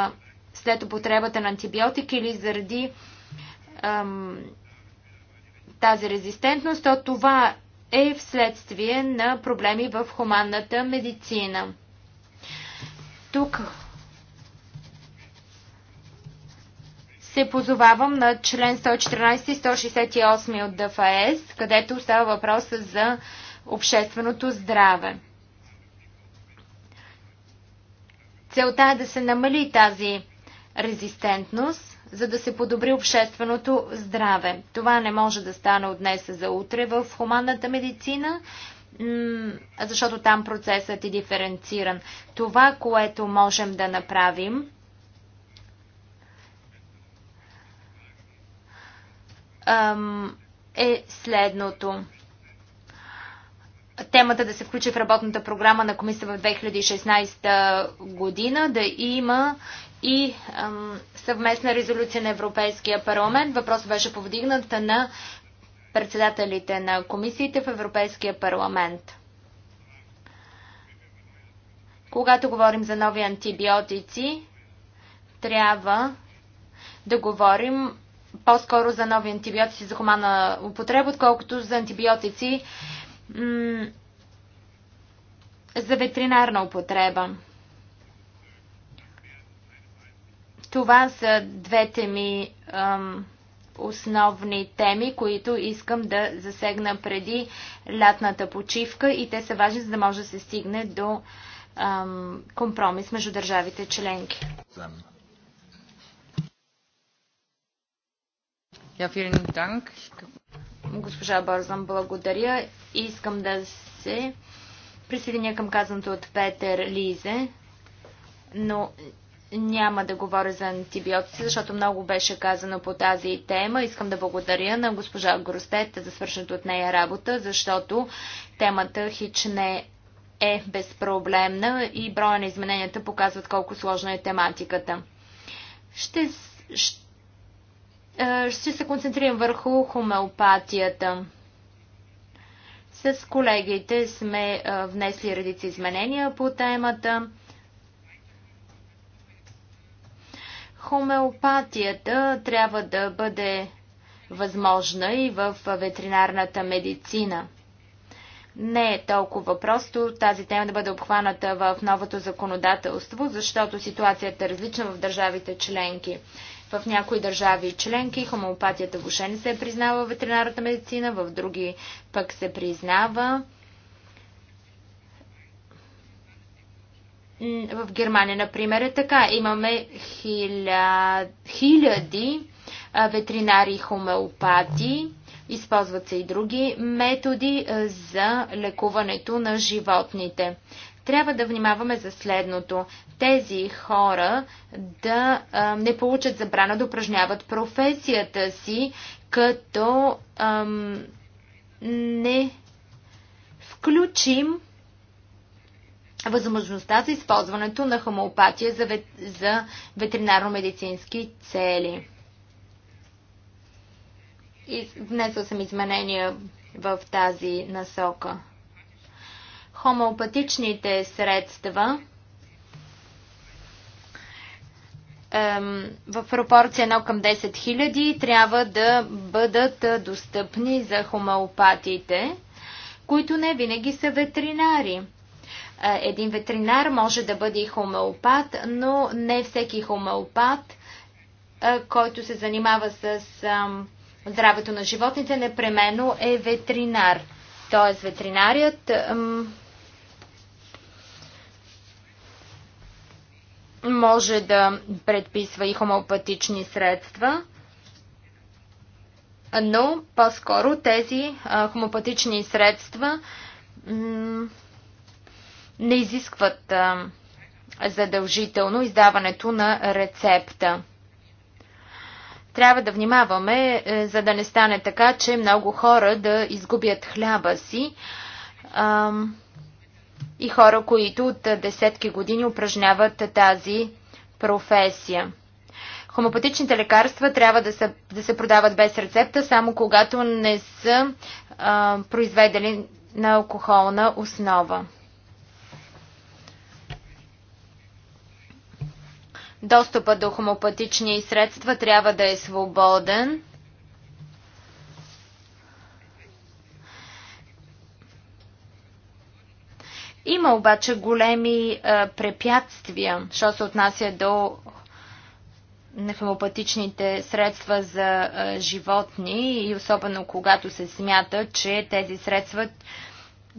след употребата на антибиотик или заради е, тази резистентност, то това е вследствие на проблеми в хуманната медицина. Тук се позовавам на член 114 и 168 от ДФС, където става въпрос за общественото здраве. Целта е да се намали тази резистентност, за да се подобри общественото здраве. Това не може да стане от днес за утре в хуманната медицина, защото там процесът е диференциран. Това, което можем да направим, е следното. Темата да се включи в работната програма на комисия в 2016 година, да има и ам, съвместна резолюция на Европейския парламент. Въпросът беше повдигнат на председателите на комисиите в Европейския парламент. Когато говорим за нови антибиотици, трябва да говорим по-скоро за нови антибиотици за хумана употреба, отколкото за антибиотици за ветеринарна употреба. Това са двете ми ам, основни теми, които искам да засегна преди лятната почивка и те са важни, за да може да се стигне до ам, компромис между държавите членки. Госпожа Борзан, благодаря. Искам да се присъединя към казаното от Петър Лизе, но няма да говоря за антибиотици, защото много беше казано по тази тема. Искам да благодаря на госпожа Гростет за свършеното от нея работа, защото темата хич не е безпроблемна и броя на измененията показват колко сложна е тематиката. Ще, ще е, ще се концентрирам върху хомеопатията. С колегите сме е, внесли редици изменения по темата. Хомеопатията трябва да бъде възможна и в ветеринарната медицина. Не е толкова просто тази тема да бъде обхваната в новото законодателство, защото ситуацията е различна в държавите членки. В някои държави членки хомеопатията въобще не се признава в ветеринарната медицина, в други пък се признава. В Германия, например, е така. Имаме хиля... хиляди ветеринари хомеопати. Използват се и други методи за лекуването на животните. Трябва да внимаваме за следното. Тези хора да а, не получат забрана да упражняват професията си, като ам, не включим възможността за използването на хомеопатия за, вет... за ветеринарно-медицински цели. И внесъл съм изменения в тази насока хомеопатичните средства в пропорция 1 към 10 000 трябва да бъдат достъпни за хомеопатите, които не винаги са ветеринари. Е, един ветеринар може да бъде и хомеопат, но не всеки хомеопат, който се занимава с здравето на животните, непременно е ветеринар. Тоест ветеринарият може да предписва и хомеопатични средства, но по-скоро тези хомеопатични средства не изискват задължително издаването на рецепта. Трябва да внимаваме, е, за да не стане така, че много хора да изгубят хляба си и хора, които от десетки години упражняват тази професия. Хомопатичните лекарства трябва да, се, да се продават без рецепта, само когато не са а, произведени на алкохолна основа. Достъпа до хомопатични средства трябва да е свободен Има обаче големи а, е, препятствия, що се отнася до нефемопатичните средства за а, е, животни и особено когато се смята, че тези средства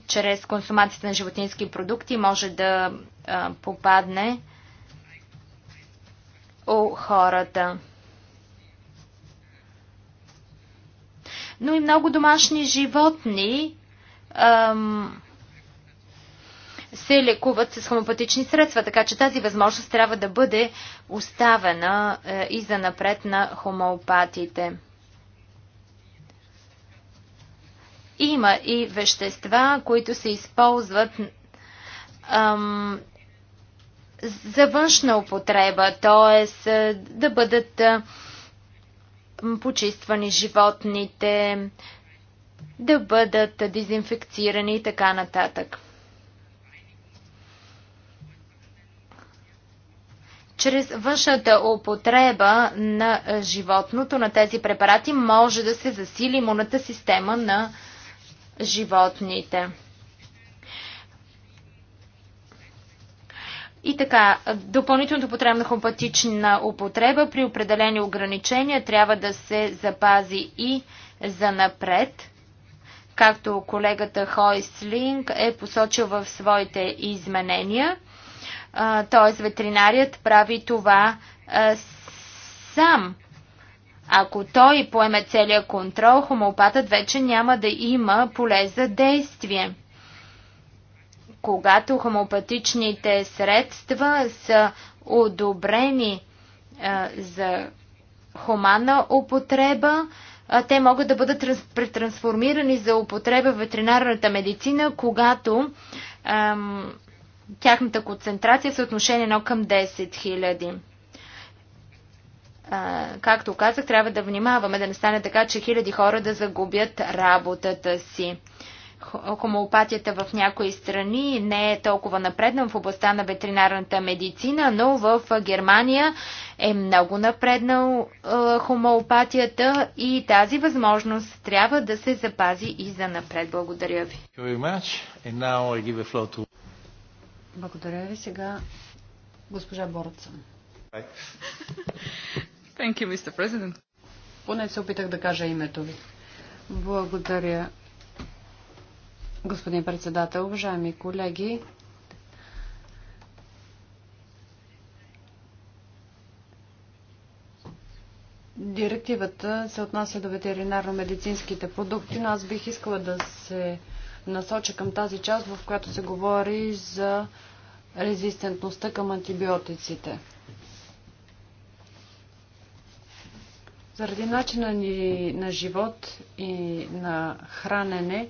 чрез консумацията на животински продукти може да а, е, попадне у хората. Но и много домашни животни ам, се лекуват с хомопатични средства, така че тази възможност трябва да бъде оставена е, и за напред на хомеопатите. Има и вещества, които се използват ам, за външна употреба, т.е. да бъдат е, почиствани животните, да бъдат дезинфекцирани и така нататък. Чрез външната употреба на животното на тези препарати може да се засили имунната система на животните. И така, допълнителното потреба на хомопатична употреба при определени ограничения трябва да се запази и за напред, както колегата Хойслинг е посочил в своите изменения – т.е. ветеринарият прави това а, сам. Ако той поеме целия контрол, хомеопатът вече няма да има поле за действие. Когато хомеопатичните средства са одобрени а, за хумана употреба, а, те могат да бъдат претрансформирани за употреба в ветеринарната медицина, когато ам, тяхната концентрация в съотношение 1 към 10 000 както казах, трябва да внимаваме да не стане така, че хиляди хора да загубят работата си. Хомеопатията в някои страни не е толкова напредна в областта на ветеринарната медицина, но в Германия е много напреднал хомеопатията и тази възможност трябва да се запази и за напред. Благодаря ви. Благодаря ви. Сега госпожа Борцън. Thank you, Mr. President. Поне се опитах да кажа името ви. Благодаря, господин председател. Уважаеми колеги, директивата се отнася до ветеринарно-медицинските продукти, но аз бих искала да се насоча към тази част, в която се говори за резистентността към антибиотиците. Заради начина ни на живот и на хранене,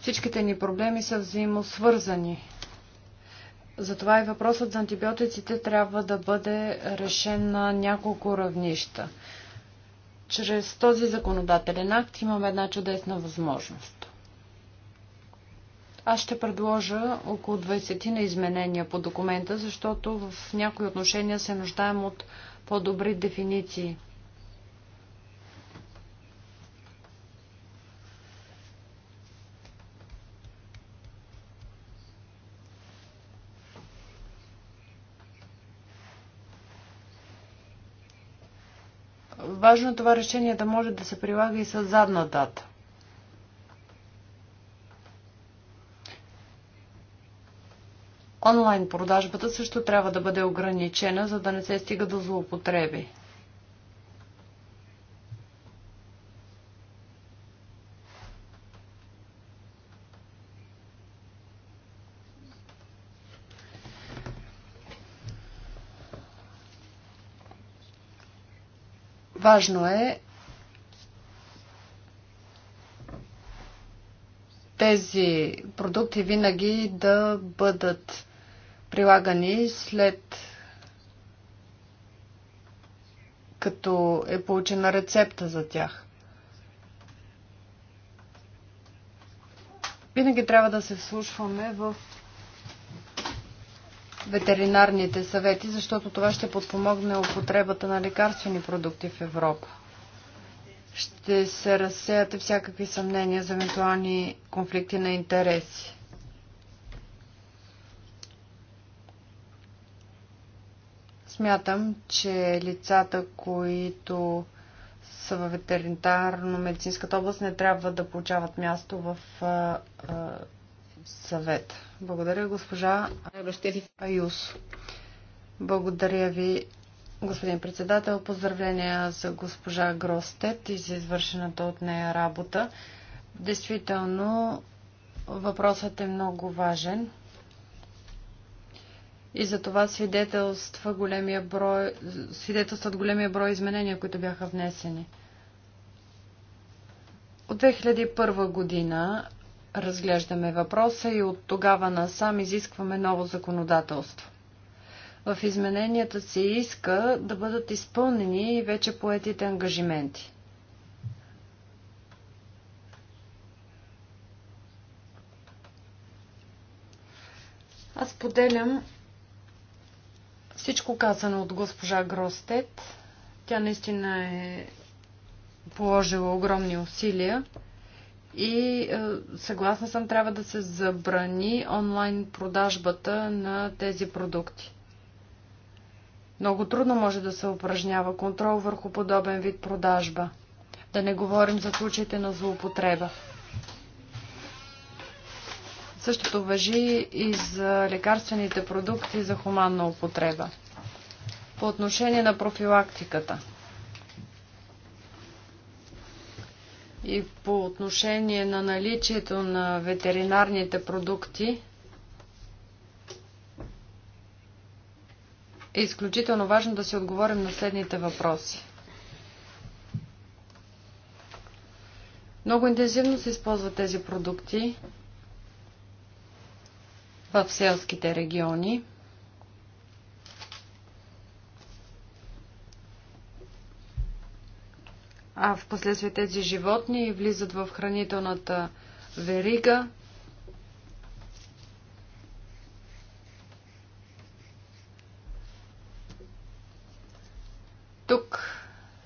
всичките ни проблеми са взаимосвързани. Затова и въпросът за антибиотиците трябва да бъде решен на няколко равнища. Чрез този законодателен акт имаме една чудесна възможност. Аз ще предложа около 20 на изменения по документа, защото в някои отношения се нуждаем от по-добри дефиниции. Важно е това решение да може да се прилага и с задна дата – Онлайн продажбата също трябва да бъде ограничена, за да не се стига до злоупотреби. Важно е тези продукти винаги да бъдат прилагани след като е получена рецепта за тях. Винаги трябва да се вслушваме в ветеринарните съвети, защото това ще подпомогне употребата на лекарствени продукти в Европа. Ще се разсеят всякакви съмнения за евентуални конфликти на интереси. Смятам, че лицата, които са във ветеринарно-медицинската област, не трябва да получават място в а, а, съвет. Благодаря, госпожа Аюс. Благодаря ви, господин председател. Поздравления за госпожа Гростет и за извършената от нея работа. Действително, въпросът е много важен и за това свидетелства големия брой, свидетелстват големия брой изменения, които бяха внесени. От 2001 година разглеждаме въпроса и от тогава насам изискваме ново законодателство. В измененията се иска да бъдат изпълнени вече поетите ангажименти. Аз поделям всичко казано от госпожа Гростет, тя наистина е положила огромни усилия и е, съгласна съм, трябва да се забрани онлайн продажбата на тези продукти. Много трудно може да се упражнява контрол върху подобен вид продажба. Да не говорим за случаите на злоупотреба. Същото въжи и за лекарствените продукти за хуманна употреба. По отношение на профилактиката и по отношение на наличието на ветеринарните продукти, е изключително важно да си отговорим на следните въпроси. Много интензивно се използват тези продукти в селските региони. А в последствие тези животни влизат в хранителната верига. Тук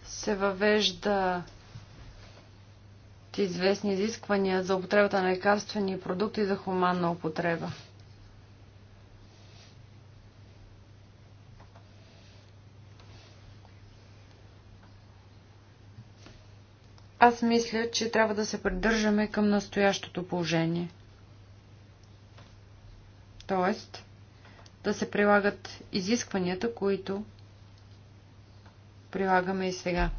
се въвежда известни изисквания за употребата на лекарствени продукти за хуманна употреба. Аз мисля, че трябва да се придържаме към настоящото положение. Тоест, да се прилагат изискванията, които прилагаме и сега.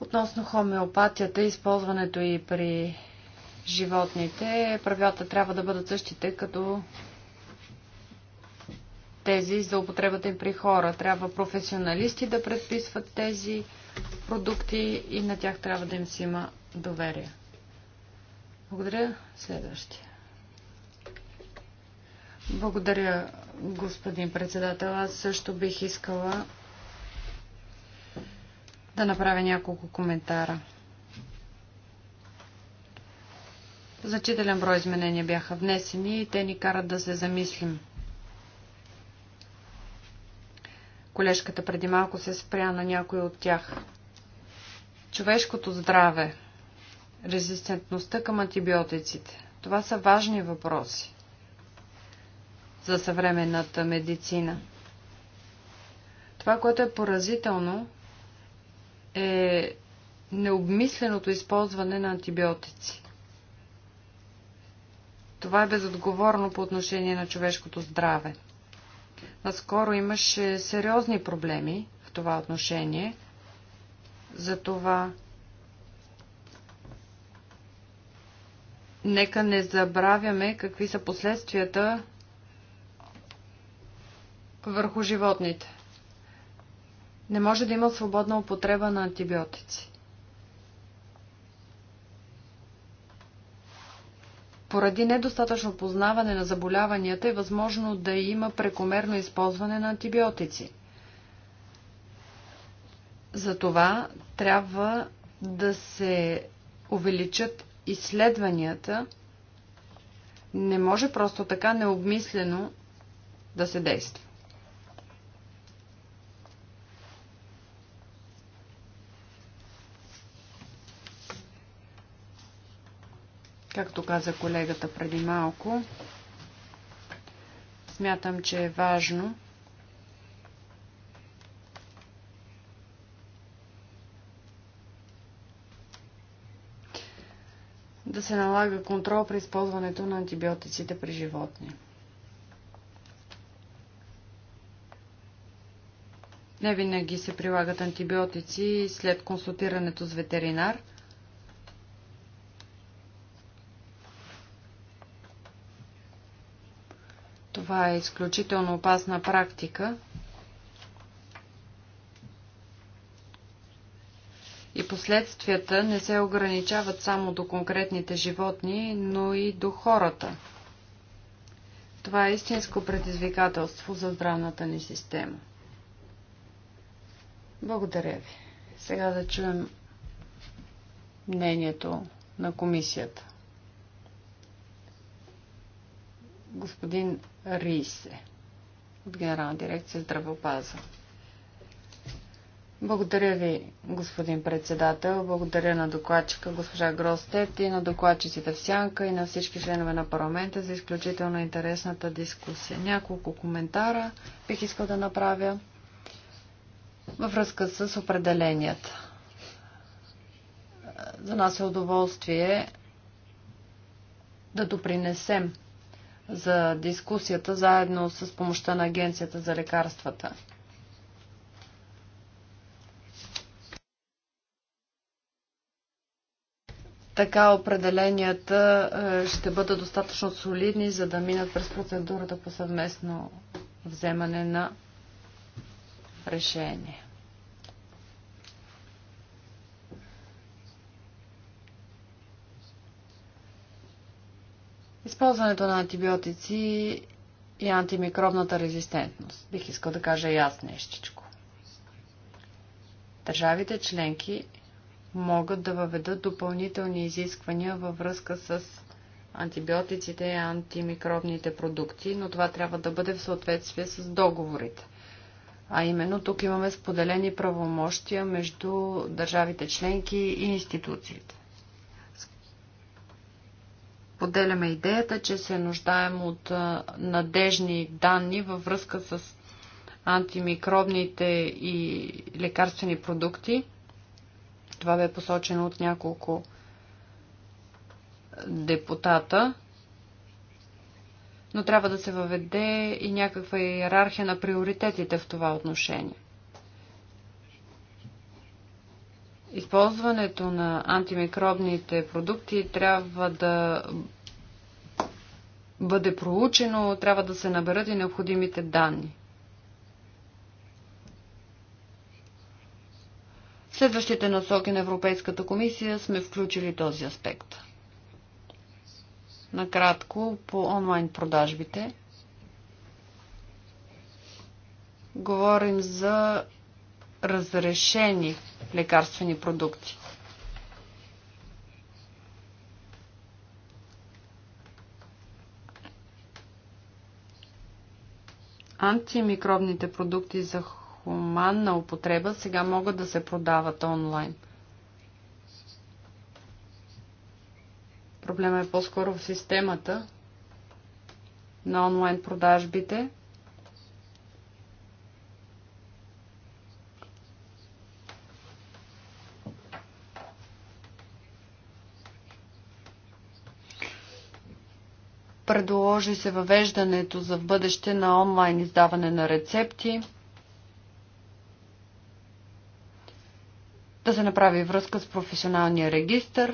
Относно хомеопатията, използването и при животните, правилата трябва да бъдат същите като тези за употребата им при хора. Трябва професионалисти да предписват тези продукти и на тях трябва да им си има доверие. Благодаря. Следващия. Благодаря, господин председател. Аз също бих искала да направя няколко коментара. Значителен брой изменения бяха внесени и те ни карат да се замислим – Колежката преди малко се спря на някой от тях. Човешкото здраве, резистентността към антибиотиците. Това са важни въпроси за съвременната медицина. Това, което е поразително, е необмисленото използване на антибиотици. Това е безотговорно по отношение на човешкото здраве наскоро имаше сериозни проблеми в това отношение. Затова нека не забравяме какви са последствията върху животните. Не може да има свободна употреба на антибиотици. Поради недостатъчно познаване на заболяванията е възможно да има прекомерно използване на антибиотици. Затова трябва да се увеличат изследванията. Не може просто така необмислено да се действа. Както каза колегата преди малко, смятам, че е важно да се налага контрол при използването на антибиотиците при животни. Не винаги се прилагат антибиотици след консултирането с ветеринар – Това е изключително опасна практика. И последствията не се ограничават само до конкретните животни, но и до хората. Това е истинско предизвикателство за здравната ни система. Благодаря ви. Сега да чуем мнението на комисията. господин Рисе от Генерална дирекция Здравеопаза. Благодаря ви, господин председател. Благодаря на докладчика госпожа Гростет и на докладчиците в Сянка и на всички членове на парламента за изключително интересната дискусия. Няколко коментара бих искал да направя във връзка с определенията. За нас е удоволствие да допринесем за дискусията заедно с помощта на Агенцията за лекарствата. така определенията е, ще бъдат достатъчно солидни, за да минат през процедурата по съвместно вземане на решение. Използването на антибиотици и антимикробната резистентност. Бих искал да кажа и аз нещичко. Държавите членки могат да въведат допълнителни изисквания във връзка с антибиотиците и антимикробните продукти, но това трябва да бъде в съответствие с договорите. А именно тук имаме споделени правомощия между държавите членки и институциите. Поделяме идеята, че се нуждаем от надежни данни във връзка с антимикробните и лекарствени продукти. Това бе посочено от няколко депутата. Но трябва да се въведе и някаква иерархия на приоритетите в това отношение. използването на антимикробните продукти трябва да бъде проучено, трябва да се наберат и необходимите данни. В следващите насоки на Европейската комисия сме включили този аспект. Накратко по онлайн продажбите. Говорим за разрешени лекарствени продукти. Антимикробните продукти за хуманна употреба сега могат да се продават онлайн. Проблема е по-скоро в системата на онлайн продажбите – Предложи се въвеждането за в бъдеще на онлайн издаване на рецепти. Да се направи връзка с професионалния регистр.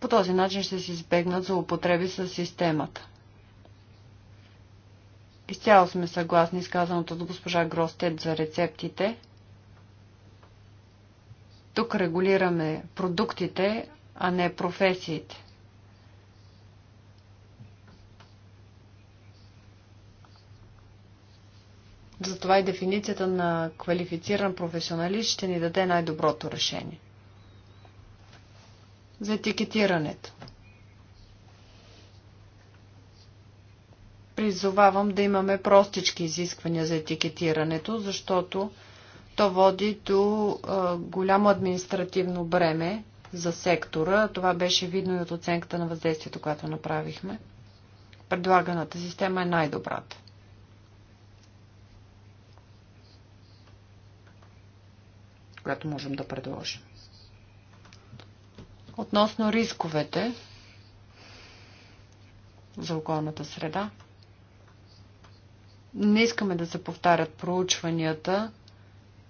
По този начин ще се избегнат злоупотреби с системата. Изцяло сме съгласни с казаното от госпожа Гростет за рецептите. Тук регулираме продуктите, а не професиите. Затова и дефиницията на квалифициран професионалист ще ни даде най-доброто решение. За етикетирането. Призовавам да имаме простички изисквания за етикетирането, защото то води до а, голямо административно бреме за сектора. Това беше видно и от оценката на въздействието, която направихме. Предлаганата система е най-добрата. която можем да предложим. Относно рисковете за околната среда, не искаме да се повтарят проучванията,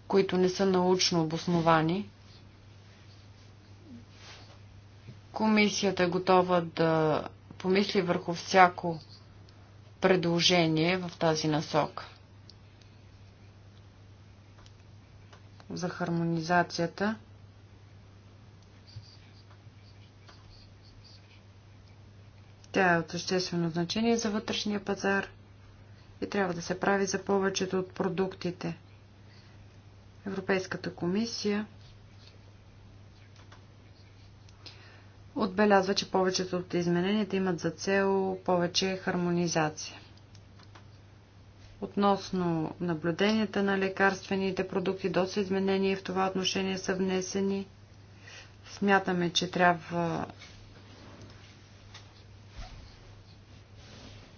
които не са научно обосновани. Комисията е готова да помисли върху всяко предложение в тази насока. за хармонизацията. Тя е от съществено значение за вътрешния пазар и трябва да се прави за повечето от продуктите. Европейската комисия отбелязва, че повечето от измененията имат за цел повече хармонизация. Относно наблюденията на лекарствените продукти, доста изменения в това отношение са внесени. Смятаме, че трябва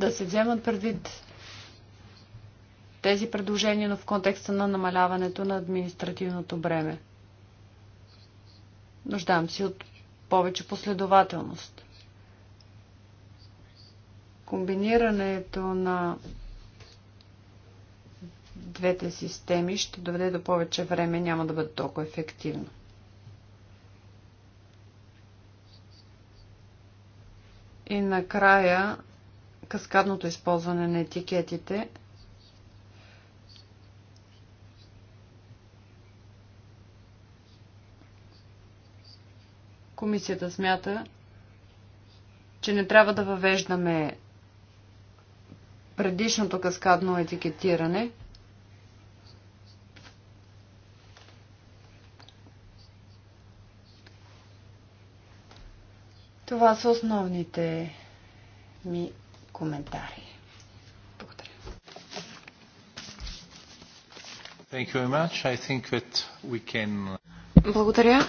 да се вземат предвид тези предложения, но в контекста на намаляването на административното бреме. Нуждам си от повече последователност. Комбинирането на двете системи ще доведе до повече време, няма да бъде толкова ефективно. И накрая каскадното използване на етикетите. Комисията смята, че не трябва да въвеждаме предишното каскадно етикетиране – Това са основните ми коментари. Благодаря. Thank you very much. I think that we can... Благодаря.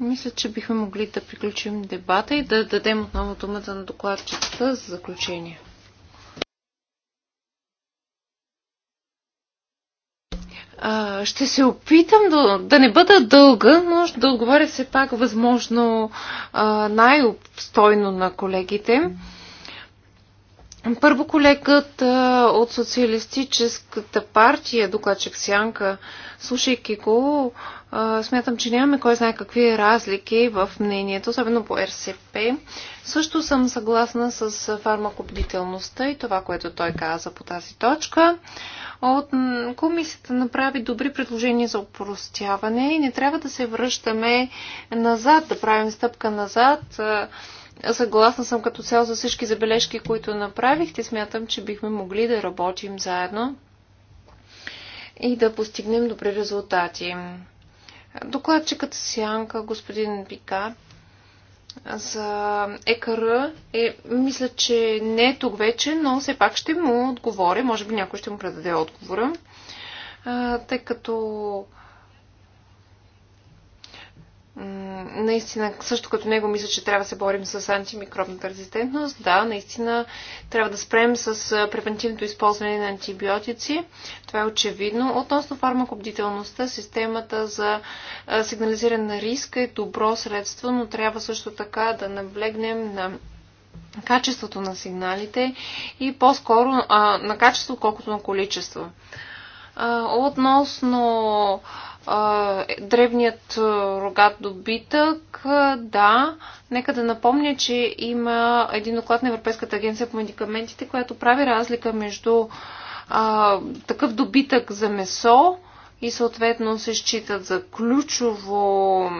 Мисля, че бихме могли да приключим дебата и да дадем отново думата на докладчицата за заключение. А, ще се опитам да, да не бъда дълга, но да отговоря все пак възможно най-обстойно на колегите. Първо колегът от социалистическата партия, докладчик Сянка, слушайки го, смятам, че нямаме кой знае какви разлики в мнението, особено по РСП. Също съм съгласна с фармакобдителността и това, което той каза по тази точка. От комисията направи добри предложения за упростяване и не трябва да се връщаме назад, да правим стъпка назад Съгласна съм като цяло за всички забележки, които направихте. Смятам, че бихме могли да работим заедно и да постигнем добри резултати. Докладчикът Сянка, господин Пикар, за ЕКР е, мисля, че не е тук вече, но все пак ще му отговоря. Може би някой ще му предаде отговора, а, тъй като наистина, също като него, мисля, че трябва да се борим с антимикробната резистентност. Да, наистина трябва да спрем с превентивното използване на антибиотици. Това е очевидно. Относно фармакобдителността, системата за сигнализиране на риска е добро средство, но трябва също така да наблегнем на качеството на сигналите и по-скоро на качество, колкото на количество. А, относно а, Древният рогат добитък, да, нека да напомня, че има един доклад на Европейската агенция по медикаментите, която прави разлика между а, такъв добитък за месо и съответно се считат за ключово,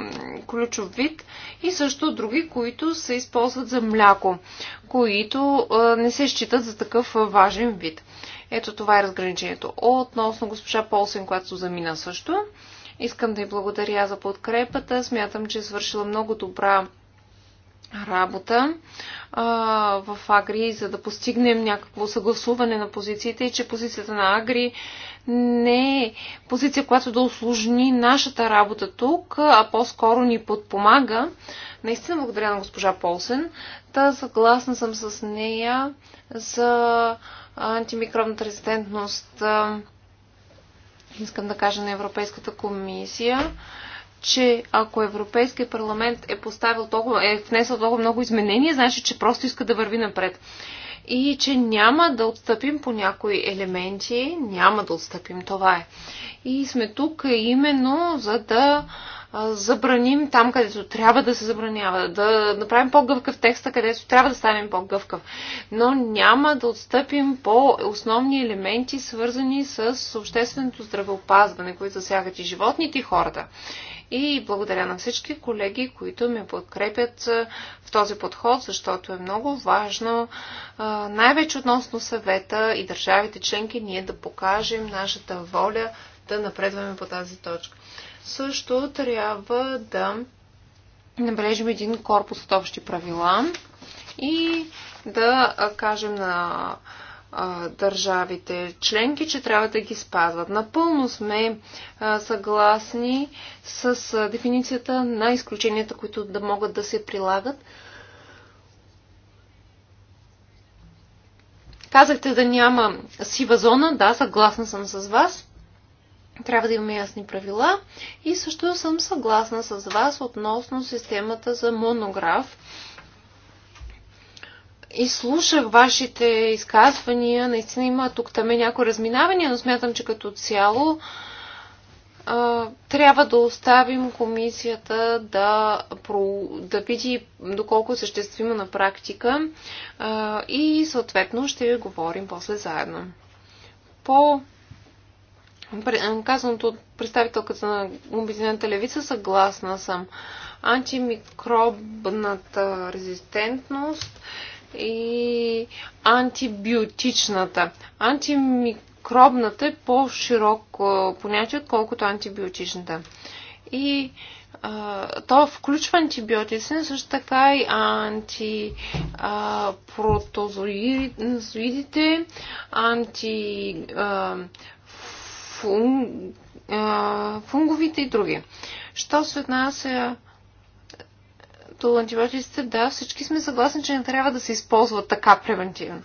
ключов вид и също други, които се използват за мляко, които а, не се считат за такъв важен вид. Ето това е разграничението. Относно госпожа Полсен, която замина също. Искам да й благодаря за подкрепата. Смятам, че е свършила много добра работа а, в Агри, за да постигнем някакво съгласуване на позициите и че позицията на Агри не е позиция, която да осложни нашата работа тук, а по-скоро ни подпомага. Наистина благодаря на госпожа Полсен. Та съгласна съм с нея за антимикробната резистентност, искам да кажа на Европейската комисия, че ако Европейския парламент е, поставил толкова, е внесъл толкова много изменения, значи, че просто иска да върви напред. И че няма да отстъпим по някои елементи, няма да отстъпим, това е. И сме тук именно за да забраним там, където трябва да се забранява, да направим по-гъвкав текста, където трябва да станем по-гъвкав. Но няма да отстъпим по основни елементи, свързани с общественото здравеопазване, които засягат и животните, и хората. И благодаря на всички колеги, които ме подкрепят в този подход, защото е много важно, най-вече относно съвета и държавите членки, ние да покажем нашата воля да напредваме по тази точка. Също трябва да набележим един корпус от общи правила и да кажем на държавите членки, че трябва да ги спазват. Напълно сме съгласни с дефиницията на изключенията, които да могат да се прилагат. Казахте да няма сива зона, да, съгласна съм с вас. Трябва да имаме ясни правила и също съм съгласна с вас относно системата за монограф. И слушах вашите изказвания. Наистина има тук там някои разминавания, но смятам, че като цяло а, трябва да оставим комисията да, да види доколко е съществима на практика а, и съответно ще ви говорим после заедно. По казаното от представителката на Обединената левица, съгласна съм. Антимикробната резистентност и антибиотичната. Антимикробната е по-широко понятие, отколкото антибиотичната. И а, то включва антибиотици, но също така и антипротозоидите, анти... А, фун, а, фунговите и други. Що се отнася до антибиотиците, да, всички сме съгласни, че не трябва да се използват така превентивно.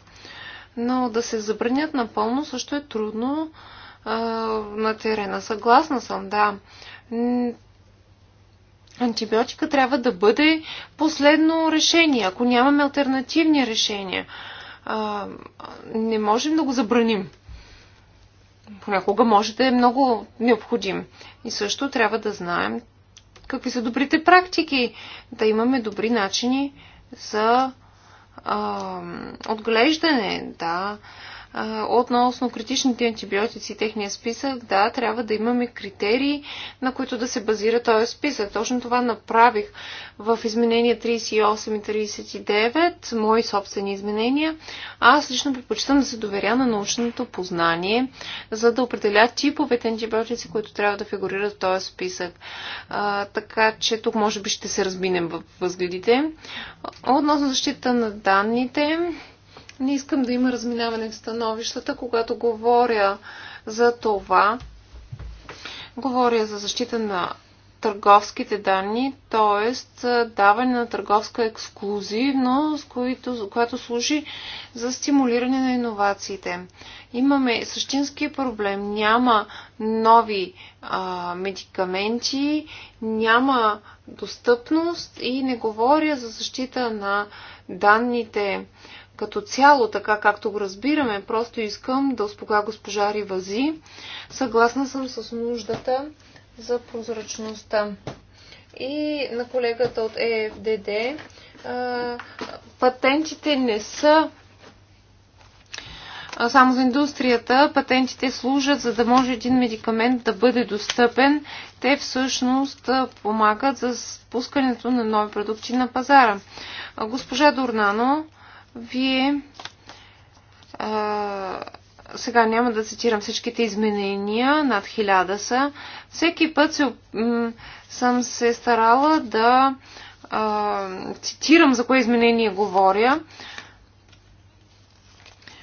Но да се забранят напълно също е трудно а, на терена. Съгласна съм, да. Антибиотика трябва да бъде последно решение, ако нямаме альтернативни решения. А, не можем да го забраним понякога може да е много необходим. И също трябва да знаем какви са добрите практики, да имаме добри начини за а, отглеждане, да, Относно критичните антибиотици и техния списък, да, трябва да имаме критерии, на които да се базира този списък. Точно това направих в изменения 38 и 39, мои собствени изменения. Аз лично предпочитам да се доверя на научното познание, за да определя типовете антибиотици, които трябва да фигурират в този списък. А, така че тук може би ще се разбинем в възгледите. Относно защита на данните, не искам да има разминаване в становищата, когато говоря за това. Говоря за защита на търговските данни, т.е. даване на търговска ексклюзивност, която, служи за стимулиране на иновациите. Имаме същински проблем. Няма нови а, медикаменти, няма достъпност и не говоря за защита на данните като цяло, така както го разбираме. Просто искам да успокоя госпожа Ривази. Съгласна съм с нуждата за прозрачността. И на колегата от ЕФДД, патентите не са само за индустрията. Патентите служат, за да може един медикамент да бъде достъпен. Те всъщност помагат за спускането на нови продукти на пазара. Госпожа Дорнано вие а, сега няма да цитирам всичките изменения, над хиляда са. Всеки път се, съм се старала да а, цитирам за кое изменение говоря.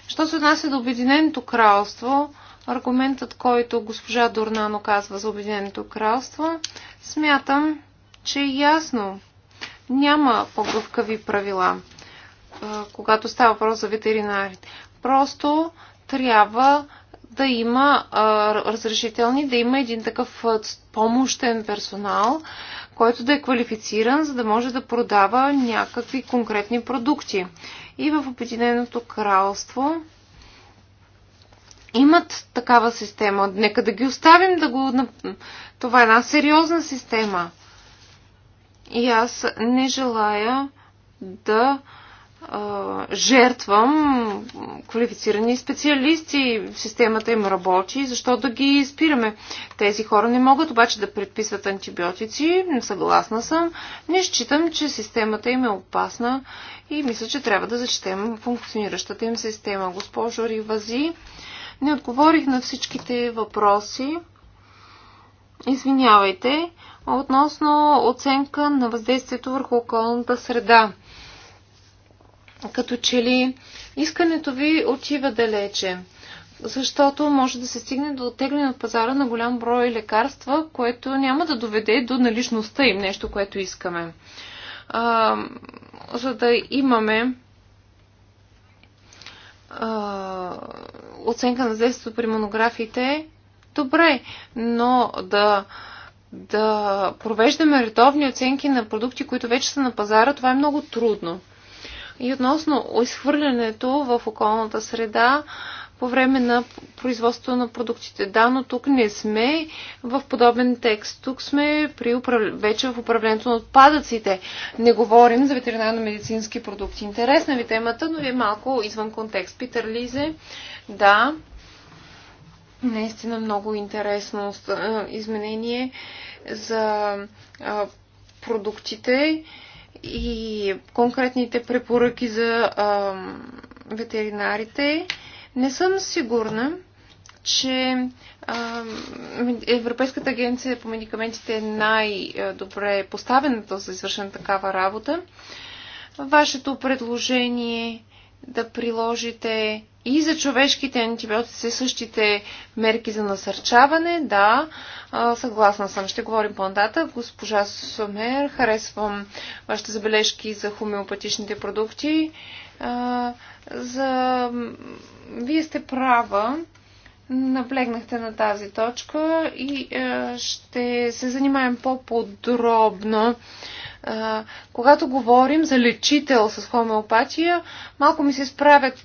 Що се отнася до Обединеното кралство, аргументът, който госпожа Дорнано казва за Обединеното кралство, смятам, че е ясно. Няма по-гъвкави правила когато става въпрос за ветеринарите. Просто трябва да има а, разрешителни, да има един такъв помощен персонал, който да е квалифициран, за да може да продава някакви конкретни продукти. И в Обединеното кралство имат такава система. Нека да ги оставим да го. Това е една сериозна система. И аз не желая да жертвам квалифицирани специалисти. Системата им работи, защо да ги спираме? Тези хора не могат обаче да предписват антибиотици, не съгласна съм. Не считам, че системата им е опасна и мисля, че трябва да зачетем функциониращата им система. Госпожо Ривази, не отговорих на всичките въпроси. Извинявайте, относно оценка на въздействието върху околната среда като че ли искането ви отива далече, защото може да се стигне до оттегляне от пазара на голям брой лекарства, което няма да доведе до наличността им, нещо, което искаме. А, за да имаме а, оценка на действието при монографиите, добре, но да да провеждаме редовни оценки на продукти, които вече са на пазара, това е много трудно и относно изхвърлянето в околната среда по време на производство на продуктите. Да, но тук не сме в подобен текст. Тук сме при управ... вече в управлението на отпадъците. Не говорим за ветеринарно-медицински продукти. Интересна ви темата, но е малко извън контекст. Питър Лизе, да, наистина много интересно изменение за продуктите и конкретните препоръки за а, ветеринарите, не съм сигурна, че а, Европейската агенция по медикаментите е най-добре поставената за извършена такава работа. Вашето предложение да приложите и за човешките антибиотици същите мерки за насърчаване, да, съгласна съм. Ще говорим по-ната. Госпожа Сомер, харесвам вашите забележки за хомеопатичните продукти. За... Вие сте права, наблегнахте на тази точка и ще се занимаем по-подробно когато говорим за лечител с хомеопатия, малко ми се справят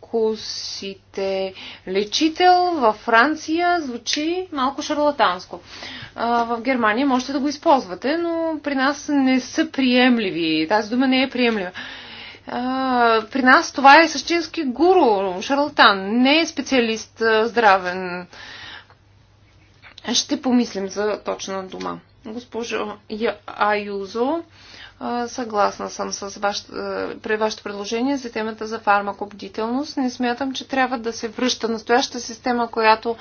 косите лечител във Франция звучи малко шарлатанско. В Германия можете да го използвате, но при нас не са приемливи. Тази дума не е приемлива. При нас това е същински гуру, шарлатан, не е специалист здравен. Ще помислим за точна дума. Госпожо Аюзо, Съгласна съм с ваш, при вашето предложение за темата за фармакобдителност. Не смятам, че трябва да се връща настояща система, която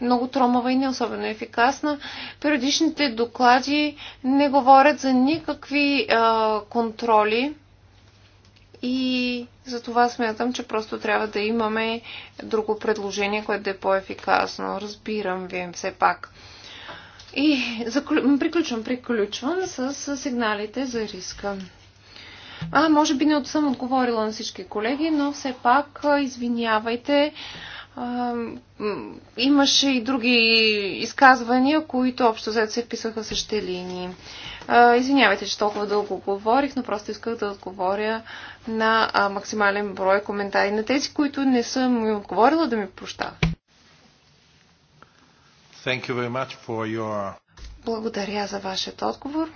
е много тромава и не е особено ефикасна. Периодичните доклади не говорят за никакви а, контроли и за това смятам, че просто трябва да имаме друго предложение, което да е по-ефикасно. Разбирам ви все пак. И заклю... приключвам, приключвам с сигналите за риска. А, може би не съм отговорила на всички колеги, но все пак, извинявайте, а, имаше и други изказвания, които общо взето се вписаха в същите линии. А, извинявайте, че толкова дълго говорих, но просто исках да отговоря на а, максимален брой коментари на тези, които не съм отговорила да ми прощават. Thank you very much for your... Благодаря за вашият отговор.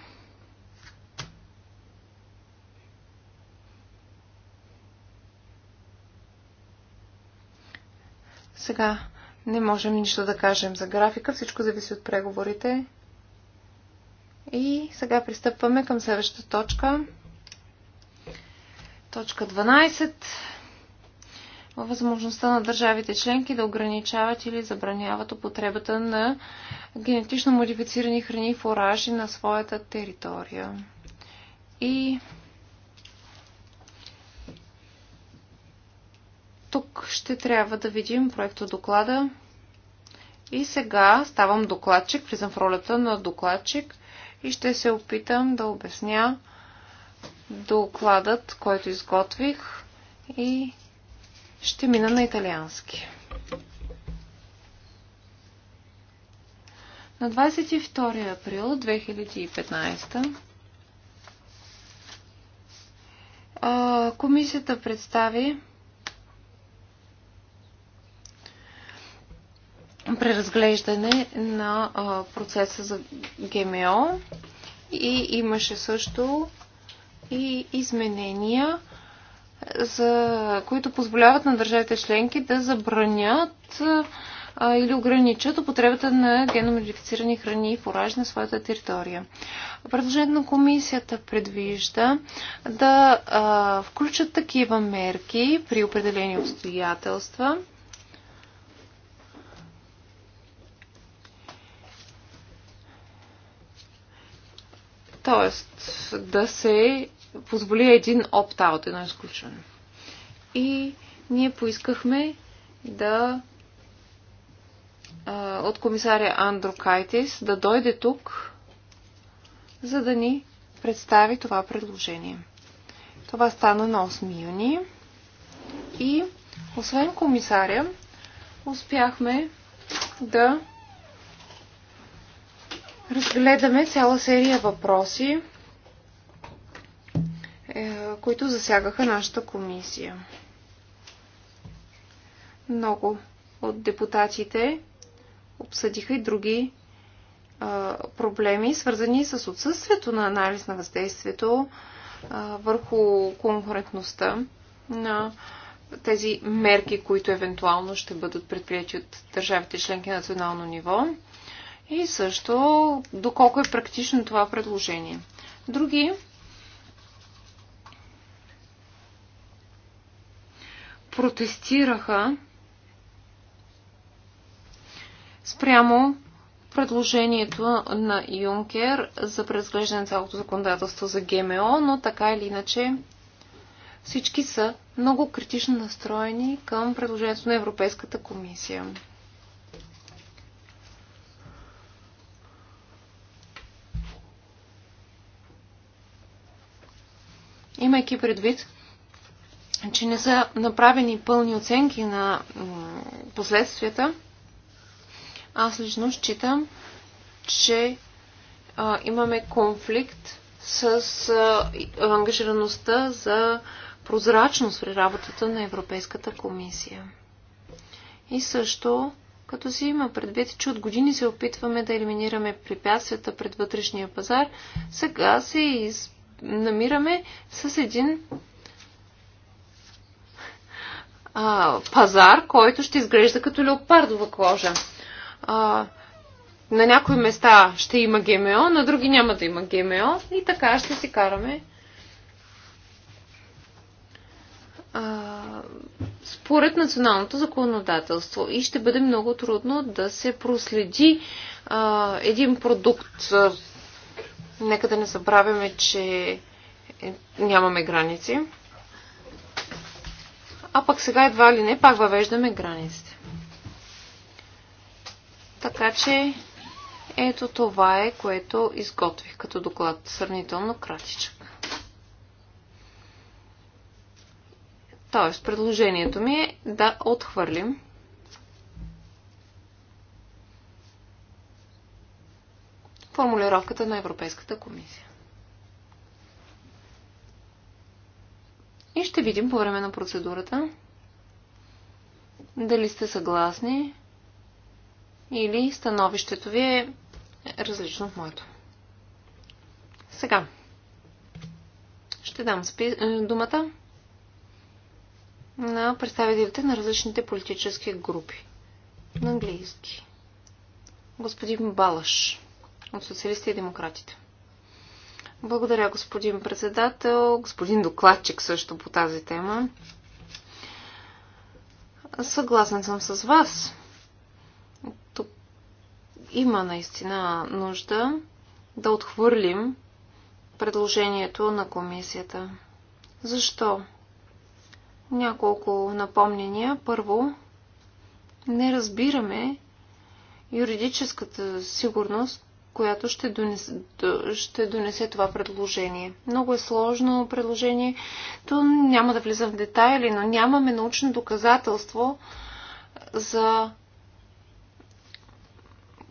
Сега не можем нищо да кажем за графика, всичко зависи от преговорите. И сега пристъпваме към следващата точка. Точка 12 възможността на държавите членки да ограничават или забраняват употребата на генетично модифицирани храни и фуражи на своята територия. И тук ще трябва да видим проекто доклада. И сега ставам докладчик, влизам в ролята на докладчик и ще се опитам да обясня докладът, който изготвих и ще мина на италиански. На 22 април 2015 комисията представи преразглеждане на процеса за ГМО и имаше също и изменения за, които позволяват на държавите членки да забранят а, или ограничат употребата на геномодифицирани храни и фуражи на своята територия. Предложението на комисията предвижда да а, включат такива мерки при определени обстоятелства. Тоест да се позволи един опт-аут, едно изключване. И ние поискахме да а, от комисаря Андро Кайтис да дойде тук, за да ни представи това предложение. Това стана на 8 юни и освен комисаря, успяхме да разгледаме цяла серия въпроси, които засягаха нашата комисия. Много от депутатите обсъдиха и други проблеми, свързани с отсъствието на анализ на въздействието върху конкурентността на тези мерки, които евентуално ще бъдат предприяти от държавите членки на национално ниво и също доколко е практично това предложение. Други протестираха спрямо предложението на Юнкер за преразглеждане на цялото законодателство за ГМО, но така или иначе всички са много критично настроени към предложението на Европейската комисия. Имайки предвид че не са направени пълни оценки на последствията, аз лично считам, че а, имаме конфликт с а, ангажираността за прозрачност при работата на Европейската комисия. И също, като си има предвид, че от години се опитваме да елиминираме препятствията пред вътрешния пазар, сега се из... намираме с един а, пазар, който ще изглежда като леопардова кожа. А, на някои места ще има ГМО, на други няма да има ГМО и така ще си караме. А, според националното законодателство и ще бъде много трудно да се проследи а, един продукт. Нека да не забравяме, че е, нямаме граници а пък сега едва ли не пак въвеждаме границите. Така че ето това е, което изготвих като доклад. Сравнително кратичък. Тоест, предложението ми е да отхвърлим формулировката на Европейската комисия. И ще видим по време на процедурата дали сте съгласни или становището ви е различно от моето. Сега ще дам спи... Е, думата на представителите на различните политически групи. На английски. Господин Балаш от Социалистите и Демократите. Благодаря, господин председател, господин докладчик също по тази тема. Съгласен съм с вас. Тук има наистина нужда да отхвърлим предложението на комисията. Защо? Няколко напомнения. Първо, не разбираме юридическата сигурност която ще донесе, ще донесе това предложение. Много е сложно предложение. То няма да влизам в детайли, но нямаме научно доказателство за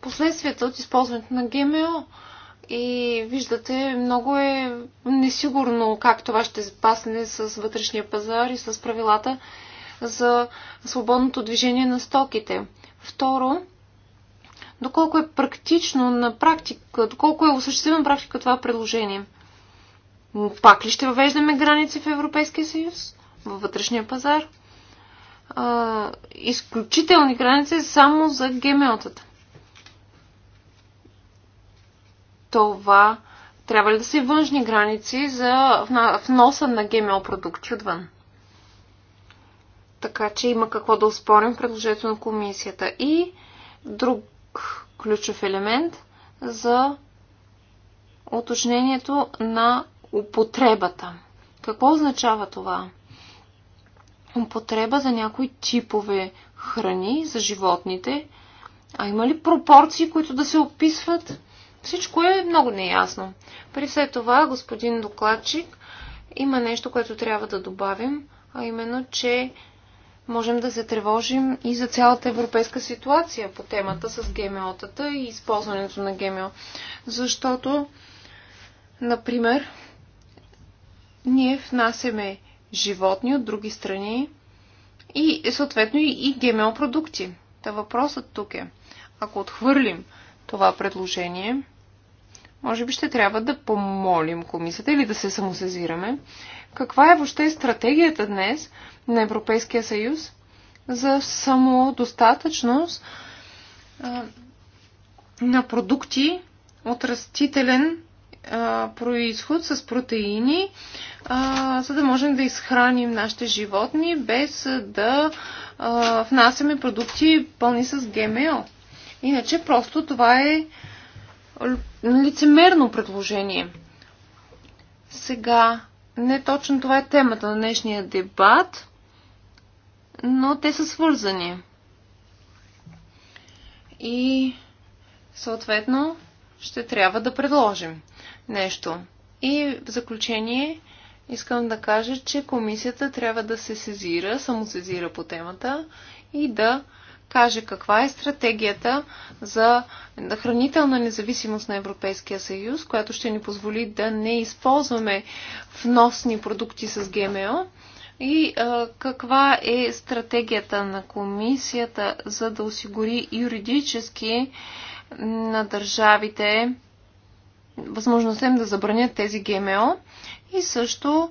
последствията от използването на ГМО. И виждате, много е несигурно как това ще запасне с вътрешния пазар и с правилата за свободното движение на стоките. Второ, доколко е практично на практика, доколко е осъществено на практика това предложение. Пак ли ще въвеждаме граници в Европейския съюз, във вътрешния пазар? А, изключителни граници само за ГМО-тата. Това трябва ли да са и външни граници за вноса на ГМО продукти отвън? Така че има какво да успорим в предложението на комисията. И друг ключов елемент за уточнението на употребата. Какво означава това? Употреба за някои типове храни за животните. А има ли пропорции, които да се описват? Всичко е много неясно. При все това, господин докладчик, има нещо, което трябва да добавим, а именно, че можем да се тревожим и за цялата европейска ситуация по темата с ГМО-тата и използването на ГМО. Защото, например, ние внасяме животни от други страни и съответно и ГМО продукти. Та въпросът тук е, ако отхвърлим това предложение, може би ще трябва да помолим комисията или да се самосезираме. Каква е въобще стратегията днес – на Европейския съюз за самодостатъчност на продукти от растителен происход с протеини, а, за да можем да изхраним нашите животни без да а, внасяме продукти пълни с ГМО. Иначе просто това е лицемерно предложение. Сега, не точно това е темата на днешния дебат но те са свързани. И съответно ще трябва да предложим нещо. И в заключение искам да кажа, че комисията трябва да се сезира, самосезира по темата и да каже каква е стратегията за хранителна независимост на Европейския съюз, която ще ни позволи да не използваме вносни продукти с ГМО и а, каква е стратегията на комисията, за да осигури юридически на държавите възможността им да забранят тези ГМО и също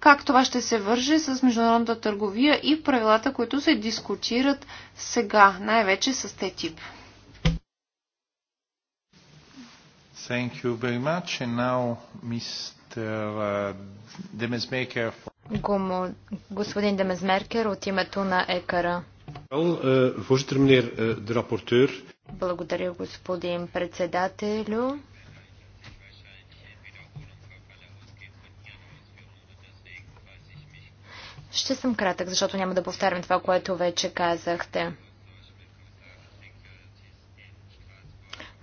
как това ще се върже с международната търговия и правилата, които се дискутират сега, най-вече с те тип. Thank you very much. And now, Mr. Uh, Demesmaker for Гомо... Господин Демезмеркер от името на ЕКАРА. Eh, eh, Благодаря, господин председателю. Ще съм кратък, защото няма да повтарям това, което вече казахте.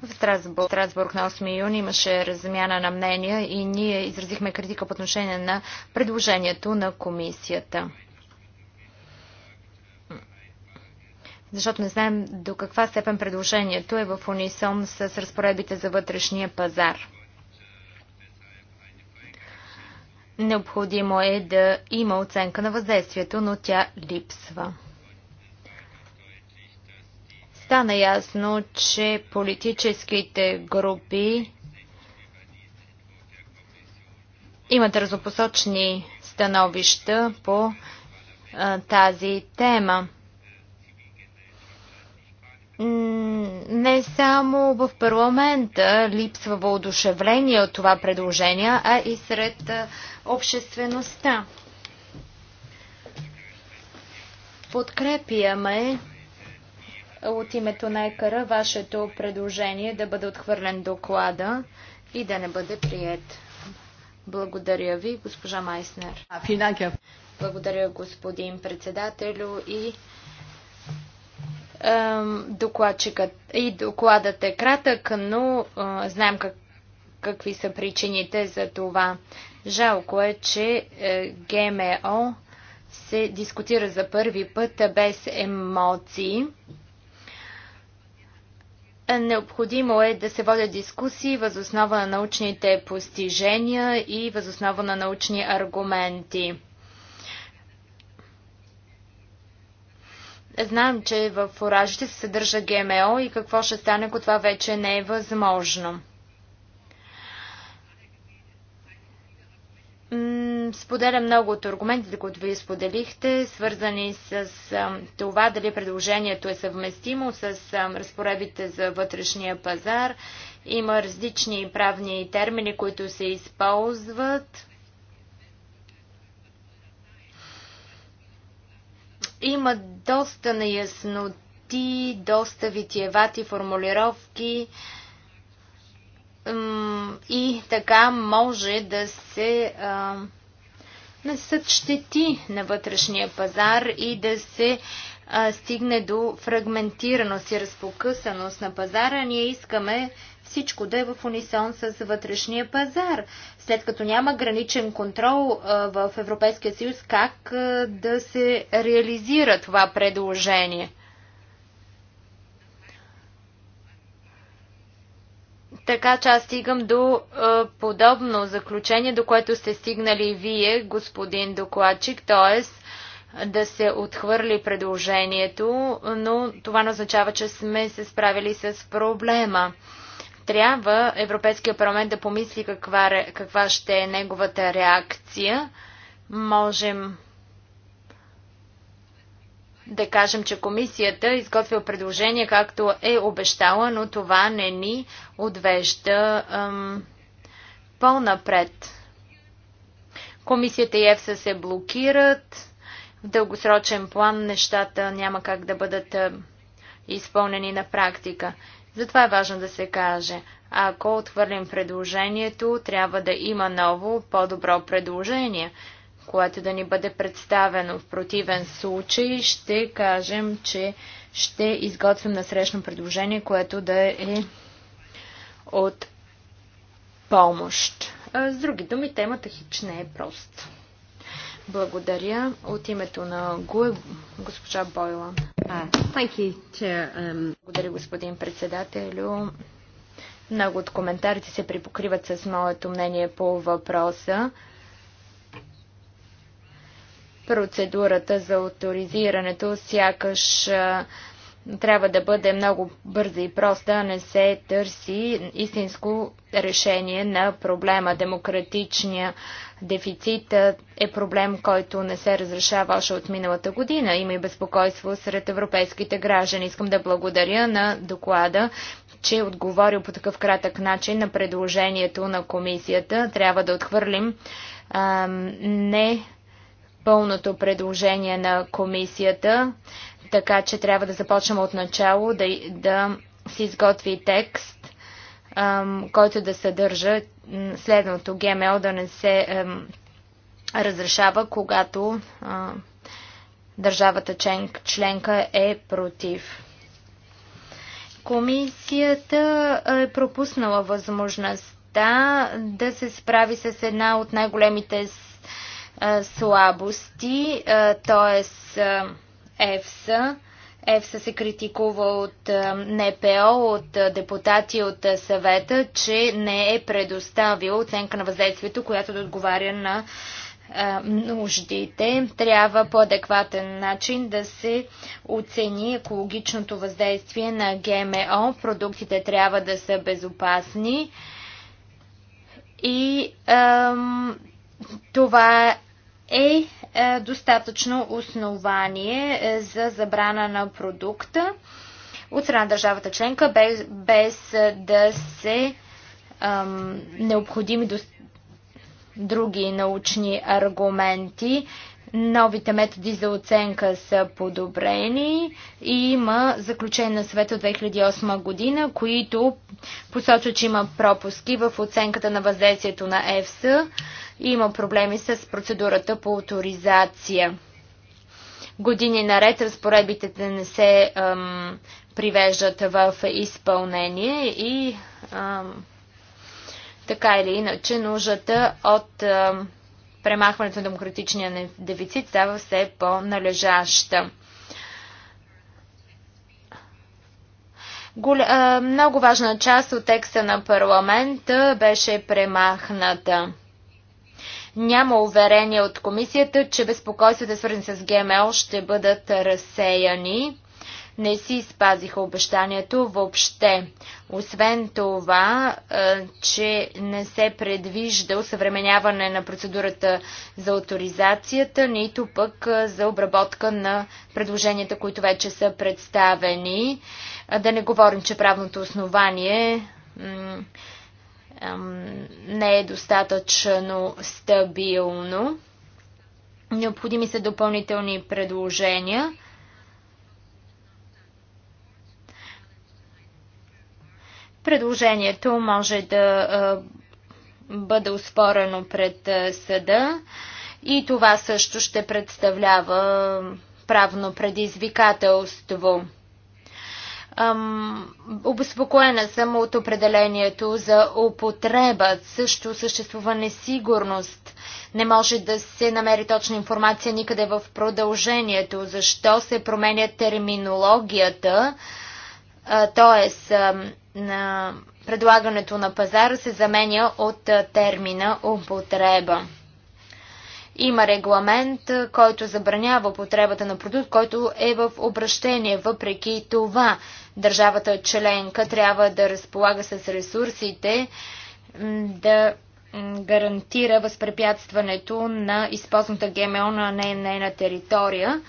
В Страсбург, Страсбург на 8 юни имаше размяна на мнения и ние изразихме критика по отношение на предложението на комисията. Защото не знаем до каква степен предложението е в унисон с разпоредбите за вътрешния пазар. Необходимо е да има оценка на въздействието, но тя липсва. Стана ясно, че политическите групи имат разопосочни становища по тази тема. Не само в парламента липсва въодушевление от това предложение, а и сред обществеността. Подкрепяме от името на ЕКАРА вашето предложение да бъде отхвърлен доклада и да не бъде прият. Благодаря ви, госпожа Майснер. Благодаря, господин председателю и докладчикът и докладът е кратък, но знаем как, какви са причините за това. Жалко е, че е, ГМО се дискутира за първи път без емоции. Необходимо е да се водят дискусии възоснова на научните постижения и възоснова на научни аргументи. Знаем, че в оражите се съдържа ГМО и какво ще стане, ако това вече не е възможно. Споделя много от аргументите, които ви споделихте, свързани с това дали предложението е съвместимо с разпоредбите за вътрешния пазар. Има различни правни термини, които се използват. Има доста неясноти, доста витиевати формулировки и така може да се нанесат щети на вътрешния пазар и да се а, стигне до фрагментираност и разпокъсаност на пазара. Ние искаме всичко да е в унисон с вътрешния пазар. След като няма граничен контрол а, в Европейския съюз, как а, да се реализира това предложение? Така че аз стигам до е, подобно заключение, до което сте стигнали вие, господин докладчик, т.е. да се отхвърли предложението, но това не означава, че сме се справили с проблема. Трябва Европейския парламент да помисли каква, каква ще е неговата реакция. Можем да кажем, че комисията е изготвя предложение, както е обещала, но това не ни отвежда по-напред. Комисията и ЕФСА се блокират. В дългосрочен план нещата няма как да бъдат изпълнени на практика. Затова е важно да се каже. Ако отхвърлим предложението, трябва да има ново, по-добро предложение което да ни бъде представено. В противен случай ще кажем, че ще изготвим насрещно предложение, което да е от помощ. С други думи, темата хич не е прост. Благодаря. От името на ГУЕ, госпожа Бойла. Um, Благодаря, господин председателю. Много от коментарите се припокриват с моето мнение по въпроса процедурата за авторизирането сякаш трябва да бъде много бърза и проста, не се търси истинско решение на проблема. Демократичния дефицит е проблем, който не се разрешава още от миналата година. Има и безпокойство сред европейските граждани. Искам да благодаря на доклада, че е отговорил по такъв кратък начин на предложението на комисията. Трябва да отхвърлим не пълното предложение на комисията, така че трябва да започнем от начало да, да се изготви текст, ам, който да съдържа следното ГМО да не се ам, разрешава, когато ам, държавата членка е против. Комисията е пропуснала възможността да се справи с една от най-големите слабости, т.е. ЕФСА. ЕФСА се критикува от НПО, от депутати от съвета, че не е предоставил оценка на въздействието, която да отговаря на нуждите. Трябва по адекватен начин да се оцени екологичното въздействие на ГМО. Продуктите трябва да са безопасни и ам, това е, е достатъчно основание е, за забрана на продукта от страна държавата членка, без, без е, да се ам, необходими до, други научни аргументи Новите методи за оценка са подобрени и има заключение на съвета от 2008 година, които посочва, че има пропуски в оценката на въздействието на ЕФСА и има проблеми с процедурата по авторизация. Години наред разпоредбите не се ам, привеждат в изпълнение и ам, така или иначе нуждата от ам, премахването на демократичния дефицит става все по-належаща. Много важна част от текста на парламента беше премахната. Няма уверение от комисията, че безпокойствата, свързани с ГМО, ще бъдат разсеяни не си спазиха обещанието въобще. Освен това, е, че не се предвижда усъвременяване на процедурата за авторизацията, нито пък е, за обработка на предложенията, които вече са представени. Да не говорим, че правното основание не е достатъчно стабилно. Необходими са допълнителни предложения. Предложението може да бъде успорено пред съда и това също ще представлява правно предизвикателство. обеспокоена съм от определението за употреба. Също съществува несигурност. Не може да се намери точна информация никъде в продължението. Защо се променя терминологията? Т.е. на предлагането на пазара се заменя от термина употреба. Има регламент, който забранява употребата на продукт, който е в обращение. Въпреки това, държавата членка трябва да разполага с ресурсите да гарантира възпрепятстването на използваната ГМО на нейна територия,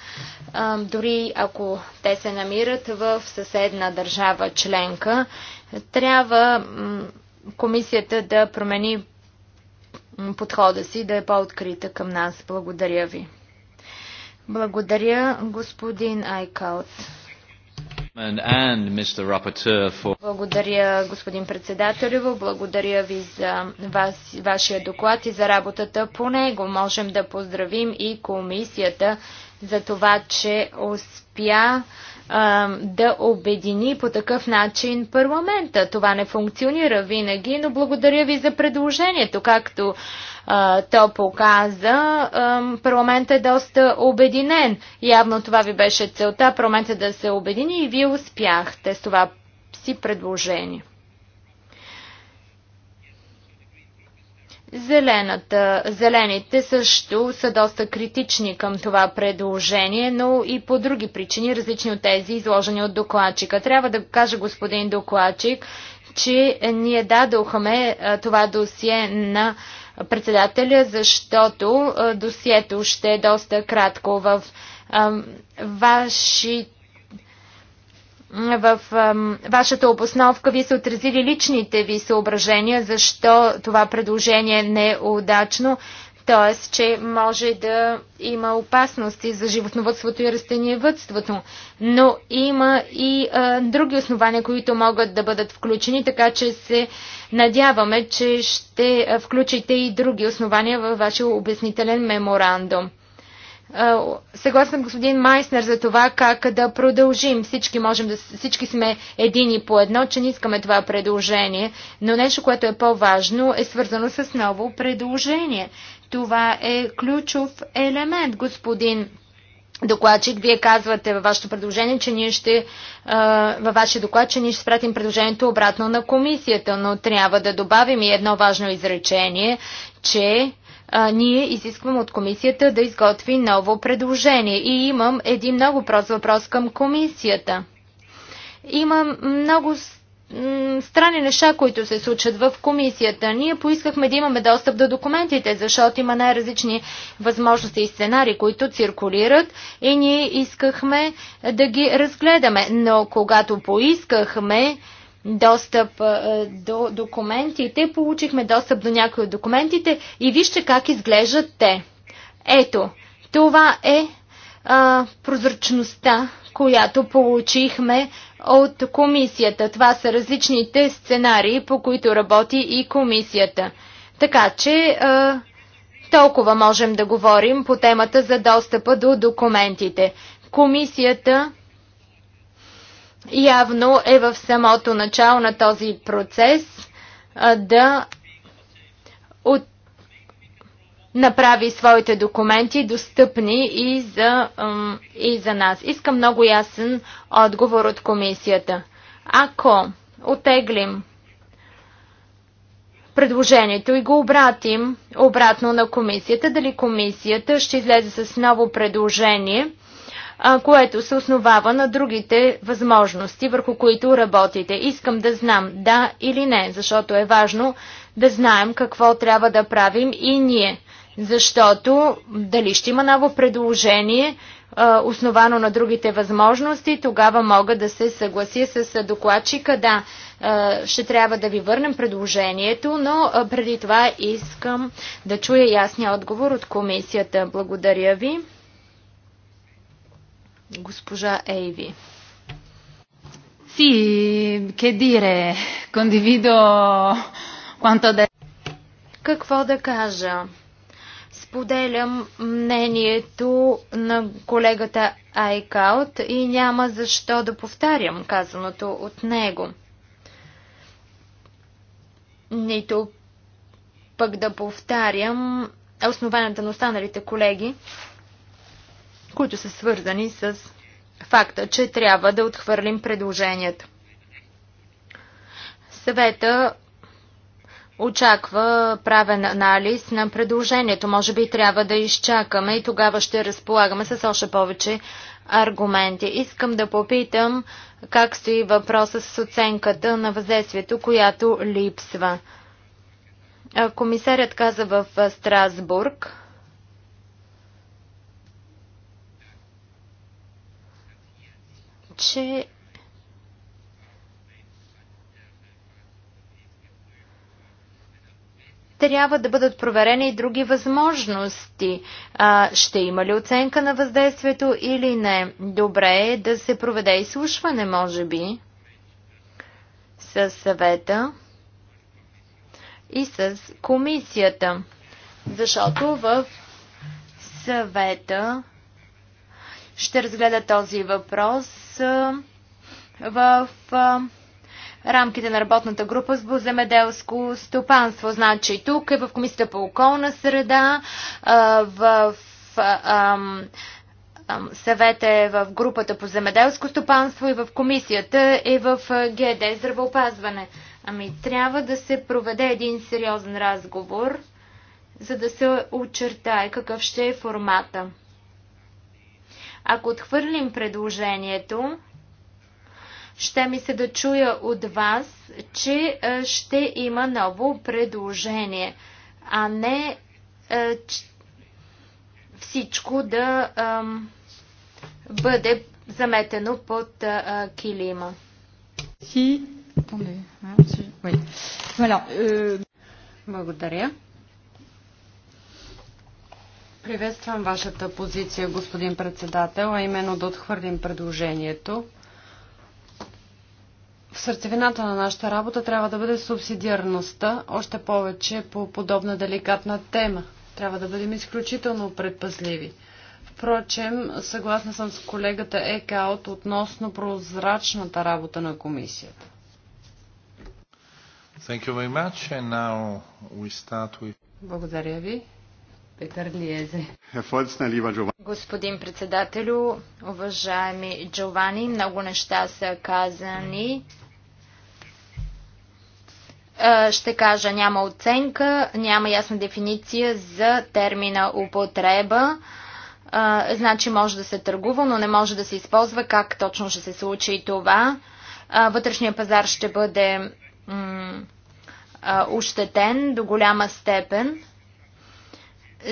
дори ако те се намират в съседна държава членка. Трябва комисията да промени подхода си, да е по-открита към нас. Благодаря ви. Благодаря, господин Айкалт. Благодаря, господин председателю. Благодаря ви за вас, вашия доклад и за работата по него. Можем да поздравим и комисията за това, че успя да обедини по такъв начин парламента. Това не функционира винаги, но благодаря ви за предложението. Както а, то показа, а, парламентът е доста обединен. Явно това ви беше целта, парламента да се обедини и вие успяхте с това си предложение. Зелената, зелените също са доста критични към това предложение, но и по други причини, различни от тези, изложени от докладчика. Трябва да кажа господин докладчик, че ние дадохме това досие на председателя, защото досието ще е доста кратко в вашите в вашата обосновка ви са отразили личните ви съображения, защо това предложение не е удачно, т.е. че може да има опасности за животновътството и растениевътството. Но има и а, други основания, които могат да бъдат включени, така че се надяваме, че ще включите и други основания във вашия обяснителен меморандум. Съгласен господин Майснер за това как да продължим. Всички, можем да, всички сме едини по едно, че не искаме това предложение. Но нещо, което е по-важно, е свързано с ново предложение. Това е ключов елемент, господин докладчик. Вие казвате във вашето предложение, че ние ще, във вашия доклад, че ние ще спратим предложението обратно на комисията, но трябва да добавим и едно важно изречение, че а, ние изискваме от комисията да изготви ново предложение. И имам един много прост въпрос към комисията. Имам много странни неща, които се случат в комисията. Ние поискахме да имаме достъп до документите, защото има най-различни възможности и сценари, които циркулират и ние искахме да ги разгледаме. Но когато поискахме достъп до документите, получихме достъп до някои от документите и вижте как изглеждат те. Ето, това е а, прозрачността, която получихме от комисията. Това са различните сценарии, по които работи и комисията. Така че а, толкова можем да говорим по темата за достъпа до документите. Комисията явно е в самото начало на този процес да от... направи своите документи достъпни и за, и за нас. Искам много ясен отговор от комисията. Ако отеглим предложението и го обратим обратно на комисията, дали комисията ще излезе с ново предложение – което се основава на другите възможности, върху които работите. Искам да знам да или не, защото е важно да знаем какво трябва да правим и ние. Защото дали ще има ново предложение, основано на другите възможности, тогава мога да се съгласи с докладчика. Да, ще трябва да ви върнем предложението, но преди това искам да чуя ясния отговор от комисията. Благодаря ви. Госпожа Ейви. Си, che dire, condivido quanto de... Какво да кажа? Споделям мнението на колегата Айкаут и няма защо да повтарям казаното от него. Нито пък да повтарям основанията на останалите колеги които са свързани с факта, че трябва да отхвърлим предложението. Съвета очаква правен анализ на предложението. Може би трябва да изчакаме и тогава ще разполагаме с още повече аргументи. Искам да попитам как стои въпроса с оценката на въздействието, която липсва. Комисарят каза в Страсбург, че трябва да бъдат проверени и други възможности. А, ще има ли оценка на въздействието или не? Добре е да се проведе изслушване, може би, с съвета и с комисията. Защото в съвета ще разгледа този въпрос в рамките на работната група с земеделско стопанство. Значи тук е в Комисията по околна среда, в съвета е в групата по земеделско стопанство и в комисията е в ГД здравеопазване. Ами трябва да се проведе един сериозен разговор, за да се очертае какъв ще е формата. Ако отхвърлим предложението, ще ми се да чуя от вас, че е, ще има ново предложение, а не е, всичко да бъде заметено под е, килима. Euh- Благодаря. Приветствам вашата позиция, господин председател, а именно да отхвърлим предложението. В сърцевината на нашата работа трябва да бъде субсидиарността, още повече по подобна деликатна тема. Трябва да бъдем изключително предпазливи. Впрочем, съгласна съм с колегата Екаут относно прозрачната работа на комисията. Благодаря ви. Петър Лиезе. Господин председателю, уважаеми Джовани, много неща са казани. Е, ще кажа, няма оценка, няма ясна дефиниция за термина употреба. Е, значи може да се търгува, но не може да се използва. Как точно ще се случи и това? Е, вътрешният пазар ще бъде ощетен до голяма степен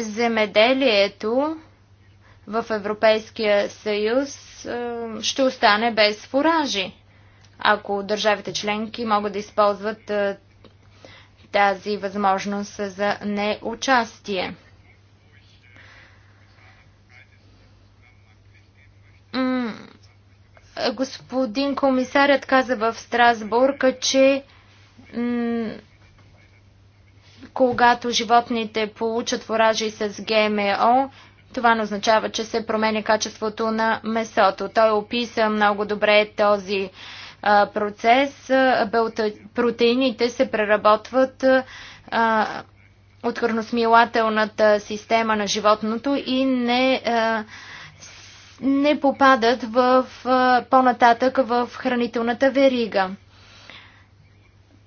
земеделието в Европейския съюз е, ще остане без фуражи, ако държавите членки могат да използват е, тази възможност за неучастие. Господин комисарят каза в Страсбург, че когато животните получат фуражи с ГМО, това не означава, че се променя качеството на месото. Той описа много добре този процес. протеините се преработват от храносмилателната система на животното и не, не попадат в, по-нататък в хранителната верига.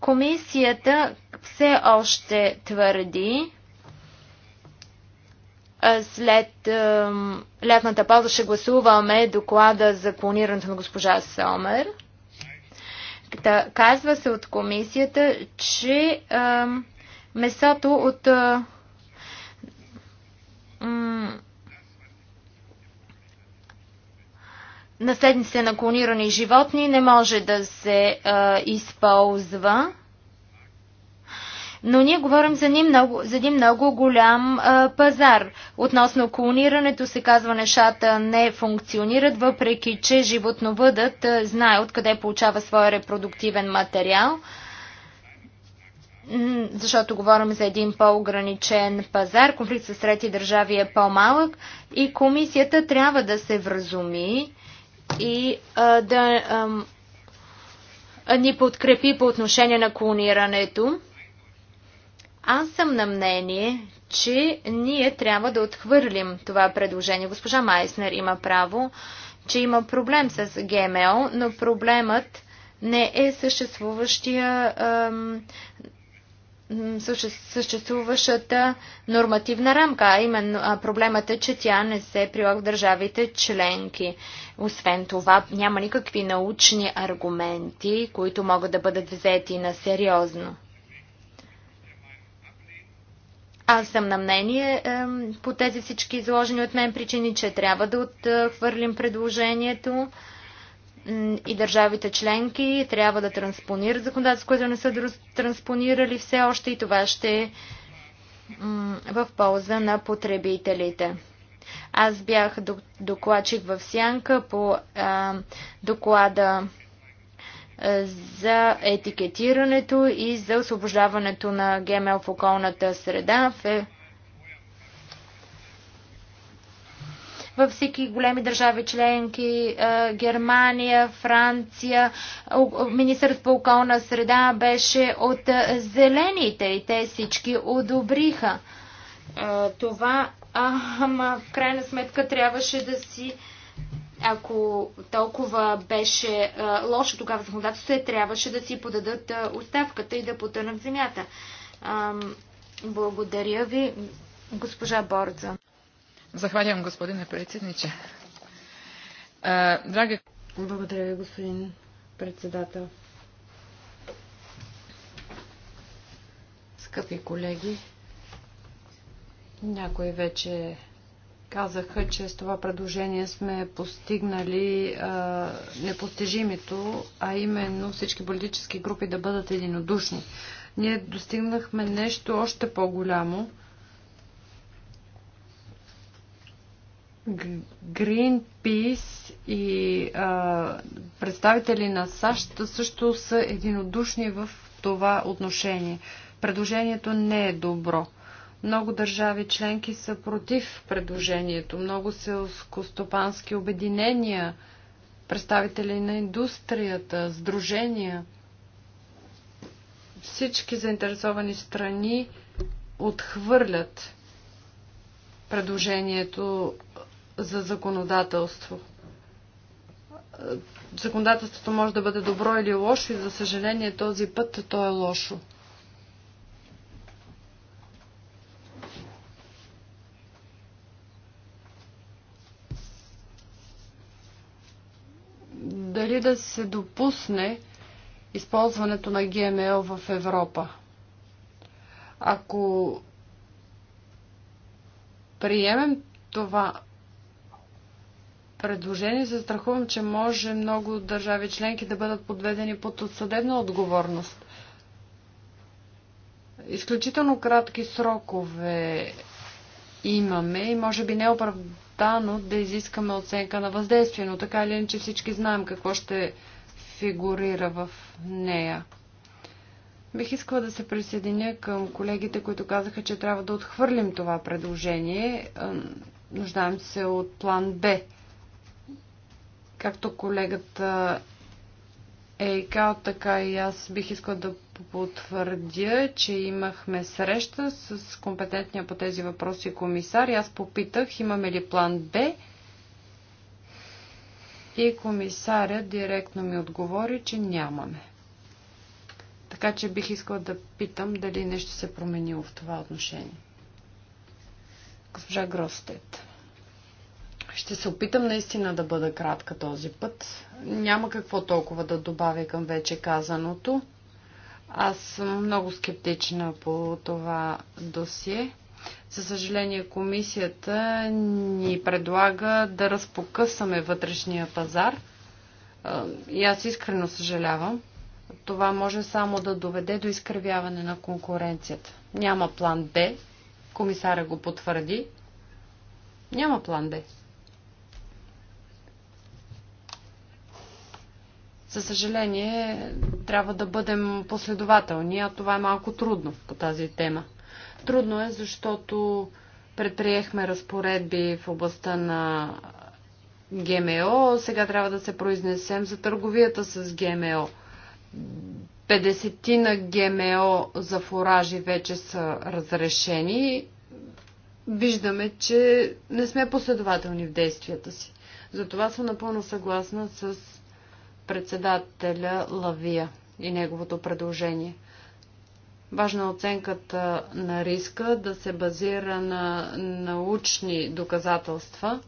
Комисията все още твърди, след летната пауза ще гласуваме доклада за клонирането на госпожа Сомер. казва се от комисията, че месото от наследниците на клонирани животни не може да се а, използва. Но ние говорим за един много, за един много голям а, пазар. Относно клонирането се казва нещата не функционират, въпреки че животновъдът а, знае откъде получава своя репродуктивен материал, защото говорим за един по-ограничен пазар, конфликт с трети държави е по-малък и комисията трябва да се вразуми и а, да а, ни подкрепи по отношение на клонирането. Аз съм на мнение, че ние трябва да отхвърлим това предложение. Госпожа Майснер има право, че има проблем с ГМО, но проблемът не е съществуващия съществуващата нормативна рамка, а именно проблемът е, че тя не се прилага в държавите членки. Освен това, няма никакви научни аргументи, които могат да бъдат взети на сериозно. Аз съм на мнение по тези всички изложени от мен причини, че трябва да отхвърлим предложението и държавите членки трябва да транспонират законодателство, което не са транспонирали все още и това ще е в полза на потребителите. Аз бях докладчик в Сянка по а, доклада за етикетирането и за освобождаването на ГМО в околната среда. В във всеки големи държави членки, Германия, Франция, министърът по околна среда беше от зелените и те всички одобриха това, ама в крайна сметка трябваше да си ако толкова беше а, лошо тогава се, трябваше да си подадат а, оставката и да потънат земята. А, благодаря ви, госпожа Борца. Zahvaljujem gospodine predsjedniče. E, drage... Благодаря ви, господин председател. Скъпи колеги, някои вече казаха, че с това предложение сме постигнали а, непостижимето, а именно всички политически групи да бъдат единодушни. Ние достигнахме нещо още по-голямо. Greenpeace и а, представители на САЩ също са единодушни в това отношение. Предложението не е добро. Много държави членки са против предложението. Много селскостопански обединения, представители на индустрията, сдружения. Всички заинтересовани страни отхвърлят предложението за законодателство. Законодателството може да бъде добро или лошо и за съжаление този път то е лошо. Дали да се допусне използването на ГМО в Европа? Ако приемем това предложение. Се страхувам, че може много държави членки да бъдат подведени под съдебна отговорност. Изключително кратки срокове имаме и може би не е оправдано да изискаме оценка на въздействие, но така или иначе всички знаем какво ще фигурира в нея. Бих искала да се присъединя към колегите, които казаха, че трябва да отхвърлим това предложение. Нуждаем се от план Б. Както колегата ЕИКАО, така и аз бих искал да потвърдя, че имахме среща с компетентния по тези въпроси комисар и аз попитах имаме ли план Б и комисаря директно ми отговори, че нямаме. Така че бих искала да питам дали нещо се променило в това отношение. Госпожа Гростет. Ще се опитам наистина да бъда кратка този път. Няма какво толкова да добавя към вече казаното. Аз съм много скептична по това досие. За съжаление, комисията ни предлага да разпокъсаме вътрешния пазар. И аз искрено съжалявам. Това може само да доведе до изкривяване на конкуренцията. Няма план Б. Комисаря го потвърди. Няма план Б. За съжаление, трябва да бъдем последователни, а това е малко трудно по тази тема. Трудно е, защото предприехме разпоредби в областта на ГМО, сега трябва да се произнесем за търговията с ГМО. 50 на ГМО за фуражи вече са разрешени. Виждаме, че не сме последователни в действията си. Затова съм напълно съгласна с председателя Лавия и неговото предложение. Важна е оценката на риска да се базира на научни доказателства,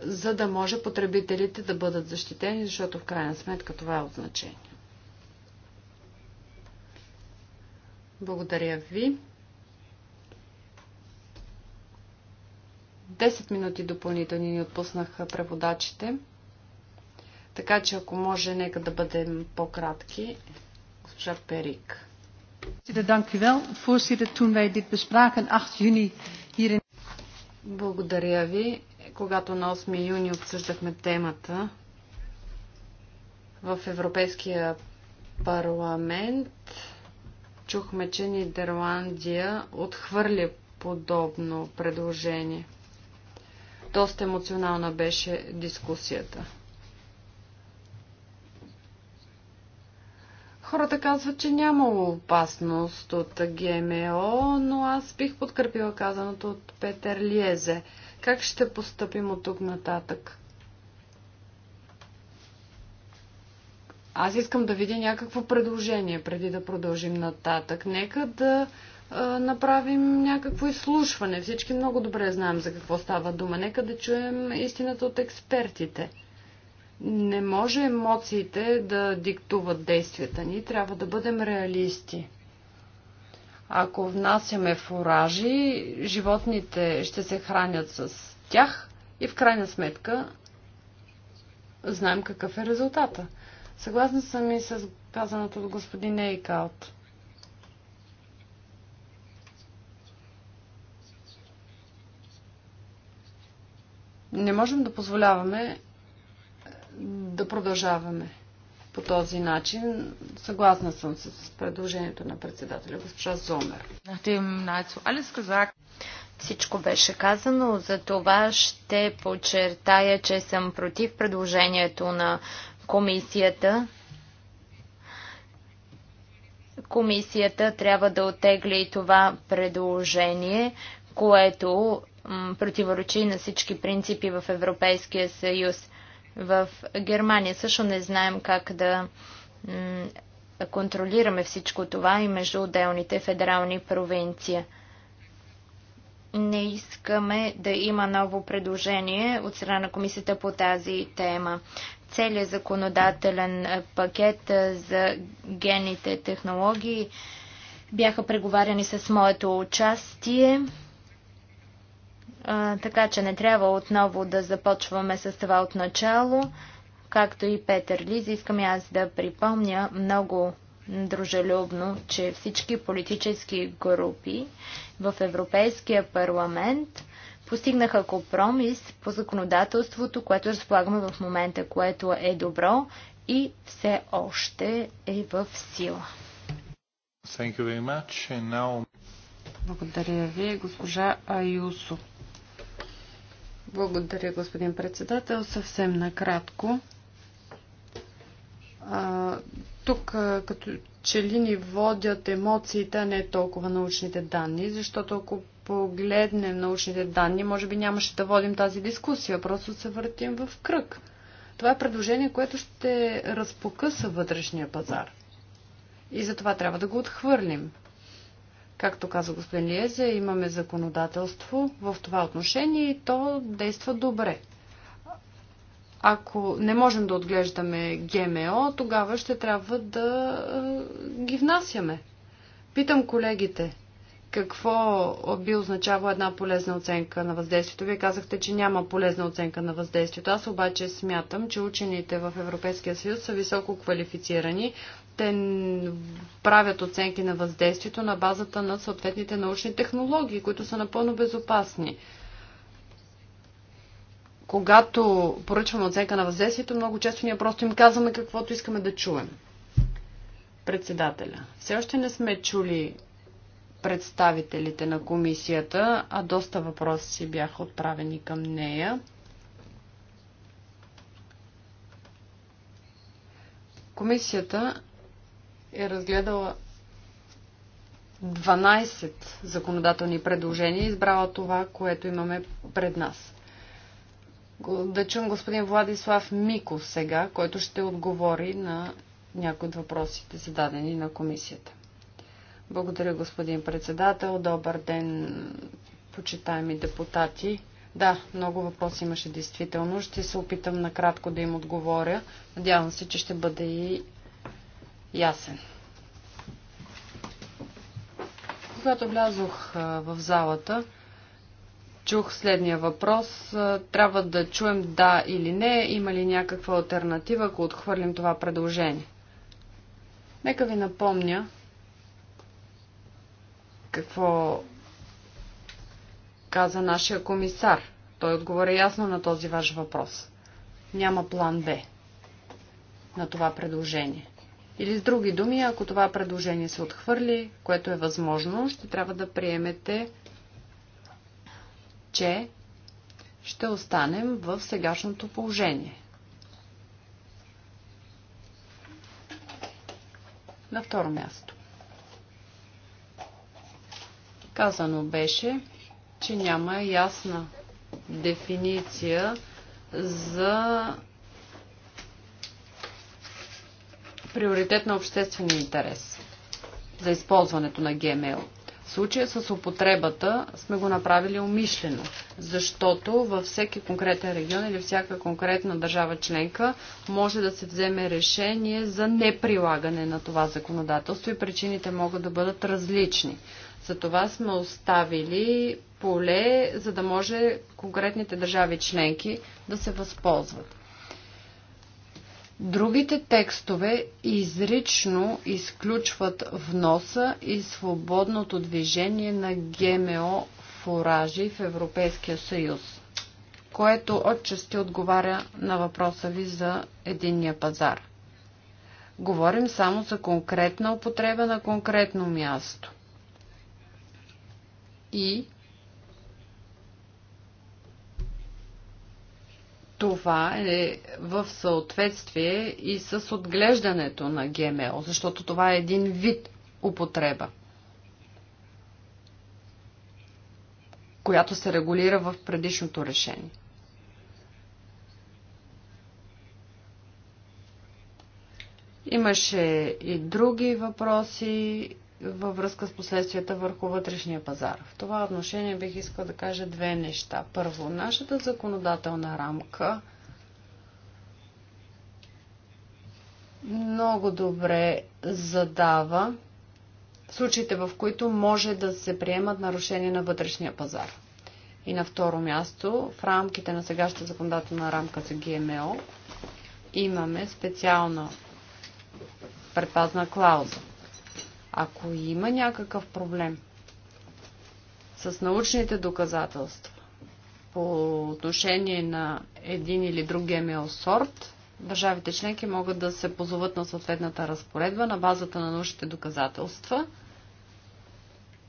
за да може потребителите да бъдат защитени, защото в крайна сметка това е от значение. Благодаря ви. 10 минути допълнителни ни отпуснаха преводачите. Така че ако може, нека да бъдем по-кратки. Госпожа Перик. Благодаря ви. Когато на 8 юни обсъждахме темата в Европейския парламент, чухме, че Нидерландия отхвърли подобно предложение. Доста емоционална беше дискусията. Хората казват, че нямало опасност от ГМО, но аз бих подкрепила казаното от Петър Лиезе. Как ще поступим от тук нататък? Аз искам да видя някакво предложение преди да продължим нататък. Нека да а, направим някакво изслушване. Всички много добре знаем за какво става дума. Нека да чуем истината от експертите. Не може емоциите да диктуват действията ни, трябва да бъдем реалисти. Ако внасяме фуражи, животните ще се хранят с тях и в крайна сметка знаем какъв е резултата. Съгласна съм и с казаното от господин Ейкаут. Не можем да позволяваме да продължаваме по този начин. Съгласна съм с предложението на председателя госпожа Зомер. Всичко беше казано, за това ще подчертая, че съм против предложението на комисията. Комисията трябва да отегли това предложение, което противоречи на всички принципи в Европейския съюз в Германия. Също не знаем как да контролираме всичко това и между отделните федерални провинции. Не искаме да има ново предложение от страна на комисията по тази тема. Целият законодателен пакет за гените технологии бяха преговаряни с моето участие така че не трябва отново да започваме с това от начало. Както и Петър Лиз, искам аз да припомня много дружелюбно, че всички политически групи в Европейския парламент постигнаха компромис по законодателството, което разполагаме в момента, което е добро и все още е в сила. Благодаря ви, госпожа Аюсо. Благодаря, господин председател. Съвсем накратко. А, тук като че ли ни водят емоциите, а не толкова научните данни, защото ако погледнем научните данни, може би нямаше да водим тази дискусия, просто се въртим в кръг. Това е предложение, което ще разпокъса вътрешния пазар. И затова трябва да го отхвърлим. Както каза господин Лиезе, имаме законодателство в това отношение и то действа добре. Ако не можем да отглеждаме ГМО, тогава ще трябва да е, ги внасяме. Питам колегите, какво би означавало една полезна оценка на въздействието. Вие казахте, че няма полезна оценка на въздействието. Аз обаче смятам, че учените в Европейския съюз са високо квалифицирани. Те правят оценки на въздействието на базата на съответните научни технологии, които са напълно безопасни. Когато поръчваме оценка на въздействието, много често ние просто им казваме каквото искаме да чуем. Председателя. Все още не сме чули представителите на комисията, а доста въпроси си бяха отправени към нея. Комисията е разгледала 12 законодателни предложения и избрала това, което имаме пред нас. Да чум господин Владислав Миков сега, който ще отговори на някои от въпросите, зададени на комисията. Благодаря, господин председател. Добър ден, почитаеми депутати. Да, много въпроси имаше действително. Ще се опитам накратко да им отговоря. Надявам се, че ще бъде и ясен. Когато влязох в залата, чух следния въпрос. Трябва да чуем да или не, има ли някаква альтернатива, ако отхвърлим това предложение. Нека ви напомня, какво каза нашия комисар. Той отговаря ясно на този ваш въпрос. Няма план Б на това предложение. Или с други думи, ако това предложение се отхвърли, което е възможно, ще трябва да приемете, че ще останем в сегашното положение. На второ място. Казано беше, че няма ясна дефиниция за приоритет на обществения интерес за използването на ГМО. В случая с употребата сме го направили умишлено, защото във всеки конкретен регион или всяка конкретна държава членка може да се вземе решение за неприлагане на това законодателство и причините могат да бъдат различни. Затова сме оставили поле, за да може конкретните държави членки да се възползват. Другите текстове изрично изключват вноса и свободното движение на ГМО фуражи в Европейския съюз, което отчасти отговаря на въпроса ви за единния пазар. Говорим само за конкретна употреба на конкретно място. И това е в съответствие и с отглеждането на ГМО, защото това е един вид употреба, която се регулира в предишното решение. Имаше и други въпроси, във връзка с последствията върху вътрешния пазар. В това отношение бих искал да кажа две неща. Първо, нашата законодателна рамка много добре задава случаите, в които може да се приемат нарушения на вътрешния пазар. И на второ място, в рамките на сегашната законодателна рамка за ГМО имаме специална предпазна клауза. Ако има някакъв проблем с научните доказателства по отношение на един или друг ГМО сорт, държавите членки могат да се позоват на съответната разпоредба на базата на научните доказателства.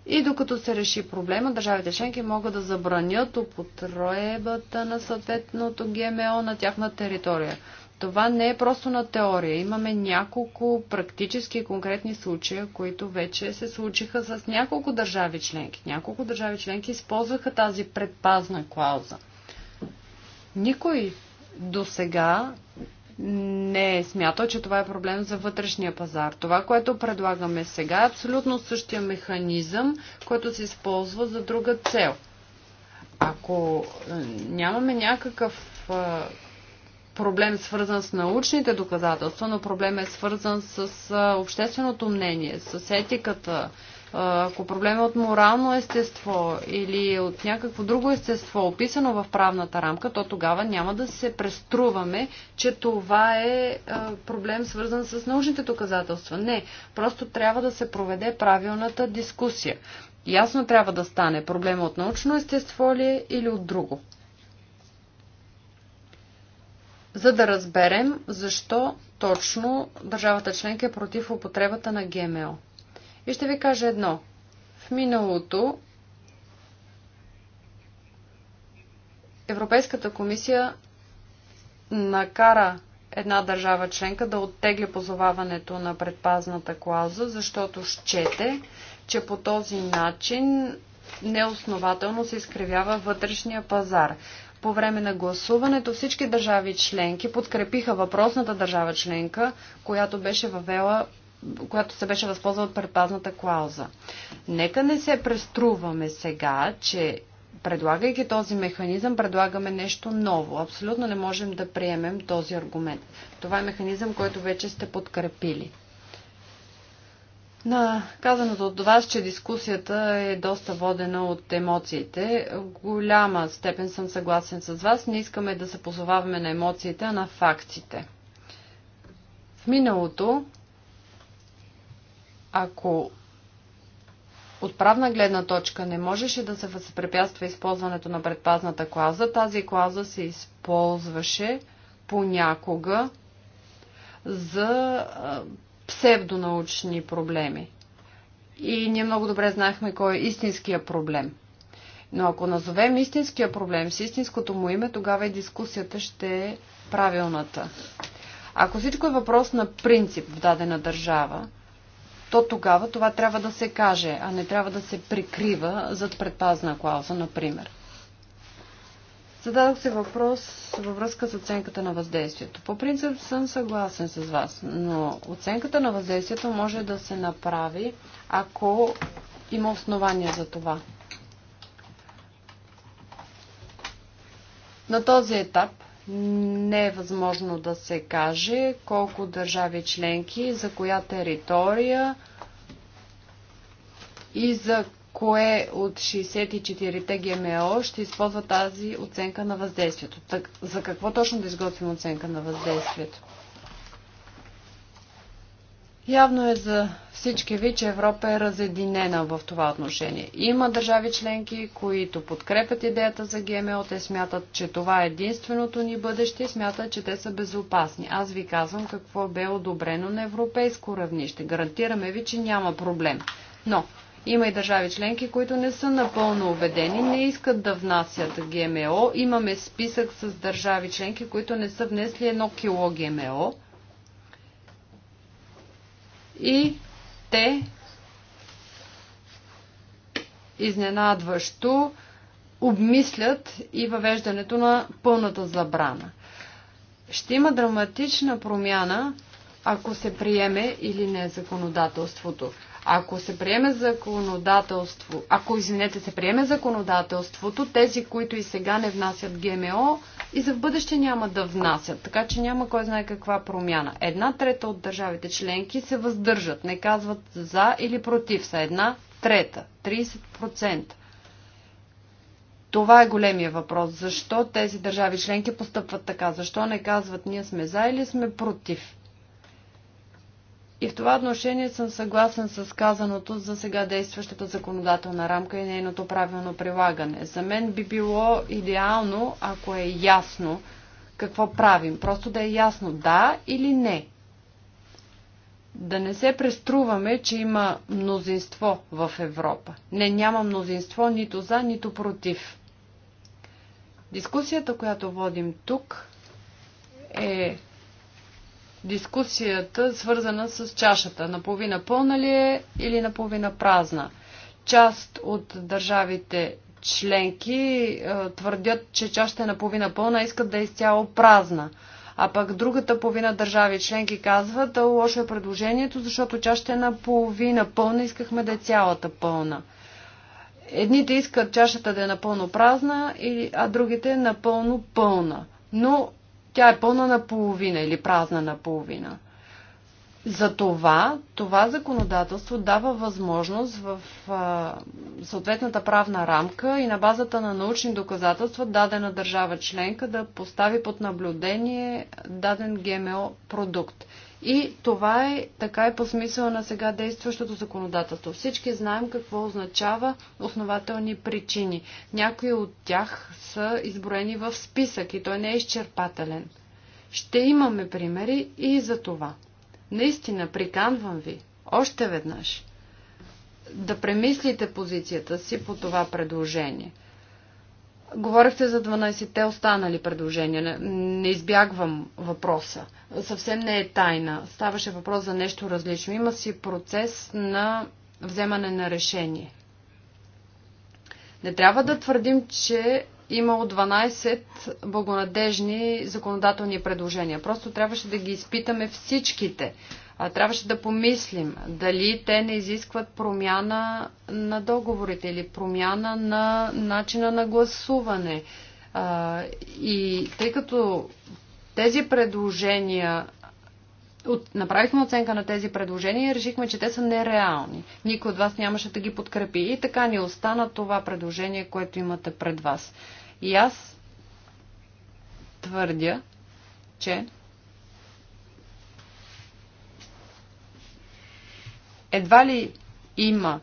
И докато се реши проблема, държавите членки могат да забранят употребата на съответното ГМО на тяхна територия. Това не е просто на теория. Имаме няколко практически конкретни случая, които вече се случиха с няколко държави членки. Няколко държави членки използваха тази предпазна клауза. Никой до сега не е смятал, че това е проблем за вътрешния пазар. Това, което предлагаме сега е абсолютно същия механизъм, който се използва за друга цел. Ако е, нямаме някакъв е, проблем свързан с научните доказателства, но проблем е свързан с общественото мнение, с етиката, ако проблем е от морално естество или е от някакво друго естество, описано в правната рамка, то тогава няма да се преструваме, че това е проблем свързан с научните доказателства. Не, просто трябва да се проведе правилната дискусия. Ясно трябва да стане проблема от научно естество ли е или от друго за да разберем защо точно държавата членка е против употребата на ГМО. И ще ви кажа едно. В миналото Европейската комисия накара една държава членка да оттегли позоваването на предпазната клауза, защото щете, че по този начин неоснователно се изкривява вътрешния пазар. По време на гласуването всички държави членки подкрепиха въпросната държава членка, която беше въвела която се беше възползвала от предпазната клауза. Нека не се преструваме сега, че предлагайки този механизъм, предлагаме нещо ново. Абсолютно не можем да приемем този аргумент. Това е механизъм, който вече сте подкрепили. На казаното от вас, че дискусията е доста водена от емоциите, голяма степен съм съгласен с вас. Не искаме да се позоваваме на емоциите, а на фактите. В миналото, ако от правна гледна точка не можеше да се възпрепятства използването на предпазната клауза, тази клауза се използваше понякога за псевдонаучни проблеми. И ние много добре знаехме кой е истинския проблем. Но ако назовем истинския проблем с истинското му име, тогава и дискусията ще е правилната. Ако всичко е въпрос на принцип в дадена държава, то тогава това трябва да се каже, а не трябва да се прикрива зад предпазна клауза, например. Зададох се въпрос във връзка с оценката на въздействието. По принцип съм съгласен с вас, но оценката на въздействието може да се направи, ако има основания за това. На този етап не е възможно да се каже колко държави членки, за коя територия и за кое от 64-те ГМО ще използва тази оценка на въздействието. Так, за какво точно да изготвим оценка на въздействието? Явно е за всички ви, че Европа е разединена в това отношение. Има държави членки, които подкрепят идеята за ГМО. Те смятат, че това е единственото ни бъдеще и смятат, че те са безопасни. Аз ви казвам какво бе одобрено на европейско равнище. Гарантираме ви, че няма проблем. Но има и държави членки, които не са напълно убедени, не искат да внасят ГМО. Имаме списък с държави членки, които не са внесли едно кило ГМО. И те изненадващо обмислят и въвеждането на пълната забрана. Ще има драматична промяна, ако се приеме или не законодателството. Ако се приеме законодателство, ако извинете, се приеме законодателството, тези, които и сега не внасят ГМО, и за в бъдеще няма да внасят. Така че няма кой знае каква промяна. Една трета от държавите членки се въздържат, не казват за или против. Са една трета, 30%. Това е големия въпрос. Защо тези държави членки постъпват така? Защо не казват ние сме за или сме против? И в това отношение съм съгласен с казаното за сега действащата законодателна рамка и нейното правилно прилагане. За мен би било идеално, ако е ясно какво правим. Просто да е ясно да или не. Да не се преструваме, че има мнозинство в Европа. Не, няма мнозинство нито за, нито против. Дискусията, която водим тук, е дискусията, свързана с чашата. Наполовина пълна ли е или наполовина празна? Част от държавите членки е, твърдят, че чашата е наполовина пълна, искат да е изцяло празна. А пък другата половина държави членки казват, лошо е предложението, защото чашата е наполовина пълна, искахме да е цялата пълна. Едните искат чашата да е напълно празна, а другите напълно пълна. Но тя е пълна наполовина или празна наполовина. Затова това законодателство дава възможност в а, съответната правна рамка и на базата на научни доказателства дадена държава членка да постави под наблюдение даден ГМО продукт. И това е така и е по смисъла на сега действащото законодателство. Всички знаем какво означава основателни причини. Някои от тях са изброени в списък и той не е изчерпателен. Ще имаме примери и за това. Наистина, приканвам ви още веднъж да премислите позицията си по това предложение – Говорихте за 12-те останали предложения. Не избягвам въпроса. Съвсем не е тайна. Ставаше въпрос за нещо различно. Има си процес на вземане на решение. Не трябва да твърдим, че има 12 благонадежни законодателни предложения. Просто трябваше да ги изпитаме всичките, Трябваше да помислим дали те не изискват промяна на договорите или промяна на начина на гласуване. И тъй като тези предложения от, направихме оценка на тези предложения и решихме, че те са нереални. Никой от вас нямаше да ги подкрепи. И така ни остана това предложение, което имате пред вас. И аз твърдя, че Едва ли има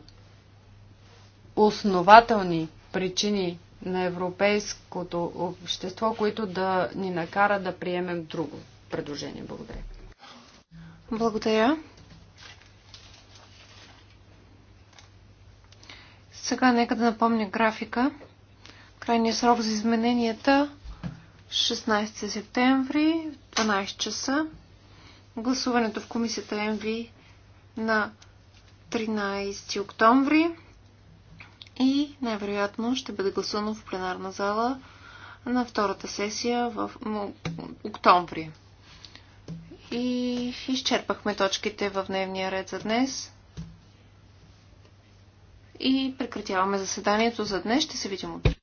основателни причини на европейското общество, които да ни накара да приемем друго предложение. Благодаря. Благодаря. Сега нека да напомня графика. Крайният срок за измененията 16 септември, 12 часа. Гласуването в комисията МВ на 13 октомври и най-вероятно ще бъде гласувано в пленарна зала на втората сесия в октомври. И изчерпахме точките в дневния ред за днес. И прекратяваме заседанието за днес. Ще се видим утре.